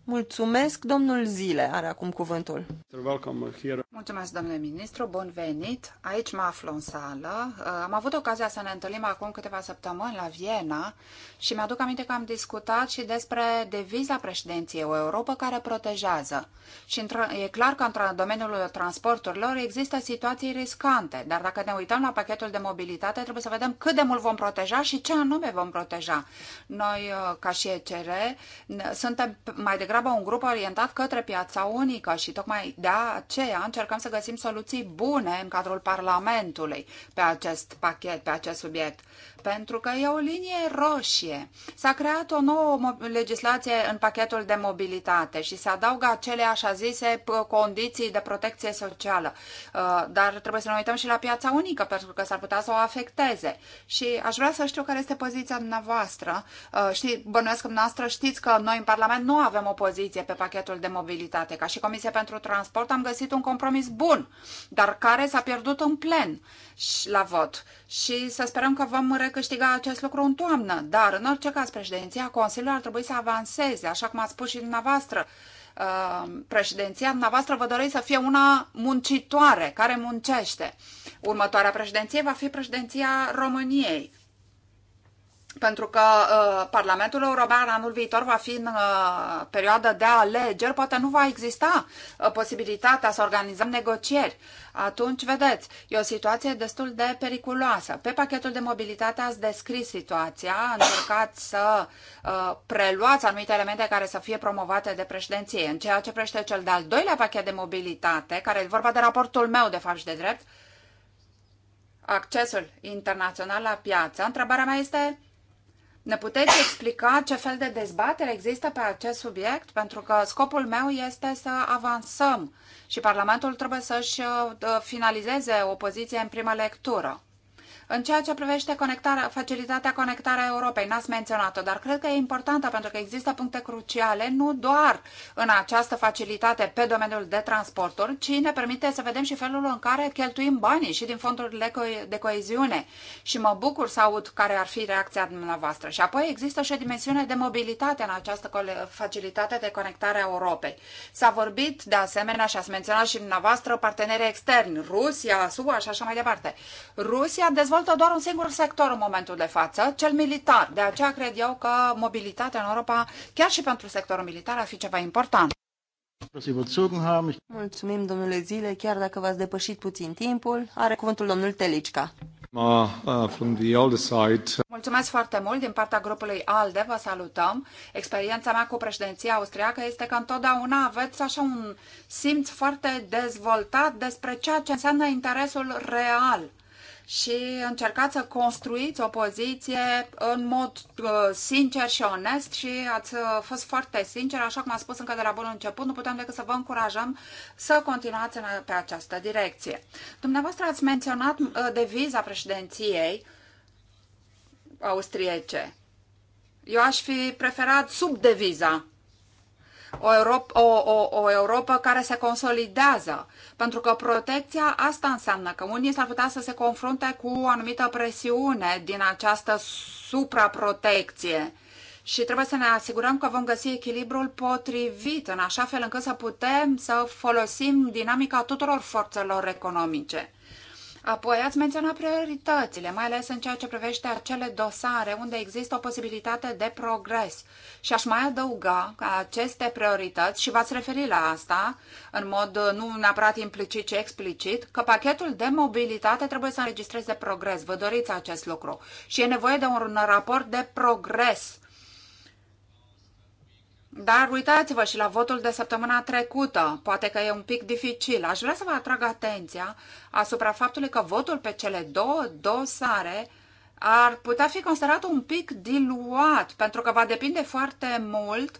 Mulțumesc, domnul Zile are acum cuvântul. Uh, Mulțumesc, domnule ministru, bun venit. Aici mă aflu în sală. Am avut ocazia să ne întâlnim acum câteva săptămâni la Viena și mi-aduc aminte că am discutat și despre deviza președinției, o Europa care protejează. Și e clar că în domeniul transporturilor există situații riscante, dar dacă ne uităm la pachetul de mobilitate, trebuie să vedem cât de mult vom proteja și ce anume vom proteja. Noi, uh, ca și ECR, suntem mai degrabă un grup orientat către piața unică și tocmai de aceea încercăm să găsim soluții bune în cadrul Parlamentului pe acest pachet, pe acest subiect pentru că e o linie roșie. S-a creat o nouă legislație în pachetul de mobilitate și se adaugă acele așa zise condiții de protecție socială. Uh, dar trebuie să ne uităm și la piața unică, pentru că s-ar putea să o afecteze. Și aș vrea să știu care este poziția dumneavoastră. Uh, știți, bănuiesc dumneavoastră știți că noi în Parlament nu avem o poziție pe pachetul de mobilitate. Ca și Comisia pentru Transport am găsit un compromis bun, dar care s-a pierdut în plen la vot. Și să sperăm că vom recâștiga acest lucru în toamnă, dar în orice caz președinția Consiliului ar trebui să avanseze, așa cum ați spus și dumneavoastră. Uh, președinția dumneavoastră vă doriți să fie una muncitoare, care muncește. Următoarea președinție va fi președinția României pentru că uh, Parlamentul European anul viitor va fi în uh, perioadă de alegeri, poate nu va exista uh, posibilitatea să organizăm negocieri. Atunci, vedeți, e o situație destul de periculoasă. Pe pachetul de mobilitate ați descris situația, încercați să uh, preluați anumite elemente care să fie promovate de președinție. În ceea ce prește cel de-al doilea pachet de mobilitate, care e vorba de raportul meu, de fapt și de drept, accesul internațional la piață, întrebarea mea este ne puteți explica ce fel de dezbatere există pe acest subiect? Pentru că scopul meu este să avansăm și Parlamentul trebuie să-și uh, finalizeze o poziție în prima lectură. În ceea ce privește conectarea, facilitatea conectarea Europei, n-ați menționat-o, dar cred că e importantă pentru că există puncte cruciale nu doar în această facilitate pe domeniul de transporturi, ci ne permite să vedem și felul în care cheltuim banii și din fondurile de coeziune. Și mă bucur să aud care ar fi reacția dumneavoastră. Și apoi există și o dimensiune de mobilitate în această facilitate de conectare a Europei. S-a vorbit de asemenea și ați menționat și dumneavoastră partenerii externi, Rusia, SUA și așa mai departe. Rusia dezvoltă dezvoltă doar un singur sector în momentul de față, cel militar. De aceea cred eu că mobilitatea în Europa, chiar și pentru sectorul militar, ar fi ceva important. Mulțumim, domnule Zile, chiar dacă v-ați depășit puțin timpul. Are cuvântul domnul Telicca. Uh, uh, Mulțumesc foarte mult din partea grupului ALDE, vă salutăm. Experiența mea cu președinția austriacă este că întotdeauna aveți așa un simț foarte dezvoltat despre ceea ce înseamnă interesul real și încercați să construiți o poziție în mod uh, sincer și onest și ați uh, fost foarte sincer, așa cum am spus încă de la bun început, nu putem decât să vă încurajăm să continuați în, pe această direcție. Dumneavoastră ați menționat uh, deviza președinției austriece. Eu aș fi preferat sub deviza o Europa, o, o, o Europa care se consolidează. Pentru că protecția asta înseamnă că unii s-ar putea să se confrunte cu o anumită presiune din această supraprotecție. Și trebuie să ne asigurăm că vom găsi echilibrul potrivit, în așa fel încât să putem să folosim dinamica tuturor forțelor economice. Apoi ați menționat prioritățile, mai ales în ceea ce privește acele dosare unde există o posibilitate de progres. Și aș mai adăuga că aceste priorități, și v-ați referit la asta, în mod uh, nu neapărat implicit, ci explicit, că pachetul de mobilitate trebuie să înregistreze progres. Vă doriți acest lucru. Și e nevoie de un raport de progres dar uitați-vă și la votul de săptămâna trecută, poate că e un pic dificil. Aș vrea să vă atrag atenția asupra faptului că votul pe cele două dosare ar putea fi considerat un pic diluat, pentru că va depinde foarte mult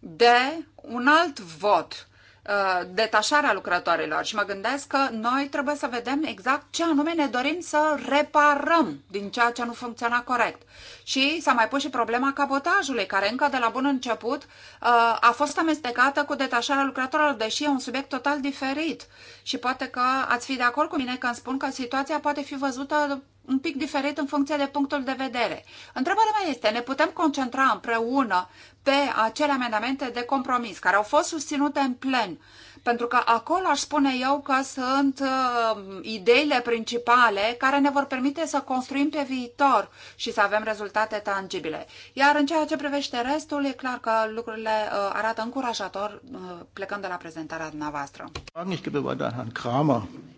de un alt vot Uh, detașarea lucrătorilor și mă gândesc că noi trebuie să vedem exact ce anume ne dorim să reparăm din ceea ce nu funcționa corect. Și s-a mai pus și problema cabotajului, care încă de la bun început uh, a fost amestecată cu detașarea lucrătorilor, deși e un subiect total diferit. Și poate că ați fi de acord cu mine când spun că situația poate fi văzută un pic diferit în funcție de punctul de vedere. Întrebarea mea este, ne putem concentra împreună pe acele amendamente de compromis care au fost susținute în plen? Pentru că acolo aș spune eu că sunt uh, ideile principale care ne vor permite să construim pe viitor și să avem rezultate tangibile. Iar în ceea ce privește restul, e clar că lucrurile uh, arată încurajator uh, plecând de la prezentarea dumneavoastră.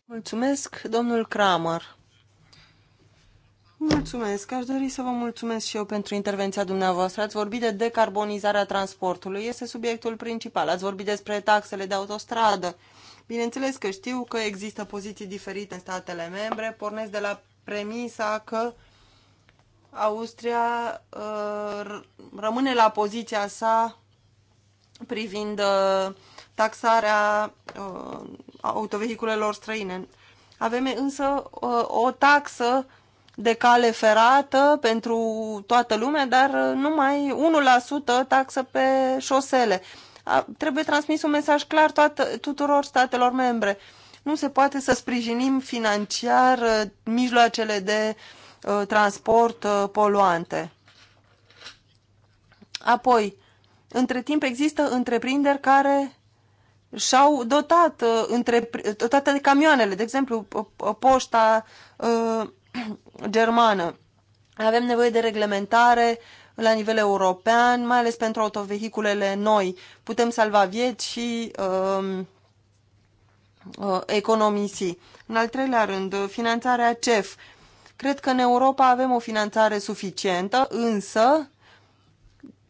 Mulțumesc, domnul Kramer. Mulțumesc. Aș dori să vă mulțumesc și eu pentru intervenția dumneavoastră. Ați vorbit de decarbonizarea transportului. Este subiectul principal. Ați vorbit despre taxele de autostradă. Bineînțeles că știu că există poziții diferite în statele membre. Pornesc de la premisa că Austria uh, rămâne la poziția sa privind uh, taxarea uh, autovehiculelor străine. Avem însă o taxă de cale ferată pentru toată lumea, dar numai 1% taxă pe șosele. A, trebuie transmis un mesaj clar toată, tuturor statelor membre. Nu se poate să sprijinim financiar uh, mijloacele de uh, transport uh, poluante. Apoi, între timp există întreprinderi care și-au dotat uh, între, toate camioanele, de exemplu, poșta uh, germană. Avem nevoie de reglementare la nivel european, mai ales pentru autovehiculele noi. Putem salva vieți și um, uh, uh, economisi. În al treilea rând, finanțarea CEF. Cred că în Europa avem o finanțare suficientă, însă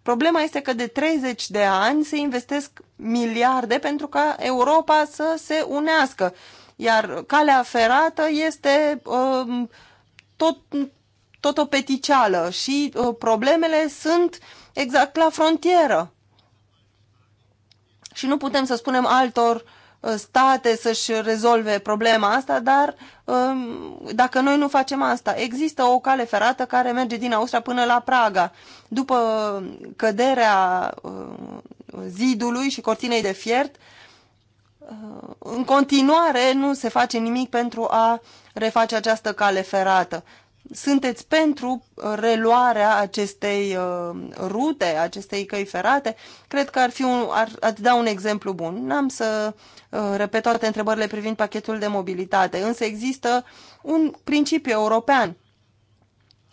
problema este că de 30 de ani se investesc miliarde pentru ca Europa să se unească. Iar calea ferată este uh, tot, tot o peticeală și uh, problemele sunt exact la frontieră. Și nu putem să spunem altor uh, state să-și rezolve problema asta, dar uh, dacă noi nu facem asta, există o cale ferată care merge din Austria până la Praga. După uh, căderea uh, zidului și cortinei de fiert, uh, Uh, în continuare nu se face nimic pentru a reface această cale ferată. Sunteți pentru reluarea acestei uh, rute, acestei căi ferate? Cred că ar fi un, ar, ar da un exemplu bun. N-am să uh, repet toate întrebările privind pachetul de mobilitate, însă există un principiu european.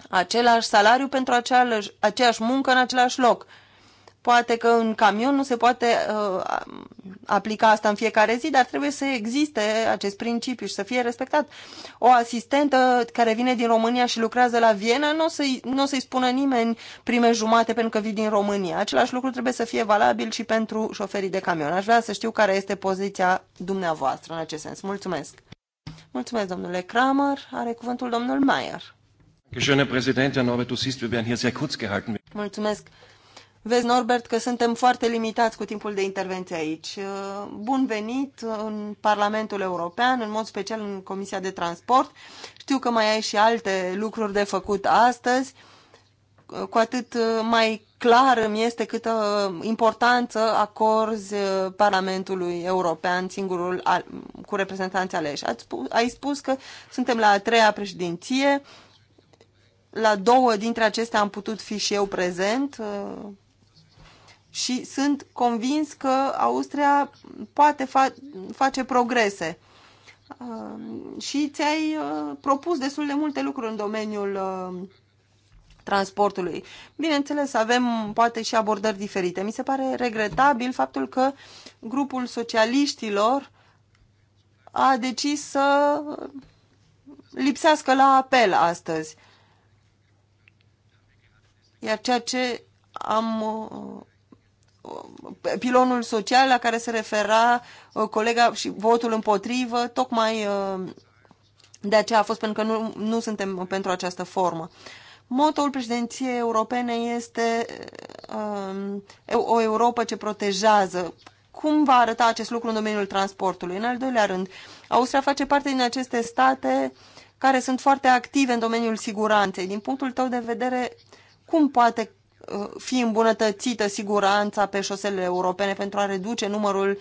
Același salariu pentru aceeași, aceeași muncă în același loc. Uh, Poate că în camion nu se poate uh, aplica asta în fiecare zi, dar trebuie să existe acest principiu și să fie respectat. O asistentă care vine din România și lucrează la Viena nu o să-i, n-o să-i spună nimeni prime jumate pentru că vii din România. Același lucru trebuie să fie valabil și pentru șoferii de camion. Aș vrea să știu care este poziția dumneavoastră în acest sens. Mulțumesc! Mulțumesc, domnule Kramer. Are cuvântul domnul Mayer. Mulțumesc. Vezi, Norbert, că suntem foarte limitați cu timpul de intervenție aici. Uh, bun venit în Parlamentul European, în mod special în Comisia de Transport. Știu că mai ai și alte lucruri de făcut astăzi. Uh, cu atât uh, mai clar îmi este câtă importanță acorzi Parlamentului European, singurul al, cu reprezentanții aleși. Ați spus, ai spus că suntem la a treia președinție. La două dintre acestea am putut fi și eu prezent și sunt convins că Austria poate fa face progrese. Uh, și ți-ai uh, propus destul de multe lucruri în domeniul uh, transportului. Bineînțeles, avem poate și abordări diferite. Mi se pare regretabil faptul că grupul socialiștilor a decis să lipsească la apel astăzi. Iar ceea ce am uh, pilonul social la care se refera uh, colega și votul împotrivă, tocmai uh, de aceea a fost pentru că nu, nu suntem pentru această formă. Motoul președinției europene este um, o Europa ce protejează. Cum va arăta acest lucru în domeniul transportului? În al doilea rând, Austria face parte din aceste state care sunt foarte active în domeniul siguranței. Din punctul tău de vedere, cum poate Uh, fi îmbunătățită siguranța pe șoselele europene pentru a reduce numărul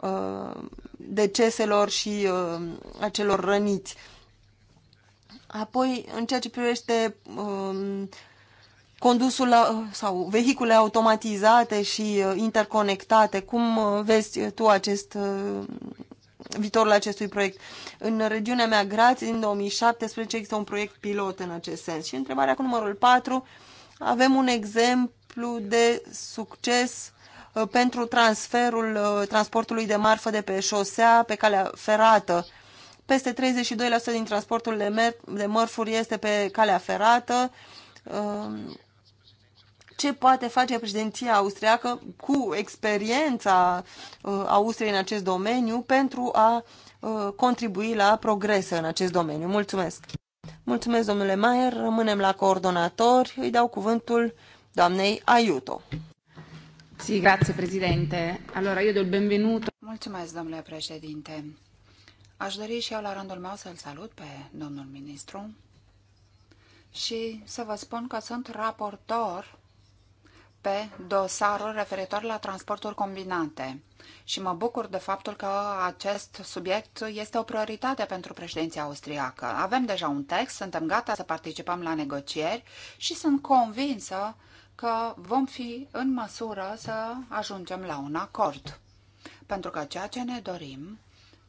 uh, deceselor și uh, acelor răniți. Apoi, în ceea ce privește um, condusul sau vehicule automatizate și interconectate, cum vezi tu acest viitorul acestui proiect. În regiunea mea, grație din 2017, există un proiect pilot în acest sens. Și întrebarea cu numărul 4, avem un exemplu de succes uh, pentru transferul uh, transportului de marfă de pe șosea pe calea ferată. Peste 32% din transportul de, de mărfuri este pe calea ferată. Uh, ce poate face președinția austriacă cu experiența Austriei în acest domeniu pentru a contribui la progrese în acest domeniu? Mulțumesc! Mulțumesc, domnule Maier. Rămânem la coordonatori. Îi dau cuvântul doamnei Aiuto. Sì, grazie Presidente. Allora, io do il benvenuto. Mulțumesc, domnule președinte. Aș dori și eu la rândul meu să-l salut pe domnul ministru și să vă spun că sunt raportor pe dosarul referitor la transporturi combinate și mă bucur de faptul că acest subiect este o prioritate pentru președinția austriacă. Avem deja un text, suntem gata să participăm la negocieri și sunt convinsă că vom fi în măsură să ajungem la un acord. Pentru că ceea ce ne dorim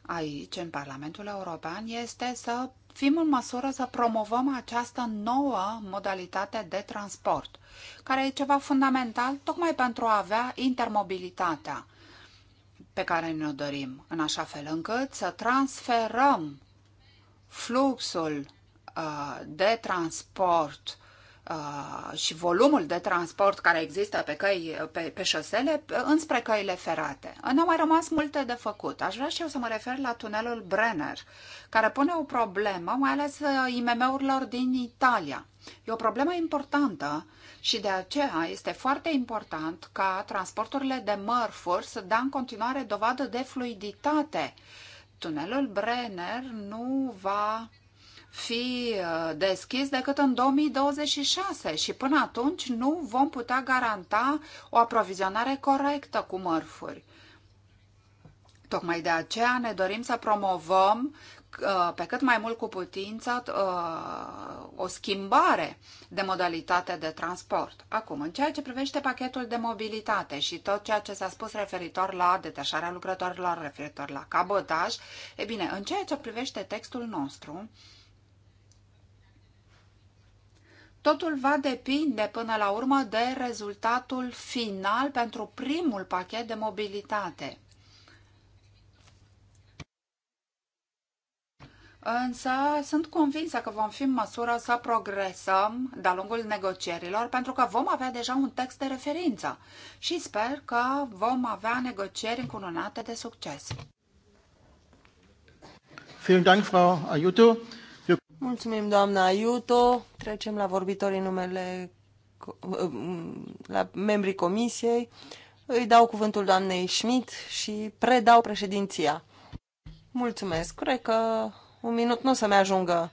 aici, în Parlamentul European, este să fim în măsură să promovăm această nouă modalitate de transport, care e ceva fundamental tocmai pentru a avea intermobilitatea pe care ne-o dorim, în așa fel încât să transferăm fluxul uh, de transport Uh, și volumul de transport care există pe, căi, pe, pe șosele uh, înspre căile ferate. Ne-au mai rămas multe de făcut. Aș vrea și eu să mă refer la tunelul Brenner, care pune o problemă, mai ales uh, IMM-urilor din Italia. E o problemă importantă și de aceea este foarte important ca transporturile de mărfuri să dea în continuare dovadă de fluiditate. Tunelul Brenner nu va fi uh, deschis decât în 2026 și până atunci nu vom putea garanta o aprovizionare corectă cu mărfuri. Tocmai de aceea ne dorim să promovăm uh, pe cât mai mult cu putință uh, o schimbare de modalitate de transport. Acum, în ceea ce privește pachetul de mobilitate și tot ceea ce s-a spus referitor la detașarea lucrătorilor, referitor la cabotaj, e bine, în ceea ce privește textul nostru, Totul va depinde până la urmă de rezultatul final pentru primul pachet de mobilitate. Însă sunt convinsă că vom fi în măsură să progresăm de-a lungul negocierilor, pentru că vom avea deja un text de referință și sper că vom avea negocieri încununate de succes. Vielen Dank, Frau Ayuto. Mulțumim, doamna Iuto. Trecem la vorbitorii numele la membrii comisiei. Îi dau cuvântul doamnei Schmidt și predau președinția. Mulțumesc. Cred că un minut nu să-mi ajungă.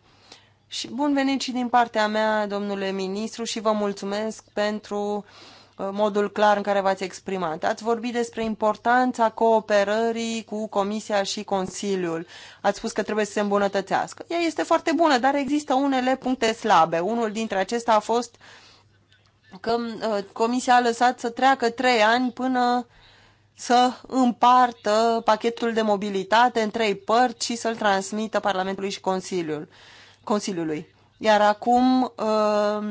Și bun venit și din partea mea, domnule ministru, și vă mulțumesc pentru uh, Uh, modul clar în care v-ați exprimat. Ați vorbit despre importanța cooperării cu Comisia și Consiliul. Ați spus că trebuie să se îmbunătățească. Ea este foarte bună, dar există unele puncte slabe. Unul dintre acestea a fost că uh, Comisia a lăsat să treacă trei ani până să împartă pachetul de mobilitate în trei părți și să-l transmită Parlamentului și Consiliul, Consiliului. Iar acum uh,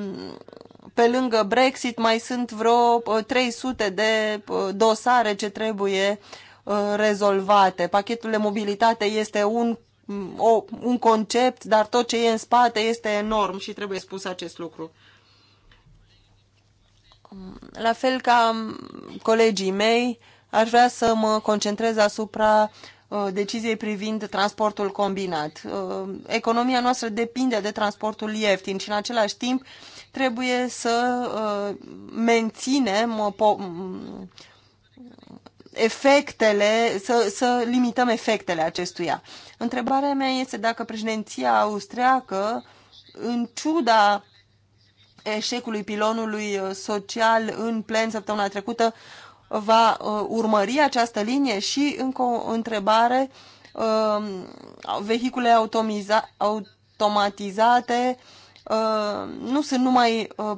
pe lângă Brexit mai sunt vreo 300 uh, de uh, dosare ce trebuie uh, rezolvate. Pachetul de mobilitate este un, mm, o, un concept, dar tot ce e în spate este enorm și trebuie spus acest lucru. La fel ca mm, colegii mei, aș vrea să mă concentrez asupra deciziei privind transportul combinat. Economia noastră depinde de transportul ieftin și în același timp trebuie să uh, menținem uh, mm, efectele, să, să limităm efectele acestuia. Întrebarea mea este dacă președinția austriacă, în ciuda eșecului pilonului uh, social în plen săptămâna trecută, va urmări această linie și încă o întrebare, vehicule automatizate Uh, nu sunt numai uh,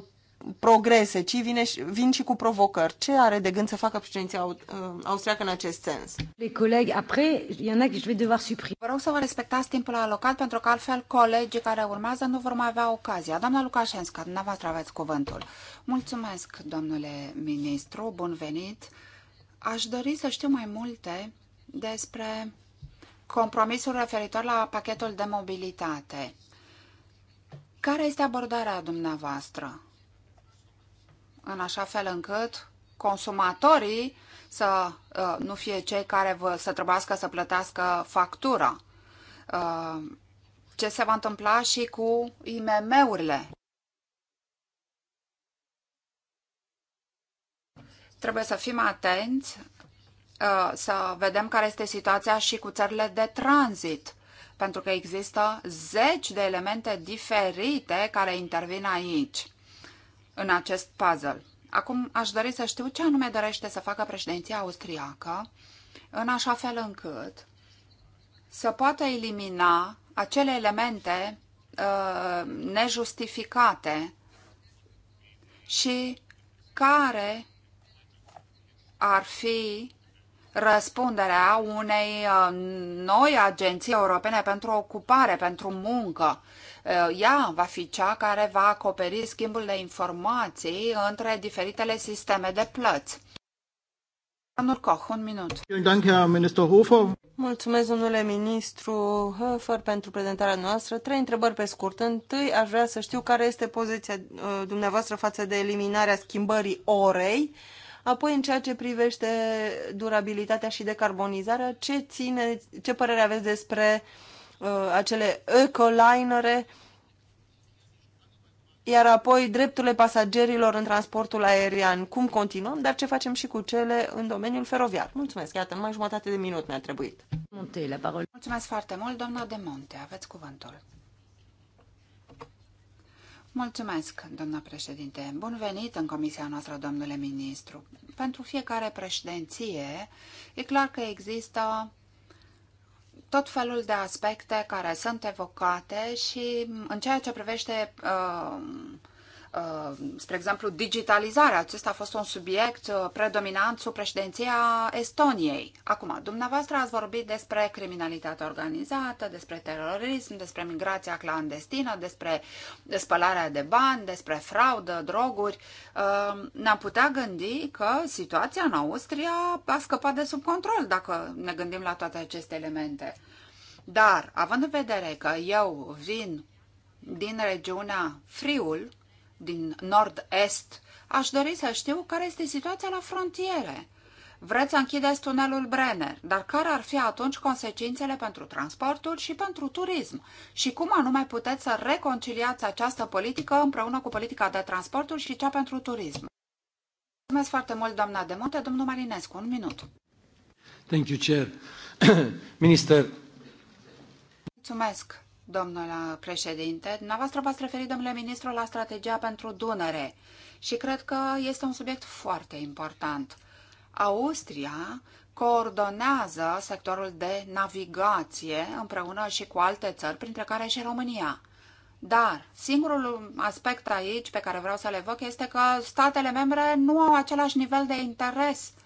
progrese, ci vine, vin și cu provocări. Ce are de gând să facă președinția uh, austriacă în acest sens? Colegi, Vă rog să vă respectați timpul alocat, pentru că altfel colegii care urmează nu vor mai avea ocazia. Doamna nu dumneavoastră aveți cuvântul. Mulțumesc, domnule ministru, bun venit. Aș dori să știu mai multe despre compromisul referitor la pachetul de mobilitate care este abordarea dumneavoastră? În așa fel încât consumatorii să uh, nu fie cei care vă, să trebuiască să plătească factura. Uh, ce se va întâmpla și cu IMM-urile? Trebuie să fim atenți, uh, să vedem care este situația și cu țările de tranzit pentru că există zeci de elemente diferite care intervin aici, în acest puzzle. Acum aș dori să știu ce anume dorește să facă președinția austriacă, în așa fel încât să poată elimina acele elemente uh, nejustificate și care ar fi răspunderea unei uh, noi agenții europene pentru ocupare, pentru muncă. Uh, ea va fi cea care va acoperi schimbul de informații între diferitele sisteme de plăți. Domnul Koch, un minut. Mulțumesc, domnule ministru Höfer, pentru prezentarea noastră. Trei întrebări pe scurt. Întâi, aș vrea să știu care este poziția uh, dumneavoastră față de eliminarea schimbării orei Apoi, în ceea ce privește durabilitatea și decarbonizarea, ce, ține, ce părere aveți despre uh, acele ecolinere iar apoi drepturile pasagerilor în transportul aerian. Cum continuăm, dar ce facem și cu cele în domeniul feroviar. Mulțumesc, iată, mai jumătate de minut mi-a trebuit. Monte, la Mulțumesc foarte mult, doamna de Monte, aveți cuvântul. Mulțumesc, doamna președinte. Bun venit în comisia noastră, domnule ministru. Pentru fiecare președinție, e clar că există tot felul de aspecte care sunt evocate și în ceea ce privește uh, Uh, spre exemplu, digitalizarea. Acesta a fost un subiect uh, predominant sub președinția Estoniei. Acum, dumneavoastră ați vorbit despre criminalitatea organizată, despre terorism, despre migrația clandestină, despre spălarea de bani, despre fraudă, droguri. Uh, ne-am putea gândi că situația în Austria a scăpat de sub control dacă ne gândim la toate aceste elemente. Dar, având în vedere că eu vin din regiunea Friul, din nord-est, aș dori să știu care este situația la frontiere. Vreți să închideți tunelul Brenner, dar care ar fi atunci consecințele pentru transportul și pentru turism? Și cum anume puteți să reconciliați această politică împreună cu politica de transportul și cea pentru turism? Mulțumesc foarte mult, doamna de Monte. Domnul Marinescu, un minut. Thank you, Chair. Minister. Mulțumesc, domnule președinte. Dumneavoastră v-ați referit, domnule ministru, la strategia pentru Dunăre și cred că este un subiect foarte important. Austria coordonează sectorul de navigație împreună și cu alte țări, printre care și România. Dar singurul aspect aici pe care vreau să le văd este că statele membre nu au același nivel de interes uh,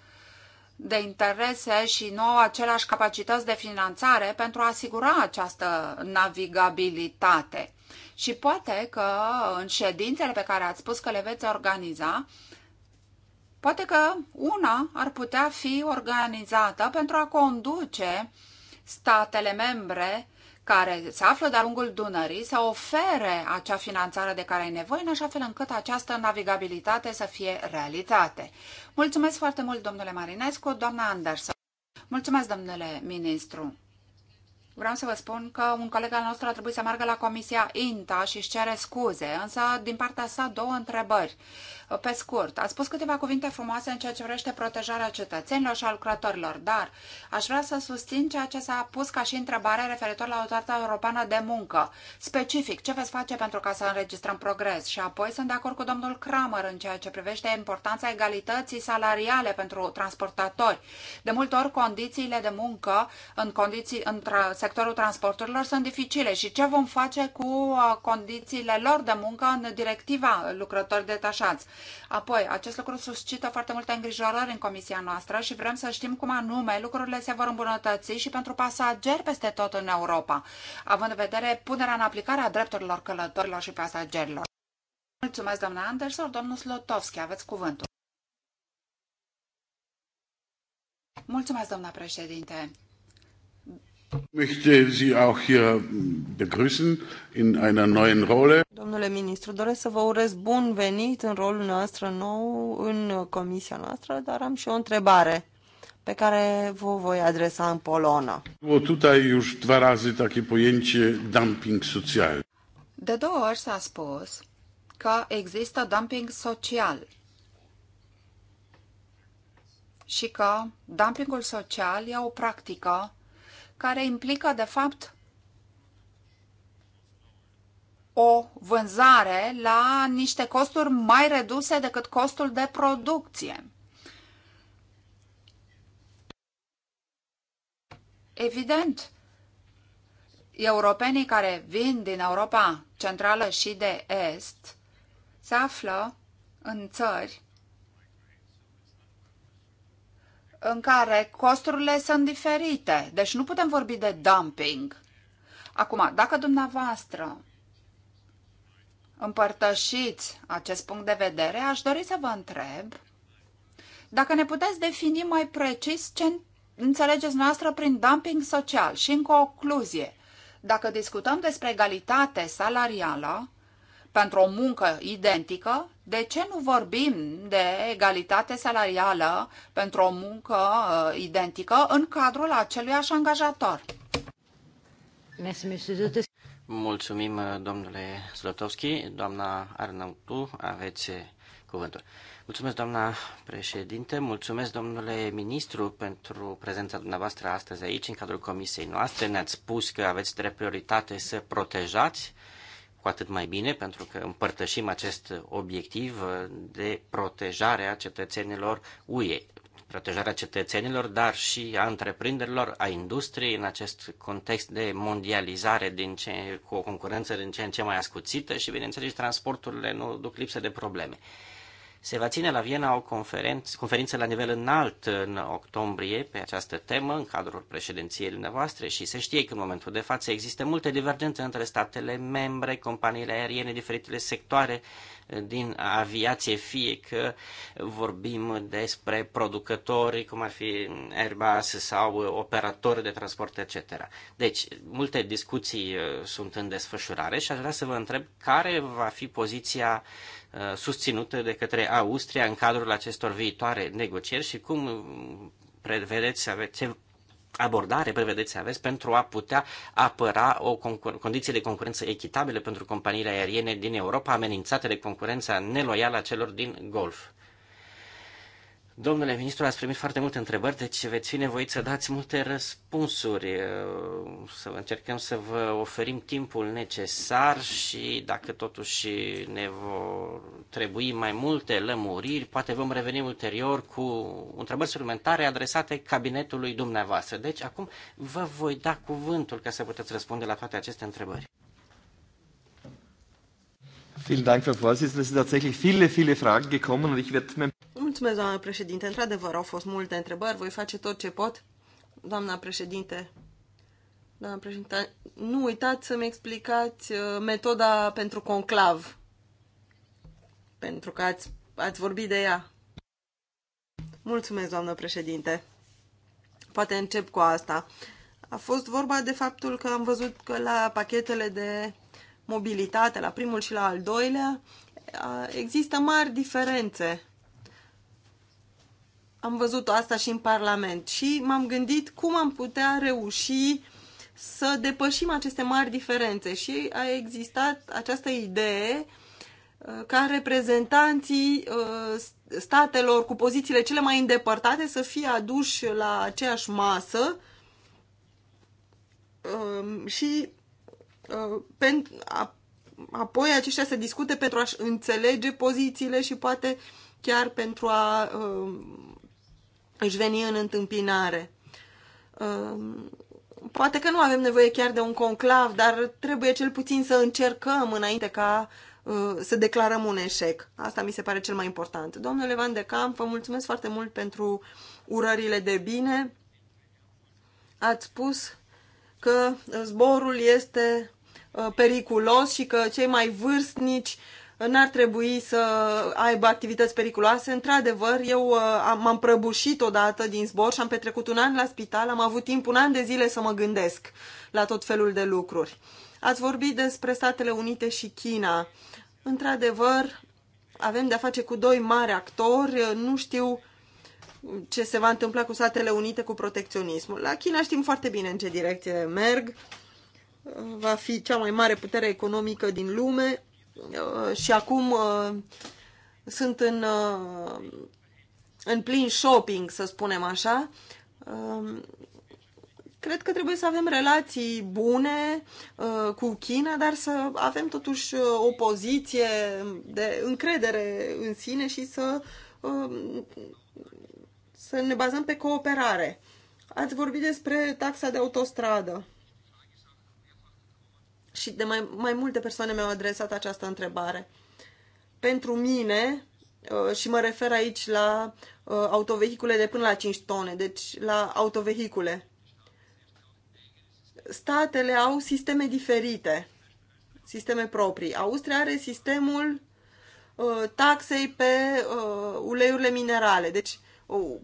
de interese și au aceleași capacități de finanțare pentru a asigura această navigabilitate. Și poate că în ședințele pe care ați spus că le veți organiza, poate că una ar putea fi organizată pentru a conduce statele membre care se află de-a lungul Dunării să ofere acea finanțare de care ai nevoie, în așa fel încât această navigabilitate să fie realitate. Mulțumesc foarte mult, domnule Marinescu, doamna Anderson. Mulțumesc, domnule ministru. Vreau să vă spun că un coleg al nostru a trebuit să meargă la Comisia INTA și își cere scuze, însă din partea sa două întrebări pe scurt, ați spus câteva cuvinte frumoase în ceea ce vrește protejarea cetățenilor și a lucrătorilor, dar aș vrea să susțin ceea ce s-a pus ca și întrebare referitor la Autoritatea Europeană de Muncă. Specific, ce veți face pentru ca să înregistrăm progres? Și apoi sunt de acord cu domnul Kramer în ceea ce privește importanța egalității salariale pentru transportatori. De multe ori, condițiile de muncă în, condiții, în tra- sectorul transporturilor sunt dificile și ce vom face cu uh, condițiile lor de muncă în directiva lucrători detașați. Apoi, acest lucru suscită foarte multe îngrijorări în comisia noastră și vrem să știm cum anume lucrurile se vor îmbunătăți și pentru pasageri peste tot în Europa, având în vedere punerea în aplicare a drepturilor călătorilor și pasagerilor. Mulțumesc, doamna Anderson. Domnul Slotovski, aveți cuvântul. Mulțumesc, doamna președinte. Domnule ministru, doresc să vă urez bun venit în rolul noastră nou, în comisia noastră, dar am și o întrebare pe care vă voi adresa în polonă. Bo tutaj już dwa razy takie pojęcie dumping social. De două ori s-a spus că există dumping social și că dumpingul social e o practică care implică, de fapt, o vânzare la niște costuri mai reduse decât costul de producție. Evident, europenii care vin din Europa Centrală și de Est se află în țări în care costurile sunt diferite. Deci nu putem vorbi de dumping. Acum, dacă dumneavoastră împărtășiți acest punct de vedere, aș dori să vă întreb dacă ne puteți defini mai precis ce înțelegeți noastră prin dumping social și în concluzie, dacă discutăm despre egalitate salarială pentru o muncă identică, de ce nu vorbim de egalitate salarială pentru o muncă uh, identică în cadrul aceluiași angajator? Mulțumim, uh, domnule Zlotovski. Doamna Arnautu, aveți uh, cuvântul. Mulțumesc, doamna președinte, mulțumesc, domnule ministru, pentru prezența dumneavoastră astăzi aici, în cadrul comisiei noastre. Ne-ați spus că aveți drept prioritate să protejați atât mai bine, pentru că împărtășim acest obiectiv de protejare a cetățenilor UE, protejarea cetățenilor, dar și a întreprinderilor, a industriei în acest context de mondializare din ce, cu o concurență din ce în ce mai ascuțită și, bineînțeles, transporturile nu duc lipsă de probleme. Se va ține la Viena o conferință, conferință la nivel înalt în octombrie pe această temă, în cadrul președinției dumneavoastră și se știe că în momentul de față există multe divergențe între statele membre, companiile aeriene, diferitele sectoare din aviație, fie că vorbim despre producători, cum ar fi Airbus sau operatori de transport, etc. Deci, multe discuții uh, sunt în desfășurare și aș vrea să vă întreb care va fi poziția uh, susținută de către Austria în cadrul acestor viitoare negocieri și cum uh, prevedeți să ce abordare prevedeți să aveți pentru a putea apăra o condiție de concurență echitabilă pentru companiile aeriene din Europa amenințate de concurența neloială a celor din Golf? Domnule ministru, ați primit foarte multe întrebări, deci veți fi nevoiți să dați multe răspunsuri, să încercăm să vă oferim timpul necesar și dacă totuși ne vor trebui mai multe lămuriri, poate vom reveni ulterior cu întrebări suplimentare adresate cabinetului dumneavoastră. Deci acum vă voi da cuvântul ca să puteți răspunde la toate aceste întrebări. Vielen Dank, Frau Vorsitzende. Es sind tatsächlich viele, viele Fragen gekommen und ich werde Mulțumesc, doamnă președinte. Într-adevăr, au fost multe întrebări. Voi face tot ce pot. Doamna președinte, doamna președinte, nu uitați să-mi explicați uh, metoda pentru conclav. Pentru că ați, ați vorbit de ea. Mulțumesc, doamnă președinte. Poate încep cu asta. A fost vorba de faptul că am văzut că la pachetele de mobilitate, la primul și la al doilea, există mari diferențe am văzut asta și în Parlament și m-am gândit cum am putea reuși să depășim aceste mari diferențe și a existat această idee uh, ca reprezentanții uh, statelor cu pozițiile cele mai îndepărtate să fie aduși la aceeași masă um, și uh, apoi aceștia să discute pentru a-și înțelege pozițiile și poate chiar pentru a um, își veni în întâmpinare. Um, poate că nu avem nevoie chiar de un conclav, dar trebuie cel puțin să încercăm înainte ca uh, să declarăm un eșec. Asta mi se pare cel mai important. Domnule Van de Camp, vă mulțumesc foarte mult pentru urările de bine. Ați spus că zborul este uh, periculos și că cei mai vârstnici uh, n-ar trebui să aibă activități periculoase. Într-adevăr, eu uh, m-am prăbușit odată din zbor și am petrecut un an la spital, am avut timp un an de zile să mă gândesc la tot felul de lucruri. Ați vorbit despre Statele Unite și China. Într-adevăr, avem de-a face cu doi mari actori, uh, nu știu ce se va întâmpla cu Statele Unite cu protecționismul. La China știm foarte bine în ce direcție merg. Uh, va fi cea mai mare putere economică din lume Uh, și acum uh, sunt în, uh, în plin shopping, să spunem așa, cred că trebuie să avem relații bune cu China, dar să avem totuși o poziție de încredere în sine și să, să ne bazăm pe cooperare. Ați vorbit despre taxa de autostradă și de mai, mai multe persoane mi-au adresat această întrebare. Pentru mine, uh, și mă refer aici la uh, autovehicule de până la 5 tone, deci la autovehicule. Statele au sisteme diferite, sisteme proprii. Austria are sistemul uh, taxei pe uleiurile minerale, deci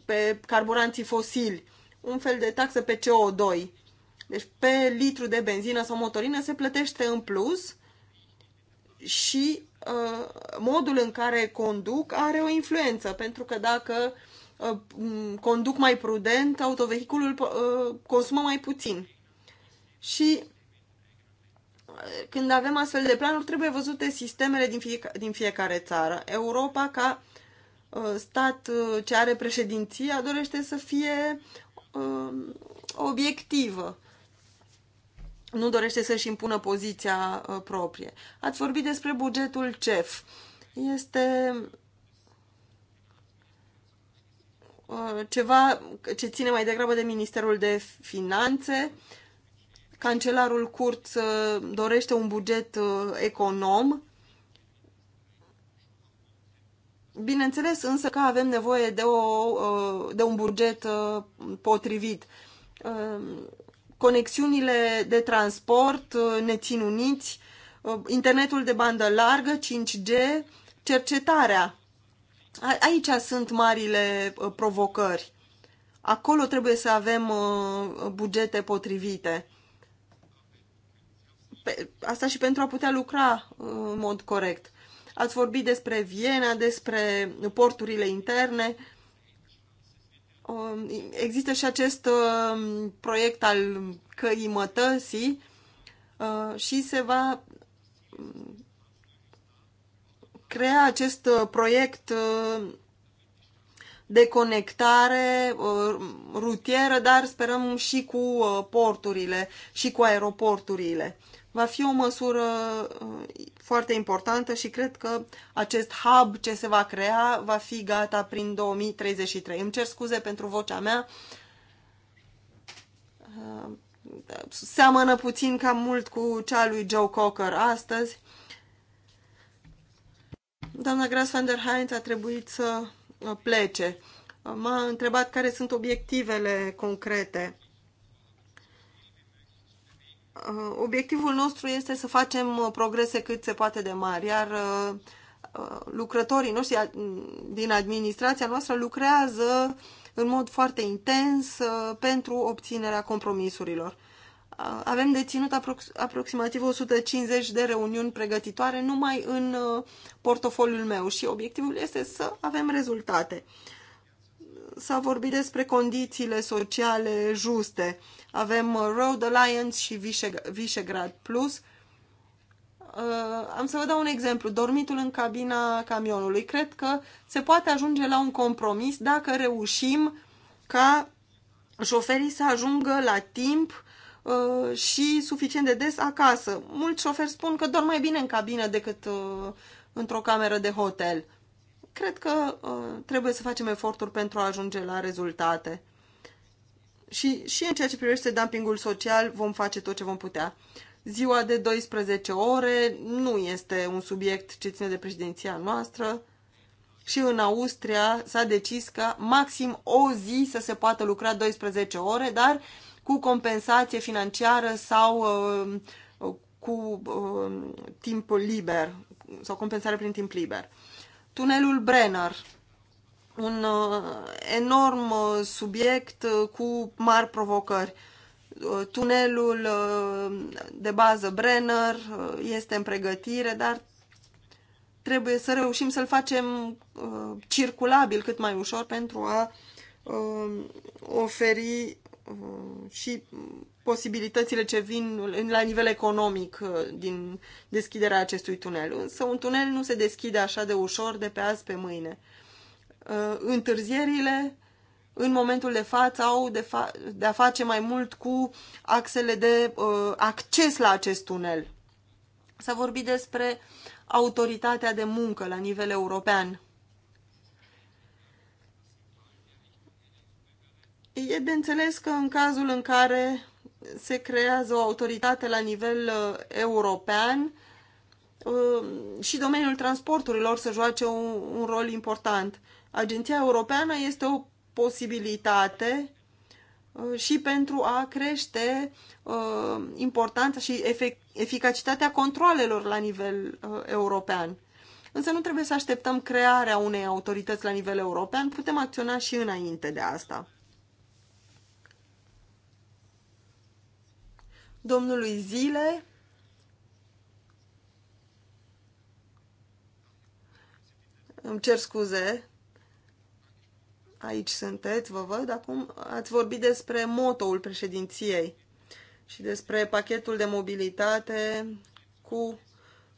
pe carburanții fosili, un fel de taxă pe CO2 deci pe litru de benzină sau motorină se plătește în plus și uh, modul în care conduc are o influență, pentru că dacă uh, conduc mai prudent, autovehiculul uh, consumă mai puțin. Și când avem astfel de planuri, trebuie văzute sistemele din, fie, din fiecare țară. Europa, ca stat ce are președinția, dorește să fie obiectivă nu dorește să-și impună poziția uh, proprie. Ați vorbit despre bugetul CEF. Este uh, ceva ce ține mai degrabă de Ministerul de Finanțe. Cancelarul Curț uh, dorește un buget econom. Bineînțeles însă că avem nevoie de, o, de un buget potrivit conexiunile de transport uh, ne țin uniți, uh, internetul de bandă largă, 5G, cercetarea. Aici sunt marile uh, provocări. Acolo trebuie să avem bugete potrivite. Asta și pentru a putea lucra în mod corect. Ați vorbit despre Viena, despre porturile interne. Um, există și acest um, proiect al căii mătăsii uh, și se va um, crea acest uh, proiect uh, de conectare rutieră, dar sperăm și cu porturile și cu aeroporturile va fi o măsură uh, foarte importantă și cred că acest hub ce se va crea va fi gata prin 2033. Îmi cer scuze pentru vocea mea. Uh, seamănă puțin cam mult cu cea lui Joe Cocker astăzi. Doamna Grace van der Heinz a trebuit să uh, plece. M-a întrebat care sunt obiectivele concrete Uh, obiectivul nostru este să facem uh, progrese cât se poate de mari, iar uh, lucrătorii noștri din administrația noastră lucrează în mod foarte intens pentru obținerea compromisurilor. Avem deținut aprox aproximativ 150 de reuniuni pregătitoare numai în portofoliul meu și obiectivul este să avem rezultate s-a vorbit despre condițiile sociale juste. Avem uh, Road Alliance și Visegrad Plus. Uh, am să vă dau un exemplu. Dormitul în cabina camionului. Cred că se poate ajunge la un compromis dacă reușim ca șoferii să ajungă la timp uh, și suficient de des acasă. Mulți șoferi spun că dorm mai bine în cabină decât într-o cameră de hotel Cred că uh, trebuie să facem eforturi pentru a ajunge la rezultate. Și, și în ceea ce privește dumpingul social, vom face tot ce vom putea. Ziua de 12 ore nu este un subiect ce ține de președinția noastră și în Austria s-a decis că maxim o zi să se poată lucra 12 ore, dar cu compensație financiară sau uh, uh, cu uh, timp liber sau compensare prin timp liber. Tunelul Brenner, un uh, enorm uh, subiect uh, cu mari provocări. Tunelul de bază Brenner este în pregătire, dar trebuie să reușim să-l facem circulabil cât mai ușor pentru a oferi și posibilitățile ce vin la nivel economic uh, din deschiderea acestui tunel. Însă un tunel nu se deschide așa de ușor de pe azi pe mâine. Uh, întârzierile în momentul de față au de, fa- de a face mai mult cu axele de uh, acces la acest tunel. S-a vorbit despre autoritatea de muncă la nivel european. E de înțeles că în cazul în care se creează o autoritate la nivel uh, european uh, și domeniul transporturilor să joace un, un rol important. Agenția Europeană este o posibilitate uh, și pentru a crește importanța și efect, eficacitatea controlelor la nivel european. Însă nu trebuie să așteptăm crearea unei autorități la nivel european, putem acționa și înainte de asta. domnului Zile, îmi cer scuze, aici sunteți, vă văd acum, ați vorbit despre motoul președinției și despre pachetul de mobilitate cu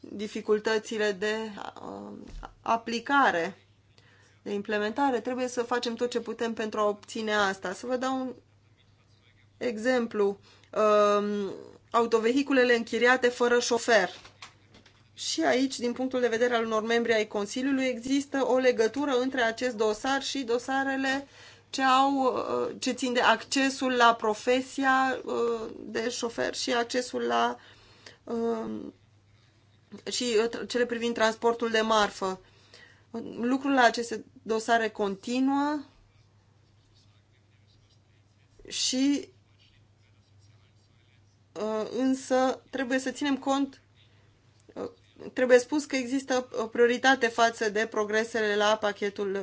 dificultățile de uh, aplicare, de implementare. Trebuie să facem tot ce putem pentru a obține asta. Să vă dau un exemplu. Um, autovehiculele închiriate fără șofer. Și aici, din punctul de vedere al unor membri ai Consiliului, există o legătură între acest dosar și dosarele ce, au, uh, ce țin de accesul la profesia uh, de șofer și accesul la um, și uh, cele privind transportul de marfă. Lucrul la aceste dosare continuă și Uh, însă trebuie să ținem cont, uh, trebuie spus că există o prioritate față de progresele la pachetul,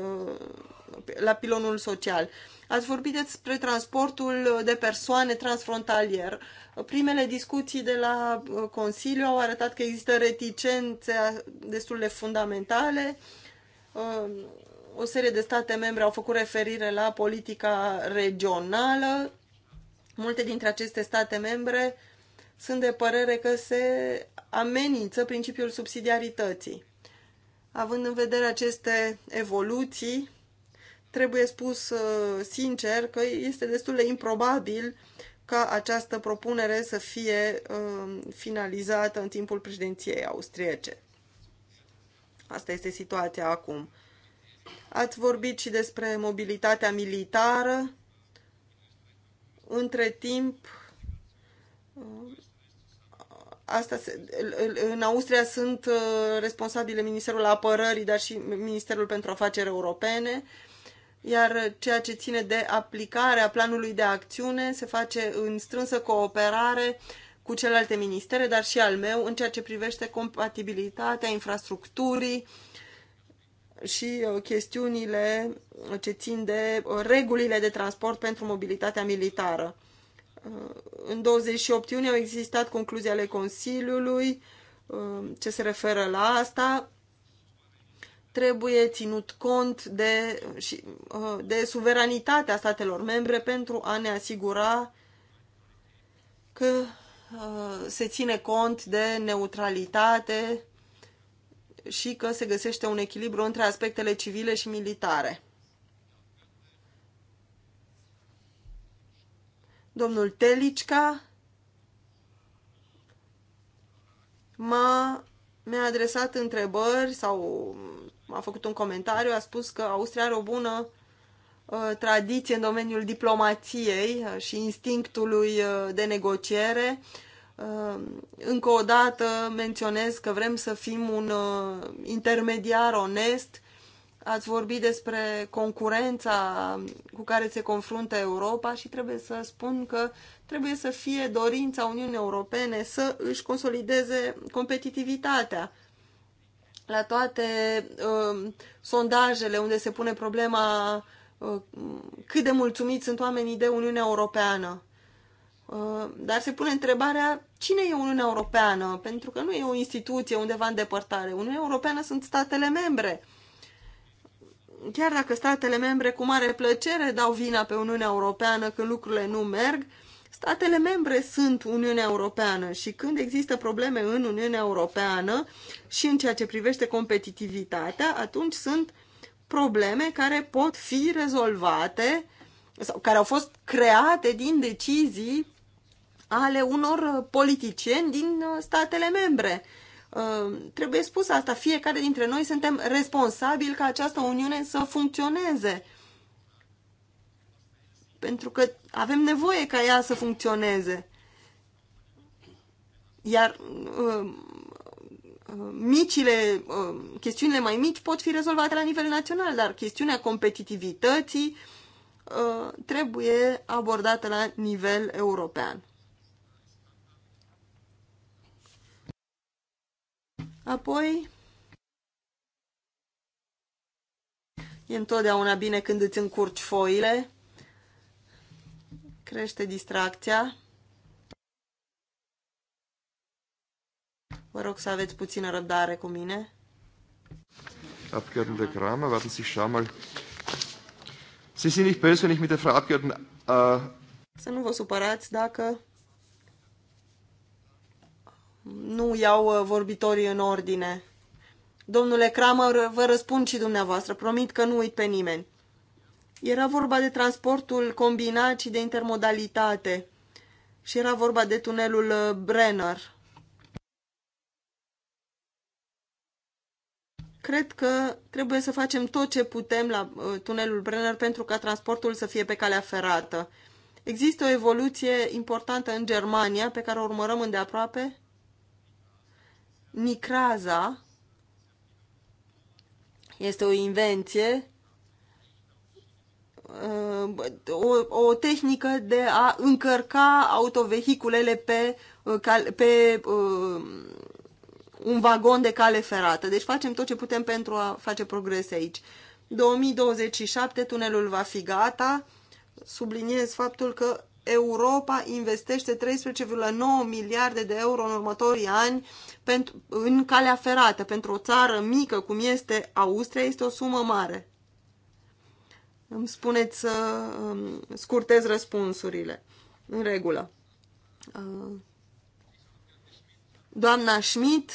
uh, la pilonul social. Ați vorbit despre transportul de persoane transfrontalier. Primele discuții de la Consiliu au arătat că există reticențe destul de fundamentale. O serie de state membre au făcut referire la politica regională Multe dintre aceste state membre sunt de părere că se amenință principiul subsidiarității. Având în vedere aceste evoluții, trebuie spus uh, sincer că este destul de improbabil ca această propunere să fie uh, finalizată în timpul președinției austriece. Asta este situația acum. Ați vorbit și despre mobilitatea militară între timp, uh, asta se, în Austria sunt uh, responsabile Ministerul Apărării, dar și Ministerul pentru Afaceri Europene, iar ceea ce ține de aplicarea planului de acțiune se face în strânsă cooperare cu celelalte ministere, dar și al meu, în ceea ce privește compatibilitatea infrastructurii, uh, și uh, chestiunile ce țin de uh, regulile de transport pentru mobilitatea militară. Uh, în 28 iunie au existat concluzii ale Consiliului ce se referă la asta. Trebuie ținut cont de, de suveranitatea statelor membre pentru a ne asigura că se ține cont de neutralitate și că se găsește un echilibru între aspectele civile și militare. Domnul Telicca m-a, mi-a adresat întrebări sau a făcut un comentariu, a spus că Austria are o bună uh, tradiție în domeniul diplomației ă, și instinctului uh, de negociere uh, Uh, încă o dată menționez că vrem să fim un uh, intermediar onest. Ați vorbit despre concurența cu care se confruntă Europa și trebuie să spun că trebuie să fie dorința Uniunii Europene să își consolideze competitivitatea la toate uh, sondajele unde se pune problema uh, cât de mulțumiți sunt oamenii de Uniunea Europeană. Uh, dar se pune întrebarea cine e Uniunea Europeană, pentru că nu e o instituție undeva în depărtare. Uniunea Europeană sunt statele membre. Chiar dacă statele membre cu mare plăcere dau vina pe Uniunea Europeană când lucrurile nu merg, statele membre sunt Uniunea Europeană și când există probleme în Uniunea Europeană și în ceea ce privește competitivitatea, atunci sunt probleme care pot fi rezolvate sau care au fost create din decizii ale unor uh, politicieni din uh, statele membre. Uh, trebuie spus asta, fiecare dintre noi suntem responsabili ca această Uniune să funcționeze. Pentru că avem nevoie ca ea să funcționeze. Iar micile, chestiunile mai mici pot fi rezolvate la nivel național, dar chestiunea competitivității trebuie abordată la nivel european. Apoi, e întotdeauna bine când îți încurci foile, crește distracția. Vă rog să aveți puțină răbdare cu mine. Abgeordnete Kramer, warten Sie, schau mal. Sie sind nicht böse, wenn ich mit der Frau Abgeordneten... Uh... Să nu vă supărați dacă nu iau uh, vorbitorii în ordine. Domnule Kramer, vă răspund și dumneavoastră, promit că nu uit pe nimeni. Era vorba de transportul combinat și de intermodalitate și era vorba de tunelul uh, Brenner. Cred că trebuie să facem tot ce putem la uh, tunelul Brenner pentru ca transportul să fie pe calea ferată. Există o evoluție importantă în Germania pe care o urmărăm îndeaproape Nicraza este o invenție, uh, o, o tehnică de a încărca autovehiculele pe, uh, pe uh, un vagon de cale ferată. Deci facem tot ce putem pentru a face progrese aici. 2027 tunelul va fi gata. Subliniez faptul că Europa investește 13,9 miliarde de euro în următorii ani pentru, în calea ferată. Pentru o țară mică cum este Austria, este o sumă mare. Îmi spuneți să um, scurtez răspunsurile. În regulă. Uh, doamna Schmidt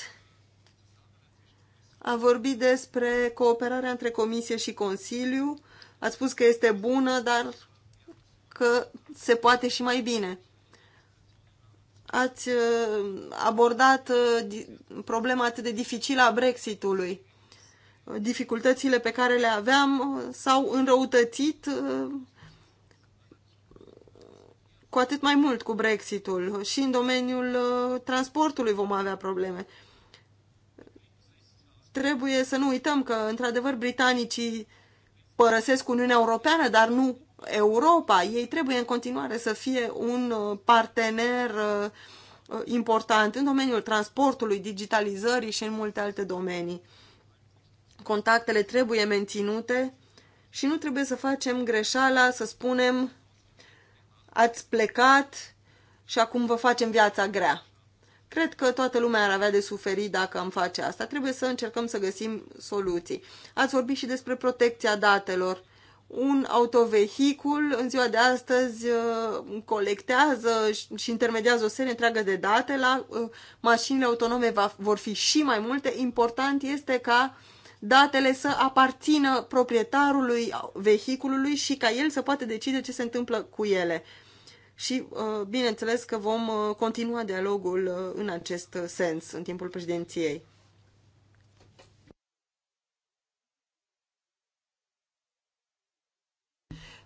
a vorbit despre cooperarea între Comisie și Consiliu. A spus că este bună, dar că se poate și mai bine. Ați uh, abordat uh, problema atât de dificilă a Brexitului. Dificultățile pe care le aveam uh, s-au înrăutățit cu atât mai mult cu Brexitul și în domeniul transportului vom avea probleme. Trebuie să nu uităm că, într-adevăr, britanicii părăsesc Uniunea Europeană, dar nu Europa. Ei trebuie în continuare să fie un uh, partener uh, uh, important în domeniul transportului, digitalizării și în multe alte domenii. Contactele trebuie menținute și nu trebuie să facem greșeala să spunem ați plecat și acum vă facem viața grea. Cred că toată lumea ar avea de suferit dacă am face asta. Trebuie să încercăm să găsim soluții. Ați vorbit și despre protecția datelor un autovehicul în ziua de astăzi uh, colectează și intermediază o serie întreagă de date. La uh, mașinile autonome va, vor fi și mai multe. Important este ca datele să aparțină proprietarului vehiculului și ca el să poată decide ce se întâmplă cu ele. Și uh, bineînțeles că vom continua dialogul în acest sens în timpul președinției.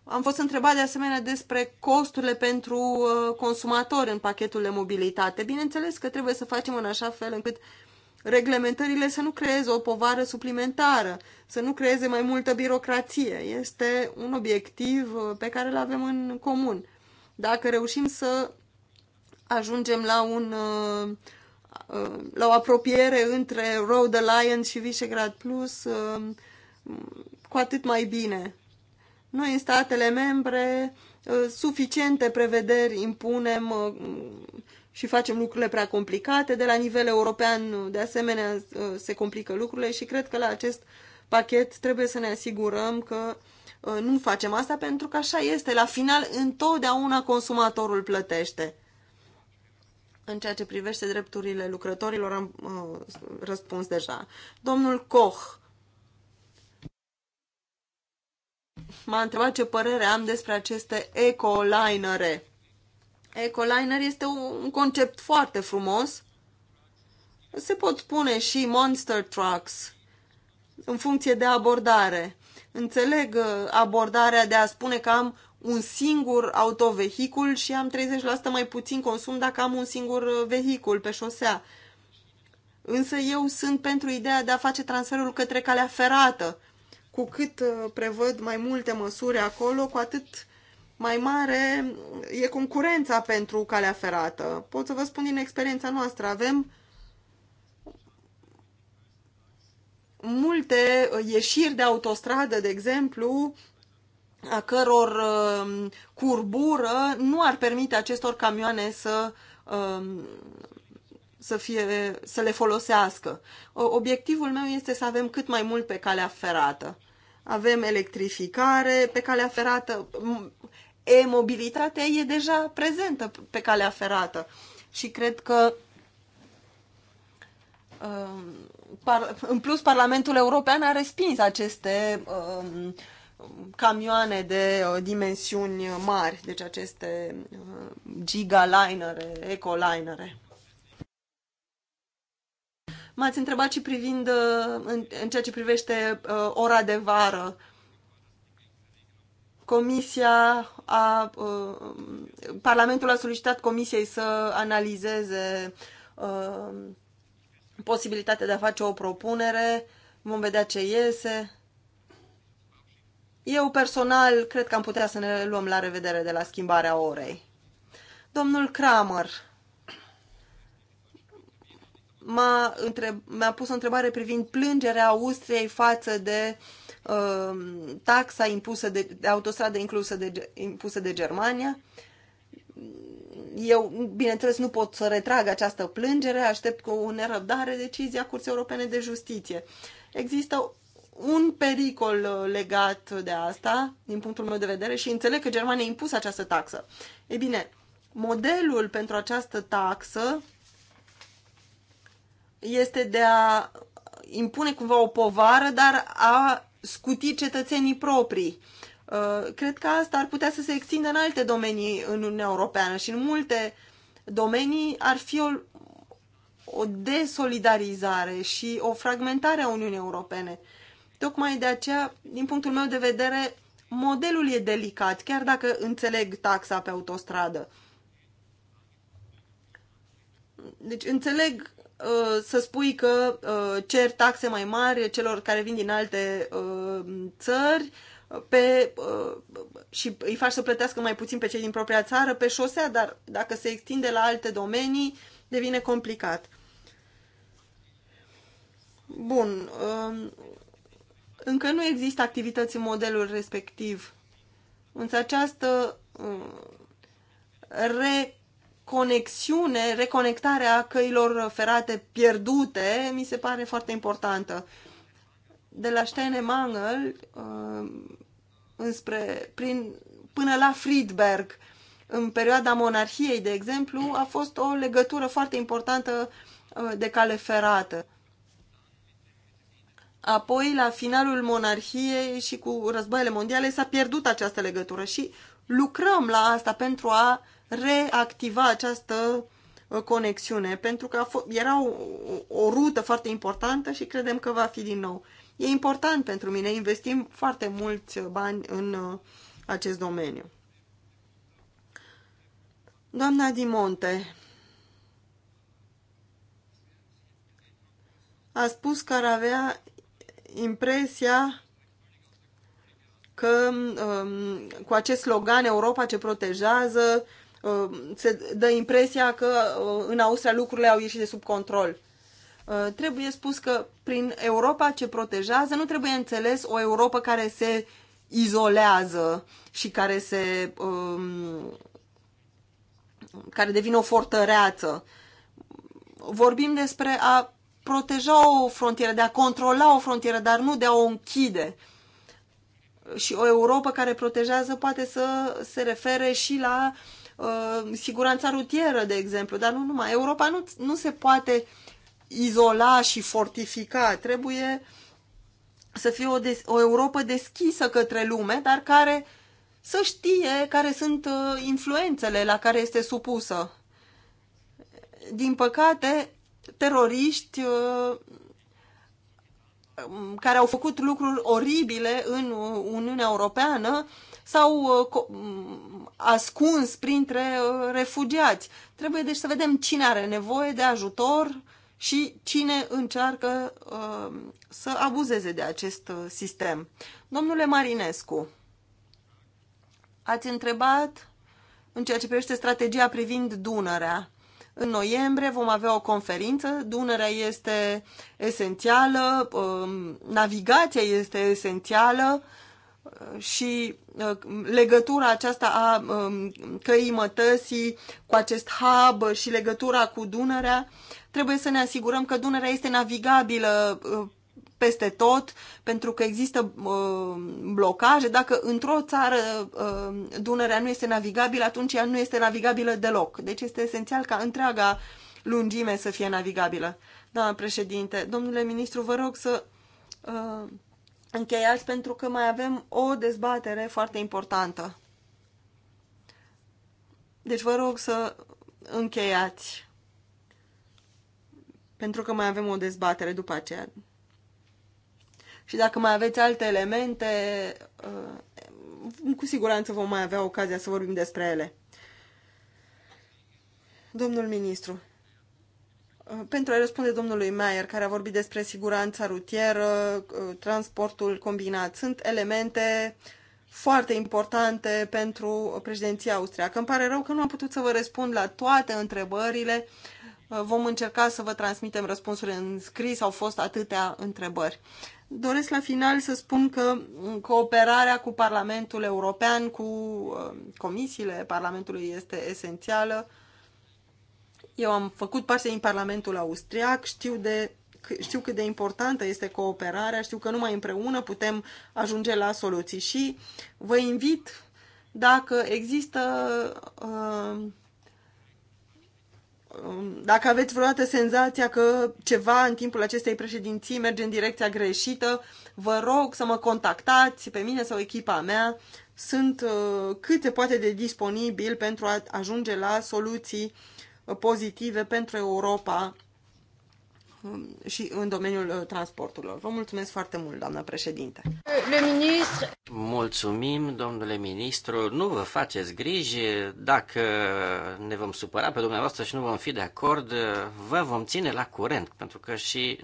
Am fost întrebat de asemenea despre costurile pentru uh, consumatori în pachetul de mobilitate. Bineînțeles că trebuie să facem în așa fel încât reglementările să nu creeze o povară suplimentară, să nu creeze mai multă birocrație. Este un obiectiv uh, pe care îl avem în comun. Dacă reușim să ajungem la un uh, la o apropiere între Road Alliance și Visegrad Plus, cu atât mai bine. Noi, în statele membre, uh, suficiente prevederi impunem uh, și facem lucrurile prea complicate. De la nivel european, de asemenea, uh, se complică lucrurile și cred că la acest pachet trebuie să ne asigurăm că nu facem asta pentru că așa este. La final, întotdeauna consumatorul plătește. În ceea ce privește drepturile lucrătorilor, am răspuns deja. Domnul Koch m-a întrebat ce părere am despre aceste ecolinere. Ecoliner este un concept foarte frumos. Se pot spune și monster trucks în funcție de abordare. Înțeleg uh, abordarea de a spune că am un singur autovehicul și am 30% mai puțin consum dacă am un singur uh, vehicul pe șosea. Însă eu sunt pentru ideea de a face transferul către calea ferată cu cât uh, prevăd mai multe măsuri acolo, cu atât mai mare uh, e concurența pentru calea ferată. Pot să vă spun din experiența noastră, avem multe uh, ieșiri de autostradă, de exemplu, a căror curbură nu ar permite acestor camioane să um, să, fie, să le folosească. Obiectivul meu este să avem cât mai mult pe calea ferată avem electrificare pe calea ferată, e-mobilitatea e deja prezentă pe calea ferată și cred că um, în plus Parlamentul European a respins aceste um, camioane de uh, dimensiuni mari, deci aceste uh, gigalinere, ecolinere. M-ați întrebat și privind, uh, în, în ceea ce privește uh, ora de vară. Comisia a, uh, Parlamentul a solicitat Comisiei să analizeze uh, posibilitatea de a face o propunere. Vom vedea ce iese. Eu personal cred că am putea să ne luăm la revedere de la schimbarea orei. Domnul Kramer, m-a, întreb, m-a pus o întrebare privind plângerea Austriei față de uh, taxa impusă de, de autostradă inclusă de, impusă de Germania. Eu, bineînțeles, nu pot să retrag această plângere, aștept cu nerăbdare decizia Curții Europene de Justiție. Există un pericol uh, legat de asta, din punctul meu de vedere, și înțeleg că Germania a impus această taxă. Ei bine, modelul pentru această taxă este de a impune cumva o povară, dar a scuti cetățenii proprii. Uh, cred că asta ar putea să se extindă în alte domenii în Uniunea Europeană și în multe domenii ar fi o, o desolidarizare și o fragmentare a Uniunii Europene. Tocmai de aceea, din punctul meu de vedere, modelul e delicat, chiar dacă înțeleg taxa pe autostradă. Deci înțeleg Uh, să spui că uh, cer taxe mai mari celor care vin din alte uh, țări pe, și îi faci să plătească mai puțin pe cei din propria țară pe șosea, dar dacă se extinde la alte domenii, devine complicat. Bun. Um, încă nu există activități în modelul respectiv. Însă această re conexiune, reconectarea căilor ferate pierdute mi se pare foarte importantă. De la Steinemangel uh, înspre, prin, până la Friedberg, în perioada monarhiei, de exemplu, a fost o legătură foarte importantă uh, de cale ferată. Apoi, la finalul monarhiei și cu războaiele mondiale, s-a pierdut această legătură și lucrăm la asta pentru a reactiva această uh, conexiune, pentru că era o, o rută foarte importantă și credem că va fi din nou. E important pentru mine, investim foarte mulți uh, bani în uh, acest domeniu. Doamna Dimonte a spus că ar avea impresia că um, cu acest slogan Europa ce protejează, uh, Uh, se dă impresia că uh, în Austria lucrurile au ieșit de sub control. Uh, trebuie spus că prin Europa ce protejează nu trebuie înțeles o Europa care se izolează și care se um, care devine o fortăreață. Vorbim despre a proteja o frontieră, de a controla o frontieră, dar nu de a o închide. Și o Europa care protejează poate să se refere și la uh, Uh, siguranța rutieră, de exemplu, dar nu numai. Europa nu, nu se poate izola și fortifica. Trebuie să fie o, des, o Europa deschisă către lume, dar care să știe care sunt uh, influențele la care este supusă. Din păcate, teroriști uh, um, care au făcut lucruri oribile în Uniunea Europeană s-au uh, ascuns printre uh, refugiați. Trebuie deci să vedem cine are nevoie de ajutor și cine încearcă uh, să abuzeze de acest uh, sistem. Domnule Marinescu, ați întrebat în ceea ce privește strategia privind Dunărea. În noiembrie vom avea o conferință. Dunărea este esențială, navigația este esențială și uh, legătura aceasta a um, căii mătăsii cu acest hub și legătura cu Dunărea, trebuie să ne asigurăm că Dunărea este navigabilă uh, peste tot, pentru că există uh, blocaje. Dacă într-o țară Dunărea nu este navigabilă, atunci ea nu este navigabilă deloc. Deci este esențial ca întreaga lungime să fie navigabilă. Doamna președinte, domnule ministru, vă rog să uh, încheiați pentru că mai avem o dezbatere foarte importantă. Deci vă rog să încheiați. Pentru că mai avem o dezbatere după aceea. Și dacă mai aveți alte elemente, uh, cu siguranță vom mai avea ocazia să vorbim despre ele. Domnul ministru. Uh, pentru a răspunde domnului Mayer, care a vorbit despre siguranța rutieră, uh, transportul combinat, sunt elemente foarte importante pentru președinția austriacă. Îmi pare rău că nu am putut să vă răspund la toate întrebările. Uh, vom încerca să vă transmitem răspunsuri în scris, au fost atâtea întrebări. Doresc la final să spun că cooperarea cu Parlamentul European, cu comisiile Parlamentului este esențială eu am făcut parte din Parlamentul Austriac, știu, de, știu cât de importantă este cooperarea, știu că numai împreună putem ajunge la soluții și vă invit dacă există. Uh, um, dacă aveți vreodată senzația că ceva în timpul acestei președinții merge în direcția greșită, vă rog să mă contactați pe mine sau echipa mea. Sunt uh, cât se poate de disponibil pentru a ajunge la soluții pozitive pentru Europa um, și în domeniul uh, transporturilor. Vă mulțumesc foarte mult, doamnă președinte. Le ministru. Mulțumim, domnule ministru. Nu vă faceți griji dacă ne vom supăra pe dumneavoastră și nu vom fi de acord. Vă vom ține la curent, pentru că și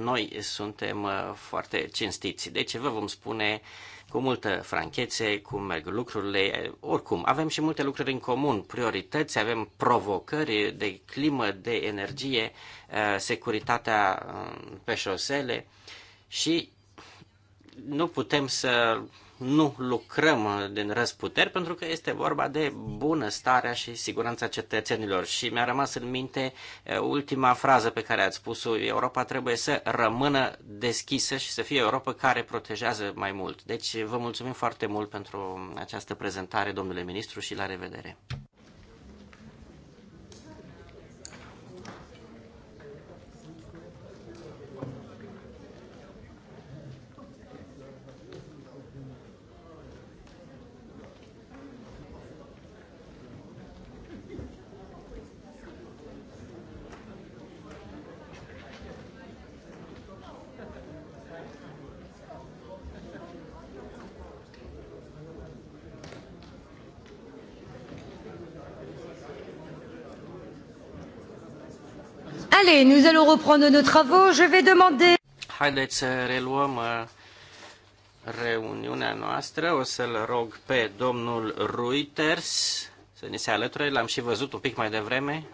noi suntem uh, foarte cinstiți. Deci vă vom spune cu multă franchețe, cum merg lucrurile. Oricum, avem și multe lucruri în comun, priorități, avem provocări de climă, de energie, eh, securitatea eh, pe șosele și nu putem să nu lucrăm uh, din răsputeri pentru că este vorba de bunăstarea și siguranța cetățenilor. Și mi-a rămas în minte uh, ultima frază pe care ați spus-o, Europa trebuie să rămână deschisă și să fie Europa care protejează mai mult. Deci vă mulțumim foarte mult pentru această prezentare, domnule ministru, și la revedere! Désolé, nous allons reprendre nos travaux. Je vais demander... Haideți să reluăm uh, reuniunea noastră. O să-l rog pe domnul Reuters să ne se alăture. L-am și văzut un pic mai devreme.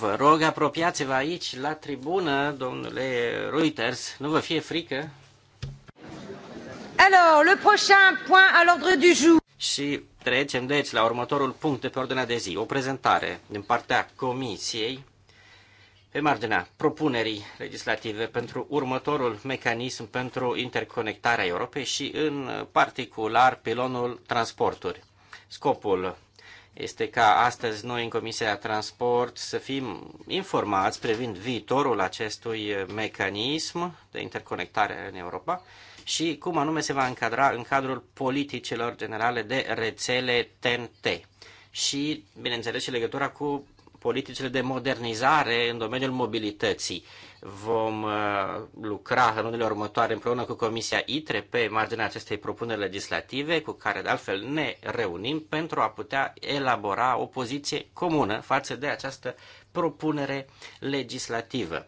Vă rog, apropiați-vă aici, la tribună, domnule Reuters. Nu vă fie frică. Alors, le prochain point à l'ordre du jour. Și trecem, deci, la următorul punct de pe ordinea de zi. O prezentare din partea Comisiei pe marginea propunerii legislative pentru următorul mecanism pentru interconectarea Europei și, în particular, pilonul transporturi. Scopul este ca astăzi noi în Comisia Transport să fim informați privind viitorul acestui mecanism de interconectare în Europa și cum anume se va încadra în cadrul politicilor generale de rețele TNT. Și, bineînțeles, și legătura cu politicile de modernizare în domeniul mobilității. Vom uh, lucra în lunile următoare împreună cu Comisia ITRE pe marginea acestei propuneri legislative, cu care de altfel ne reunim pentru a putea elabora o poziție comună față de această propunere legislativă.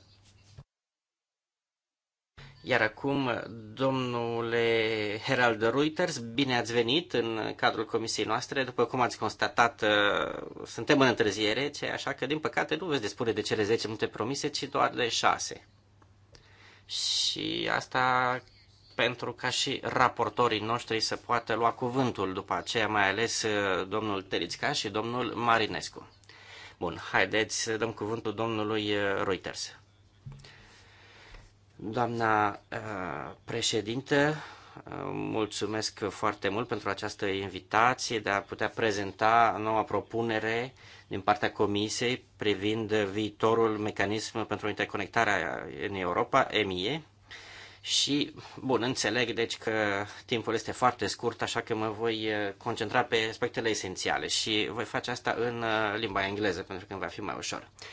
Iar acum, domnule Herald Reuters, bine ați venit în cadrul comisiei noastre. După cum ați constatat, uh, suntem în întârziere, ce, așa că, din păcate, nu veți despune de cele 10 multe promise, ci doar de 6. Și asta pentru ca și raportorii noștri să poată lua cuvântul după aceea, mai ales uh, domnul Terițca și domnul Marinescu. Bun, haideți să dăm cuvântul domnului uh, Reuters. Doamna uh, președintă, uh, mulțumesc foarte mult pentru această invitație de a putea prezenta noua propunere din partea Comisiei privind viitorul mecanism pentru interconectarea în Europa, EMIE. Și, bun, înțeleg deci că timpul este foarte scurt, așa că mă voi uh, concentra pe aspectele esențiale și voi face asta în limba engleză, pentru că îmi va fi mai ușor. Uh,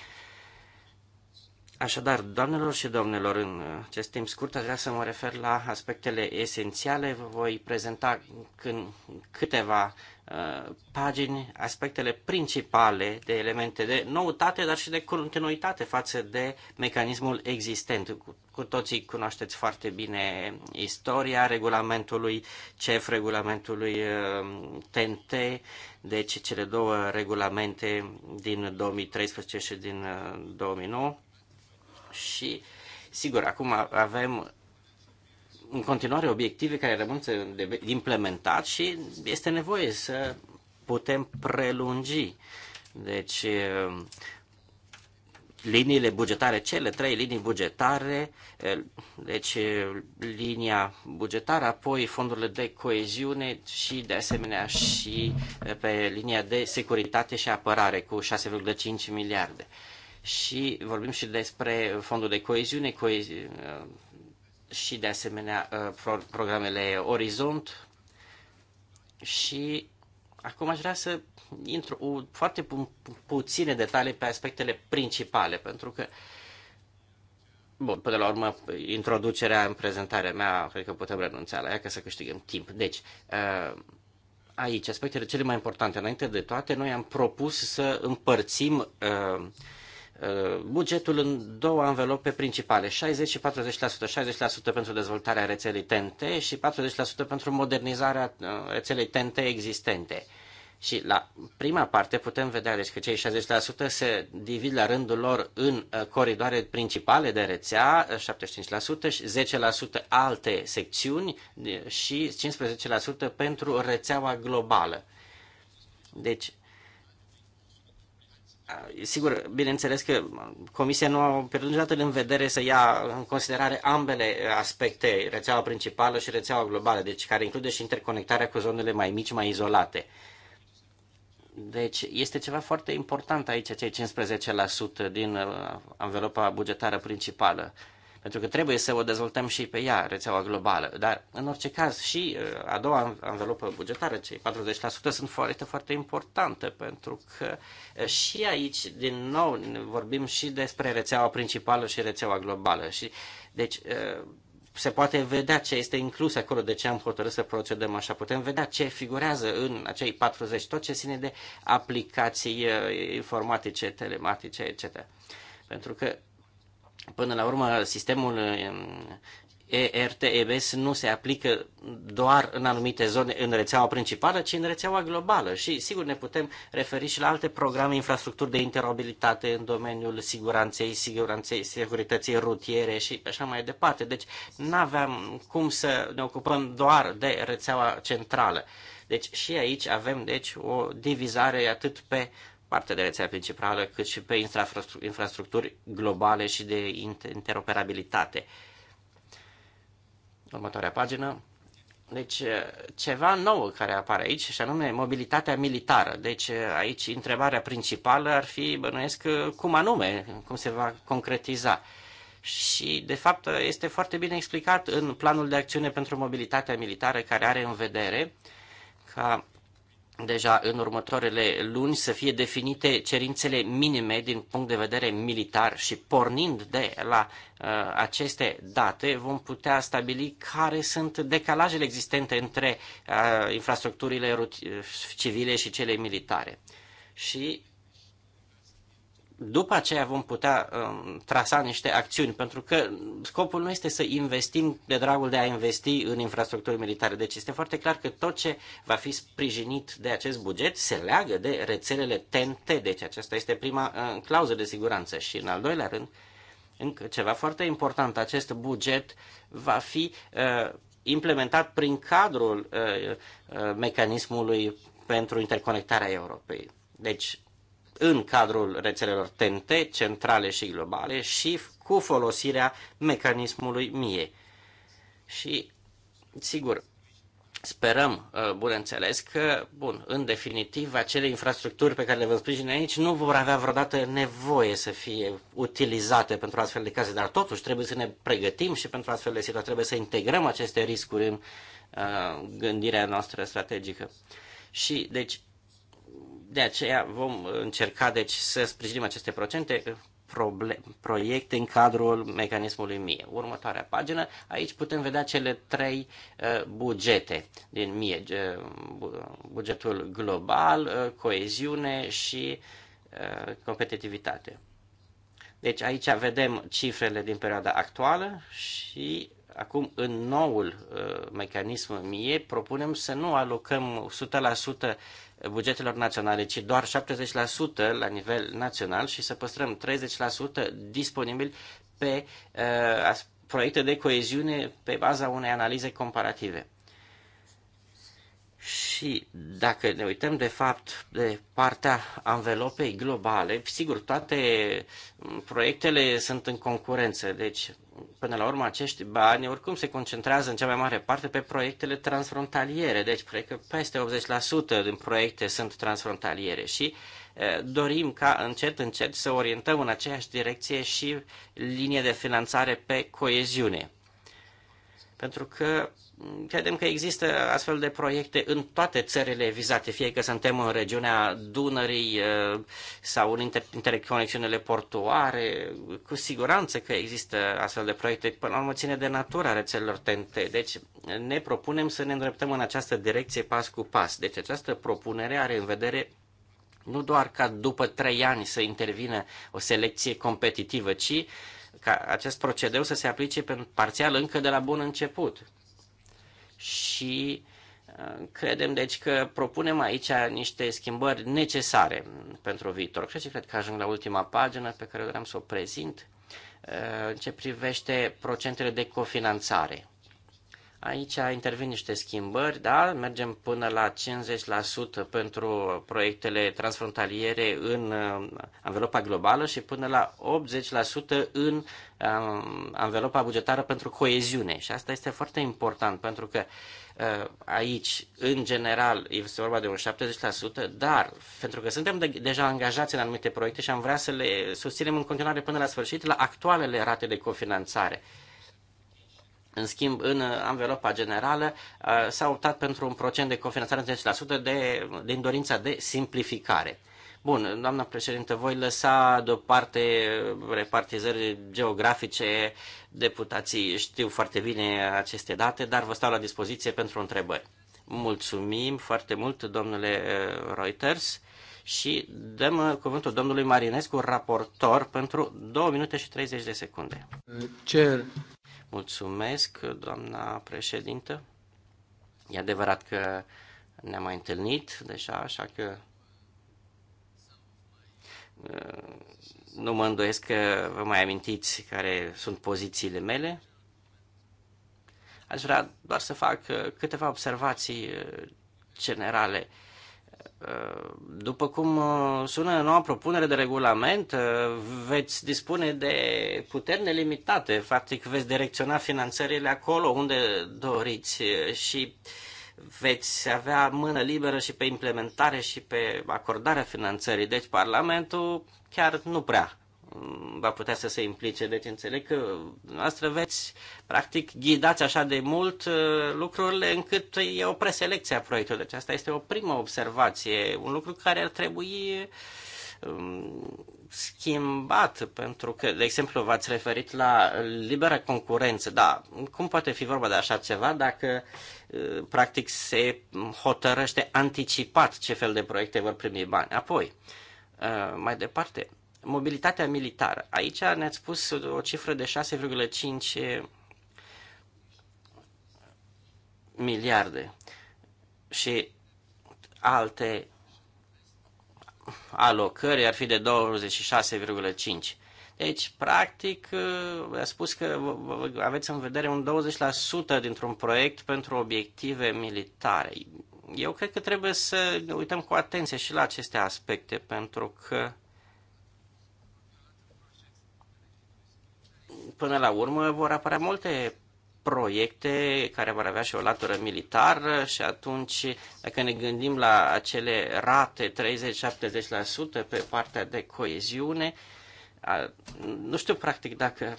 Așadar, doamnelor și domnilor, în acest timp scurt aș vrea să mă refer la aspectele esențiale. Vă voi prezenta în câteva uh, pagini aspectele principale de elemente de noutate, dar și de continuitate față de mecanismul existent. Cu, toții cunoașteți foarte bine istoria regulamentului CEF, regulamentului TNT, uh, deci cele două regulamente din 2013 și din 2009 uh, și, sigur, acum avem în continuare obiective care rămân de implementat și este nevoie să putem prelungi. Deci, eh, liniile bugetare, cele trei linii bugetare, eh, deci linia bugetară, apoi fondurile de coeziune și de asemenea și eh, pe linia de securitate și apărare cu 6,5 miliarde și vorbim și despre fondul de coeziune, coezi- uh, și de asemenea uh, programele Orizont. Și acum aș vrea să intru u, foarte pu- puține detalii pe aspectele principale, pentru că Bun, până la urmă, introducerea în prezentarea mea, cred că putem renunța la ea ca să câștigăm timp. Deci, uh, aici, aspectele cele mai importante. Înainte de toate, noi am propus să împărțim uh, bugetul în două anvelope principale, 60 și 40%, 60% pentru dezvoltarea rețelei TNT și 40% pentru modernizarea uh, rețelei TNT existente. Și la prima parte putem vedea deci, că cei 60% se divid la rândul lor în uh, coridoare principale de rețea, 75%, uh, și 10% alte secțiuni și 15% pentru rețeaua globală. Deci, Ah, sigur, bineînțeles că Comisia nu a pierdut niciodată în vedere să ia în considerare ambele aspecte, rețeaua principală și rețeaua globală, deci care include și interconectarea cu zonele mai mici, mai izolate. Deci este ceva foarte important aici, cei 15% din uh, anvelopa bugetară principală pentru că trebuie să o dezvoltăm și pe ea, rețeaua globală. Dar, în orice caz, și uh, a doua anvelopă bugetară, cei 40%, sunt foarte, foarte importante, pentru că uh, și aici, din nou, vorbim și despre rețeaua principală și rețeaua globală. Și, deci, uh, se poate vedea ce este inclus acolo, de ce am hotărât să procedăm așa. Putem vedea ce figurează în acei 40, tot ce ține de aplicații informatice, telematice, etc. Pentru că Până la urmă, sistemul um, ERTMS nu se aplică doar în anumite zone în rețeaua principală, ci în rețeaua globală. Și sigur ne putem referi și la alte programe, infrastructuri de interoperabilitate în domeniul siguranței, siguranței, securității rutiere și așa mai departe. Deci nu aveam cum să ne ocupăm doar de rețeaua centrală. Deci și aici avem deci o divizare atât pe parte de rețea principală, cât și pe infrastructuri globale și de interoperabilitate. Următoarea pagină. Deci, ceva nou care apare aici, și anume mobilitatea militară. Deci, aici întrebarea principală ar fi, bănuiesc, cum anume, cum se va concretiza. Și, de fapt, este foarte bine explicat în planul de acțiune pentru mobilitatea militară care are în vedere ca deja în următoarele luni să fie definite cerințele minime din punct de vedere militar și pornind de la uh, aceste date vom putea stabili care sunt decalajele existente între uh, infrastructurile uh, civile și cele militare. Și după aceea vom putea um, trasa niște acțiuni, pentru că scopul nu este să investim de dragul de a investi în infrastructuri militare. Deci este foarte clar că tot ce va fi sprijinit de acest buget se leagă de rețelele TNT. Deci aceasta este prima uh, clauză de siguranță. Și în al doilea rând, încă ceva foarte important, acest buget va fi uh, implementat prin cadrul uh, uh, mecanismului pentru interconectarea Europei. Deci, în cadrul rețelelor TNT, centrale și globale, și cu folosirea mecanismului MIE. Și, sigur, sperăm, uh, bun înțeles, că, bun, în definitiv, acele infrastructuri pe care le vă sprijin aici nu vor avea vreodată nevoie să fie utilizate pentru astfel de case, dar totuși trebuie să ne pregătim și pentru astfel de situații, trebuie să integrăm aceste riscuri în uh, gândirea noastră strategică. Și, deci, de aceea vom încerca deci să sprijinim aceste procente eh, proiecte în cadrul mecanismului MIE. Următoarea pagină, aici putem vedea cele trei eh, bugete din MIE, eh, bugetul global, coeziune și competitivitate. Deci aici vedem cifrele din perioada actuală și Acum, în noul uh, mecanism MIE, propunem să nu alocăm 100% bugetelor naționale, ci doar 70% la nivel național și să păstrăm 30% disponibil pe uh, proiecte de coeziune pe baza unei analize comparative. Și dacă ne uităm de fapt de partea anvelopei globale, sigur, toate mm, proiectele sunt în concurență, deci până la urmă acești bani oricum se concentrează în cea mai mare parte pe proiectele transfrontaliere, deci cred că peste 80% din proiecte sunt transfrontaliere și dorim ca încet, încet să orientăm în aceeași direcție și linie de finanțare pe coeziune. Pentru că Credem că există astfel de proiecte în toate țările vizate, fie că suntem în regiunea Dunării eh, sau în inter- interconexiunile portoare. Cu siguranță că există astfel de proiecte. Până la urmă ține de natura rețelelor TNT. Deci ne propunem să ne îndreptăm în această direcție pas cu pas. Deci această propunere are în vedere nu doar ca după trei ani să intervină o selecție competitivă, ci ca acest procedeu să se aplice parțial încă de la bun început și uh, credem deci că propunem aici niște schimbări necesare pentru viitor. Cred și cred că ajung la ultima pagină pe care vreau să o prezint uh, în ce privește procentele de cofinanțare. Aici intervin niște schimbări, da? Mergem până la 50% pentru proiectele transfrontaliere în uh, anvelopa globală și până la 80% în um, anvelopa bugetară pentru coeziune. Și asta este foarte important pentru că uh, aici, în general, este vorba de un 70%, dar pentru că suntem de- deja angajați în anumite proiecte și am vrea să le susținem în continuare până la sfârșit la actualele rate de cofinanțare. În schimb, în uh, anvelopa generală uh, s-a optat pentru un procent de cofinanțare de 10% de, din dorința de simplificare. Bun, doamna președintă, voi lăsa deoparte repartizări geografice, deputații știu foarte bine aceste date, dar vă stau la dispoziție pentru întrebări. Mulțumim foarte mult, domnule uh, Reuters, și dăm cuvântul domnului Marinescu, raportor, pentru 2 minute și 30 de secunde. Cer Mulțumesc, doamna președintă. E adevărat că ne-am mai întâlnit deja, așa că nu mă îndoiesc că vă mai amintiți care sunt pozițiile mele. Aș vrea doar să fac câteva observații eh, generale după cum uh, sună noua propunere de regulament, uh, veți dispune de puteri nelimitate, practic veți direcționa finanțările acolo unde doriți uh, și veți avea mână liberă și pe implementare și pe acordarea finanțării. Deci Parlamentul chiar nu prea va putea să se implice. Deci înțeleg că noastră veți, practic, ghidați așa de mult uh, lucrurile încât e o preselecție a proiectului. Deci asta este o primă observație, un lucru care ar trebui um, schimbat, pentru că, de exemplu, v-ați referit la liberă concurență. Da, cum poate fi vorba de așa ceva dacă uh, practic se hotărăște anticipat ce fel de proiecte vor primi bani? Apoi, uh, mai departe, mobilitatea militară. Aici ne-ați spus o cifră de 6,5 miliarde și alte alocări ar fi de 26,5. Deci, practic, a spus că aveți în vedere un 20% dintr-un proiect pentru obiective militare. Eu cred că trebuie să ne uităm cu atenție și la aceste aspecte, pentru că până la urmă vor apărea multe proiecte care vor avea și o latură militară și atunci dacă ne gândim la acele rate 30-70% pe partea de coeziune, nu știu practic dacă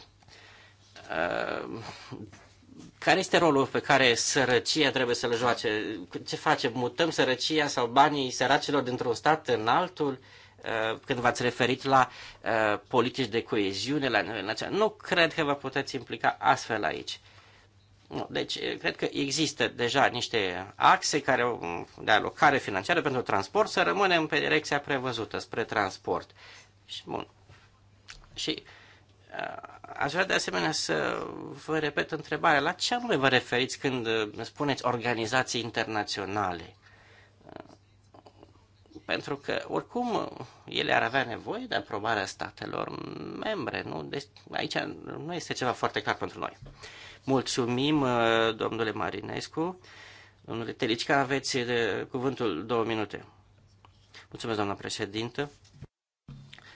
care este rolul pe care sărăcia trebuie să-l joace? Ce facem? Mutăm sărăcia sau banii săracilor dintr-un stat în altul? Uh, Uh, când v-ați referit la uh, politici de coeziune la nivel național. Nu cred că vă puteți implica astfel aici. Nu. Deci, uh, cred că există deja niște axe care, um, de alocare financiară pentru transport, să rămânem pe direcția prevăzută spre transport. Și, bun. Și aș vrea de asemenea să vă repet întrebarea. La ce anume vă referiți când spuneți organizații internaționale? pentru că, oricum, ele ar avea nevoie de aprobarea statelor membre, nu? Deci, aici nu este ceva foarte clar pentru noi. Mulțumim, uh, domnule Marinescu. Domnule Telicica, aveți uh, cuvântul două minute. Mulțumesc, doamna președintă.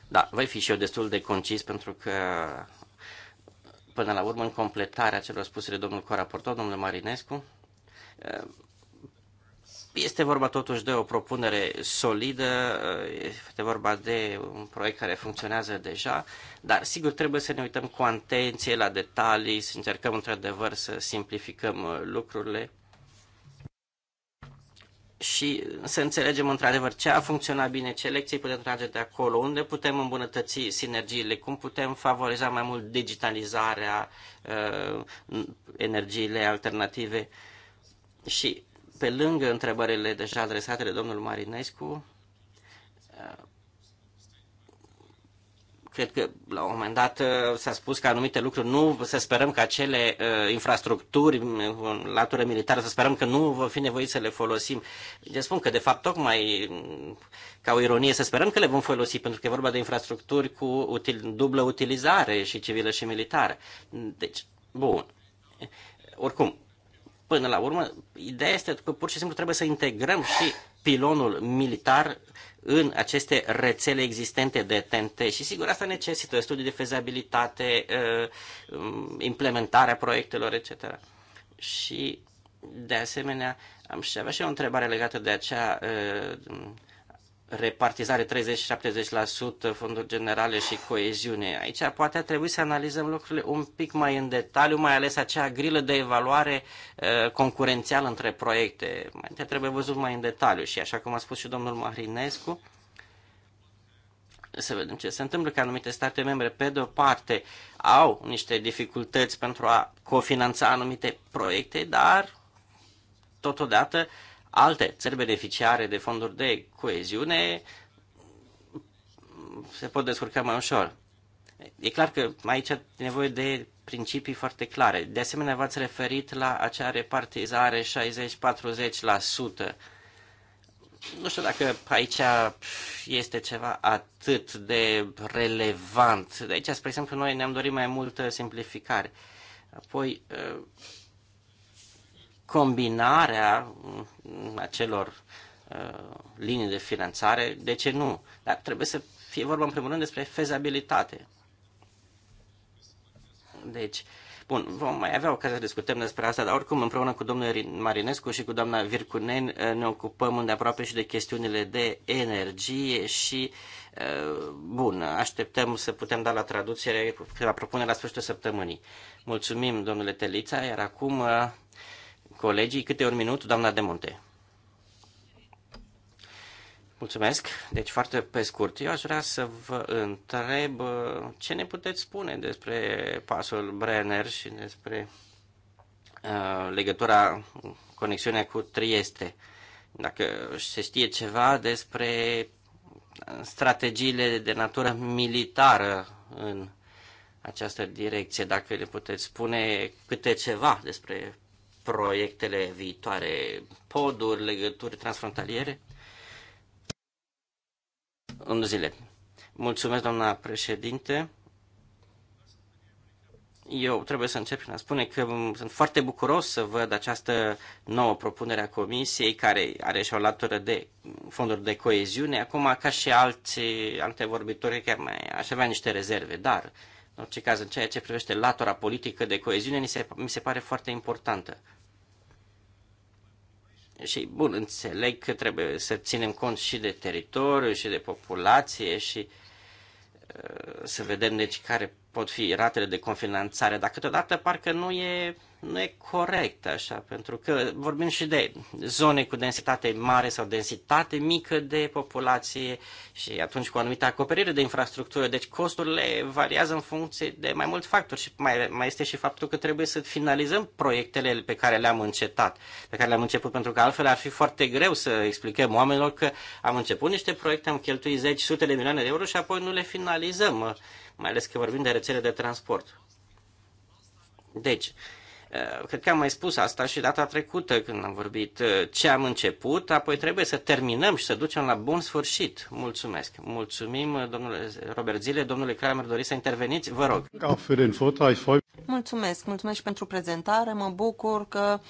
Da, voi fi și eu destul de concis pentru că până la urmă în completarea celor spuse de domnul coraportor, domnule Marinescu, uh, este vorba totuși de o propunere solidă, este vorba de un proiect care funcționează deja, dar sigur trebuie să ne uităm cu atenție la detalii, să încercăm într-adevăr să simplificăm lucrurile și să înțelegem într-adevăr ce a funcționat bine, ce lecții putem trage de acolo, unde putem îmbunătăți sinergiile, cum putem favoriza mai mult digitalizarea, uh, energiile alternative și pe lângă întrebările deja adresate de domnul Marinescu, cred că la un moment dat uh, s-a spus că anumite lucruri nu să sperăm că acele uh, infrastructuri în latură militară, să sperăm că nu va fi nevoit să le folosim. Deci spun că de fapt tocmai mm, ca o ironie să sperăm că le vom folosi pentru că e vorba de infrastructuri cu util, dublă utilizare și civilă și militară. Deci, bun. Oricum, Până la urmă, ideea este că pur și simplu trebuie să integrăm și pilonul militar în aceste rețele existente de TNT și sigur asta necesită studii de fezabilitate, uh, implementarea proiectelor, etc. Și de asemenea, am și avea și o întrebare legată de acea uh, repartizare 30-70% fonduri generale și coeziune. Aici poate ar trebui să analizăm lucrurile un pic mai în detaliu, mai ales acea grilă de evaluare uh, concurențială între proiecte. Mai trebuie văzut mai în detaliu și așa cum a spus și domnul Marinescu, să vedem ce se întâmplă, că anumite state membre, pe de o parte, au niște dificultăți pentru a cofinanța anumite proiecte, dar totodată alte țări beneficiare de fonduri de coeziune se pot descurca mai ușor. E clar că aici e nevoie de principii foarte clare. De asemenea, v-ați referit la acea repartizare 60-40%. Nu știu dacă aici este ceva atât de relevant. De aici, spre exemplu, noi ne-am dorit mai multă simplificare. Apoi, combinarea acelor uh, linii de finanțare, de ce nu? Dar trebuie să fie vorba în primul rând despre fezabilitate. Deci, bun, vom mai avea ocazia să discutăm despre asta, dar oricum împreună cu domnul Marinescu și cu doamna Vircunen uh, ne ocupăm îndeaproape și de chestiunile de energie și uh, bun, așteptăm să putem da la traducere la propunerea la sfârșitul săptămânii. Mulțumim, domnule Telița, iar acum colegii. Câte un minut, doamna de munte. Mulțumesc. Deci foarte pe scurt, eu aș vrea să vă întreb uh, ce ne puteți spune despre pasul Brenner și despre uh, legătura, conexiunea cu Trieste. Dacă se știe ceva despre uh, strategiile de natură militară în această direcție, dacă le puteți spune câte ceva despre proiectele viitoare, poduri, legături transfrontaliere? În zile. Mulțumesc, doamna președinte. Eu trebuie să încep prin a spune că sunt foarte bucuros să văd această nouă propunere a Comisiei, care are și o latură de fonduri de coeziune. Acum, ca și alți vorbitori chiar mai aș avea niște rezerve, dar în orice caz, în ceea ce privește latura politică de coeziune, mi se, mi se pare foarte importantă. Și, bun, înțeleg că trebuie să ținem cont și de teritoriu, și de populație, și uh, să vedem, deci, care pot fi ratele de confinanțare, dar câteodată parcă nu e nu e corect așa, pentru că vorbim și de zone cu densitate mare sau densitate mică de populație și atunci cu o anumită acoperire de infrastructură. Deci costurile variază în funcție de mai mulți factori și mai, mai este și faptul că trebuie să finalizăm proiectele pe care le-am încetat, pe care le-am început, pentru că altfel ar fi foarte greu să explicăm oamenilor că am început niște proiecte, am cheltuit zeci, sute de milioane de euro și apoi nu le finalizăm, mai ales că vorbim de rețele de transport. Deci, Eh, cred că am mai spus asta și data trecută când am vorbit eh, ce am început, apoi trebuie să terminăm și să ducem la bun sfârșit. Mulțumesc. Mulțumim, eh, domnule Robert Zile, domnule Kramer, doriți să interveniți? Vă rog. Mulțumesc, mulțumesc și pentru prezentare. Mă bucur că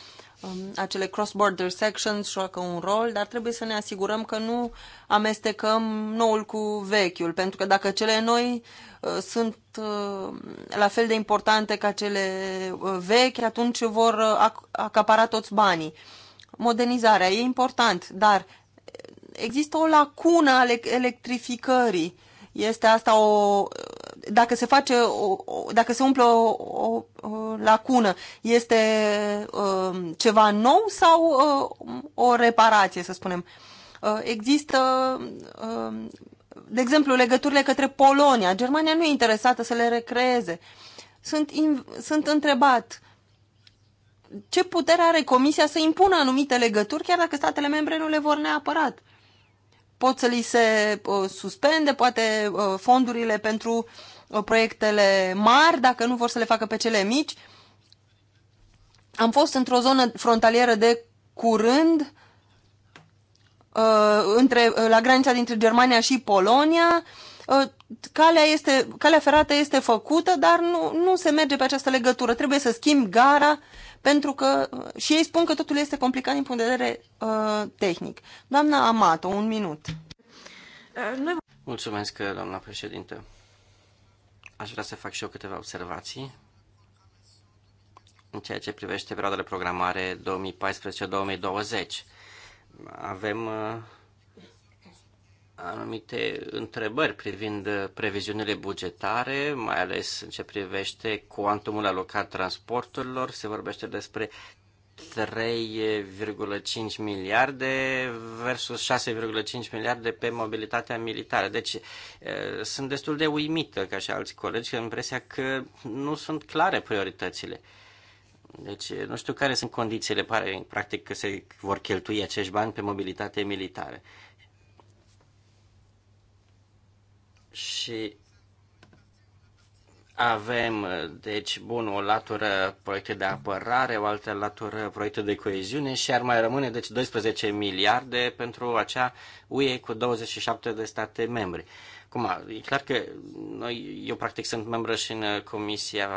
Um, acele cross-border sections joacă un rol, dar trebuie să ne asigurăm că nu amestecăm noul cu vechiul, pentru că dacă cele noi uh, sunt uh, la fel de importante ca cele uh, vechi, atunci vor acapara toți banii. Modernizarea e important, dar există o lacună ale electrificării. Este asta o dacă se face, o, o, dacă se umple o, o, o lacună, este uh, ceva nou sau uh, o reparație, să spunem? Uh, există, uh, de exemplu, legăturile către Polonia. Germania nu e interesată să le recreeze. Sunt, in, sunt întrebat ce putere are Comisia să impună anumite legături, chiar dacă statele membre nu le vor neapărat pot să li se uh, suspende, poate uh, fondurile pentru Uh, proiectele mari, dacă nu vor să le facă pe cele mici. Am fost într-o zonă frontalieră de curând, uh, între, uh, la granița dintre Germania și Polonia. Calea, este, calea ferată este făcută, dar nu, nu se merge pe această legătură. Trebuie să schimb gara pentru că și ei spun că totul este complicat din punct de vedere uh, tehnic. Doamna Amato, un minut. Mulțumesc, doamna președinte. Aș vrea să fac și eu câteva observații în ceea ce privește perioada de programare 2014-2020. Avem uh, anumite întrebări privind previziunile bugetare, mai ales în ce privește cuantumul alocat transporturilor. Se vorbește despre 3,5 miliarde versus 6,5 miliarde pe mobilitatea militară. Deci sunt destul de uimită, ca și alți colegi, am impresia că nu sunt clare prioritățile. Deci nu știu care sunt condițiile, pare practic că se vor cheltui acești bani pe mobilitate militară. Și avem, uh, deci, bun, o latură proiecte de apărare, o altă latură proiecte de coeziune și ar mai rămâne, deci, 12 miliarde pentru acea UE cu 27 de state membre. Acum, e clar că noi, eu practic sunt membră și în Comisia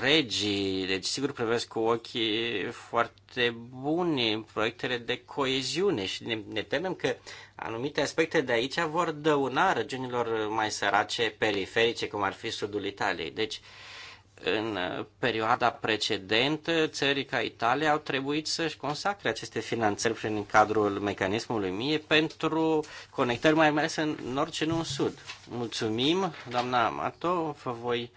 Regii, deci sigur privesc cu ochii foarte buni proiectele de coeziune și ne, ne temem că anumite aspecte de aici vor dăuna regiunilor mai sărace, periferice, cum ar fi sudul Italiei. Deci, uh, în perioada precedentă, țări ca Italia au trebuit să-și consacre aceste finanțări prin cadrul mecanismului MIE pentru conectări mai ales în nord și nu în sud. Mulțumim, doamna Amato, vă voi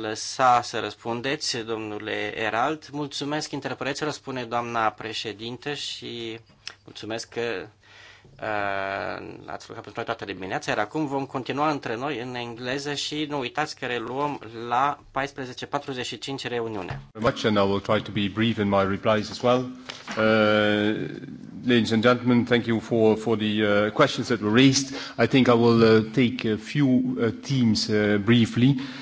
lăsa să răspundeți, domnule Erald. Mulțumesc interpreților, spune doamna președinte și mulțumesc că Uh, ați lucrat pentru noi toată dimineața, iar acum vom continua între noi în engleză și nu uitați că reluăm la 14.45 reuniune. Much and I will try to be brief in my replies as well. Uh, ladies and gentlemen, thank you for, for the uh, questions that were raised. I think I will uh, take a few uh, themes uh, briefly. Uh,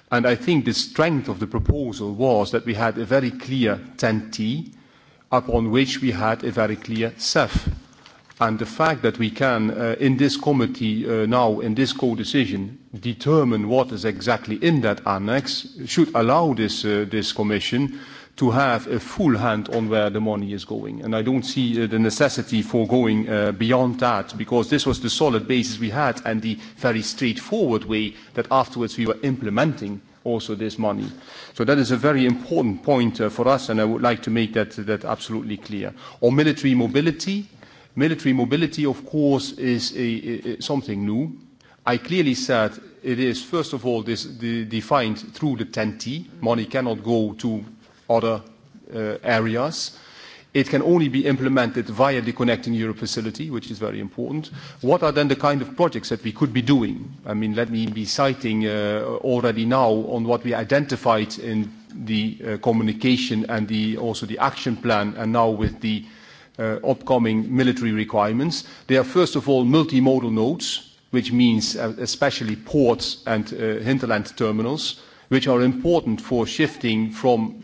And I think the strength of the proposal was that we had a very clear 10T, upon which we had a very clear CEF. And the fact that we can, uh, in this committee uh, now, in this co-decision, determine what is exactly in that annex should allow this, uh, this commission to have a full hand on where the money is going. And I don't see uh, the necessity for going uh, beyond that because this was the solid basis we had and the very straightforward way that afterwards we were implementing also this money. So that is a very important point uh, for us and I would like to make that, that absolutely clear. On military mobility, military mobility of course is a, a, something new. I clearly said it is first of all this, the, defined through the 10T. Money cannot go to other uh, areas. It can only be implemented via the Connecting Europe facility, which is very important. What are then the kind of projects that we could be doing? I mean, let me be citing uh, already now on what we identified in the uh, communication and the, also the action plan, and now with the uh, upcoming military requirements. They are, first of all, multimodal nodes, which means uh, especially ports and uh, hinterland terminals, which are important for shifting from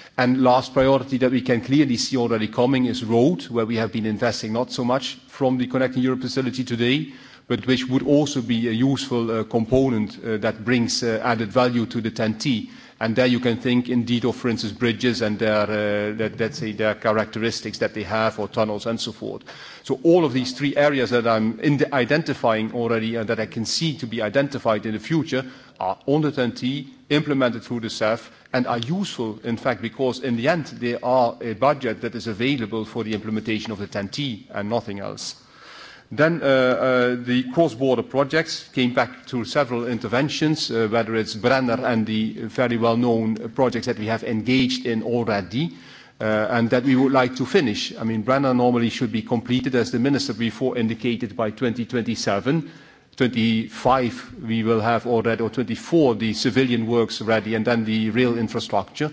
And last priority that we can clearly see already coming is road, where we have been investing not so much from the Connecting Europe facility today, but which would also be a useful uh, component uh, that brings uh, added value to the TEN-T And there you can think indeed of, for instance, bridges and their, uh, their, let's say, their characteristics that they have or tunnels and so forth. So all of these three areas that I'm in the identifying already and that I can see to be identified in the future are on the TNT, implemented through the CEF, and are useful, in fact, because in the end they are a budget that is available for the implementation of the TNT and nothing else. Then uh, uh, the cross-border projects came back to several interventions, uh, whether it's Brenner and the very well-known projects that we have engaged in already, and that we would like to finish. I mean, Brenner normally should be completed, as the Minister before indicated, by 2027. 25 we will have already, or 24, the civilian works ready, and then the rail infrastructure.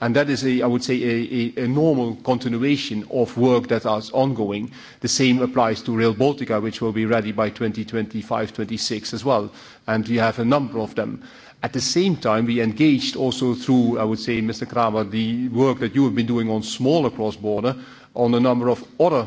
And that is, a, I would say, a, a, a normal continuation of work that is ongoing. The same applies to Rail Baltica, which will be ready by 2025, 26 as well. And we have a number of them. At the same time, we engaged also through, I would say, Mr. Kramer, the work that you have been doing on smaller cross-border on a number of other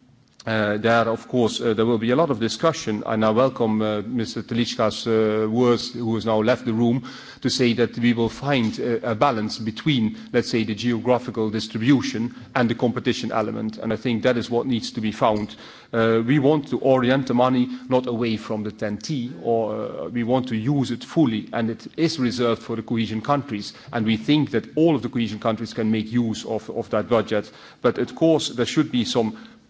Uh, there, of course, uh, there will be a lot of discussion, and I welcome uh, Mr. Telichka's uh, words, who has now left the room, to say that we will find uh, a balance between, let's say, the geographical distribution and the competition element, and I think that is what needs to be found. Uh, we want to orient the money not away from the 10T, or we want to use it fully, and it is reserved for the cohesion countries, and we think that all of the cohesion countries can make use of, of that budget, but of course there should be some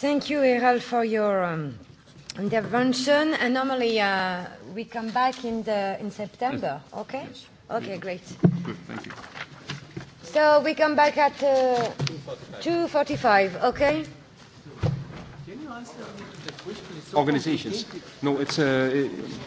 Thank you, Errol, for your um, intervention. And normally uh, we come back in, the, in September, yes. okay? Yes. Okay, yes. great. Good, thank you. So we come back at uh, 2.45, okay? Can you answer the question? Organizations. No, it's... Uh, it,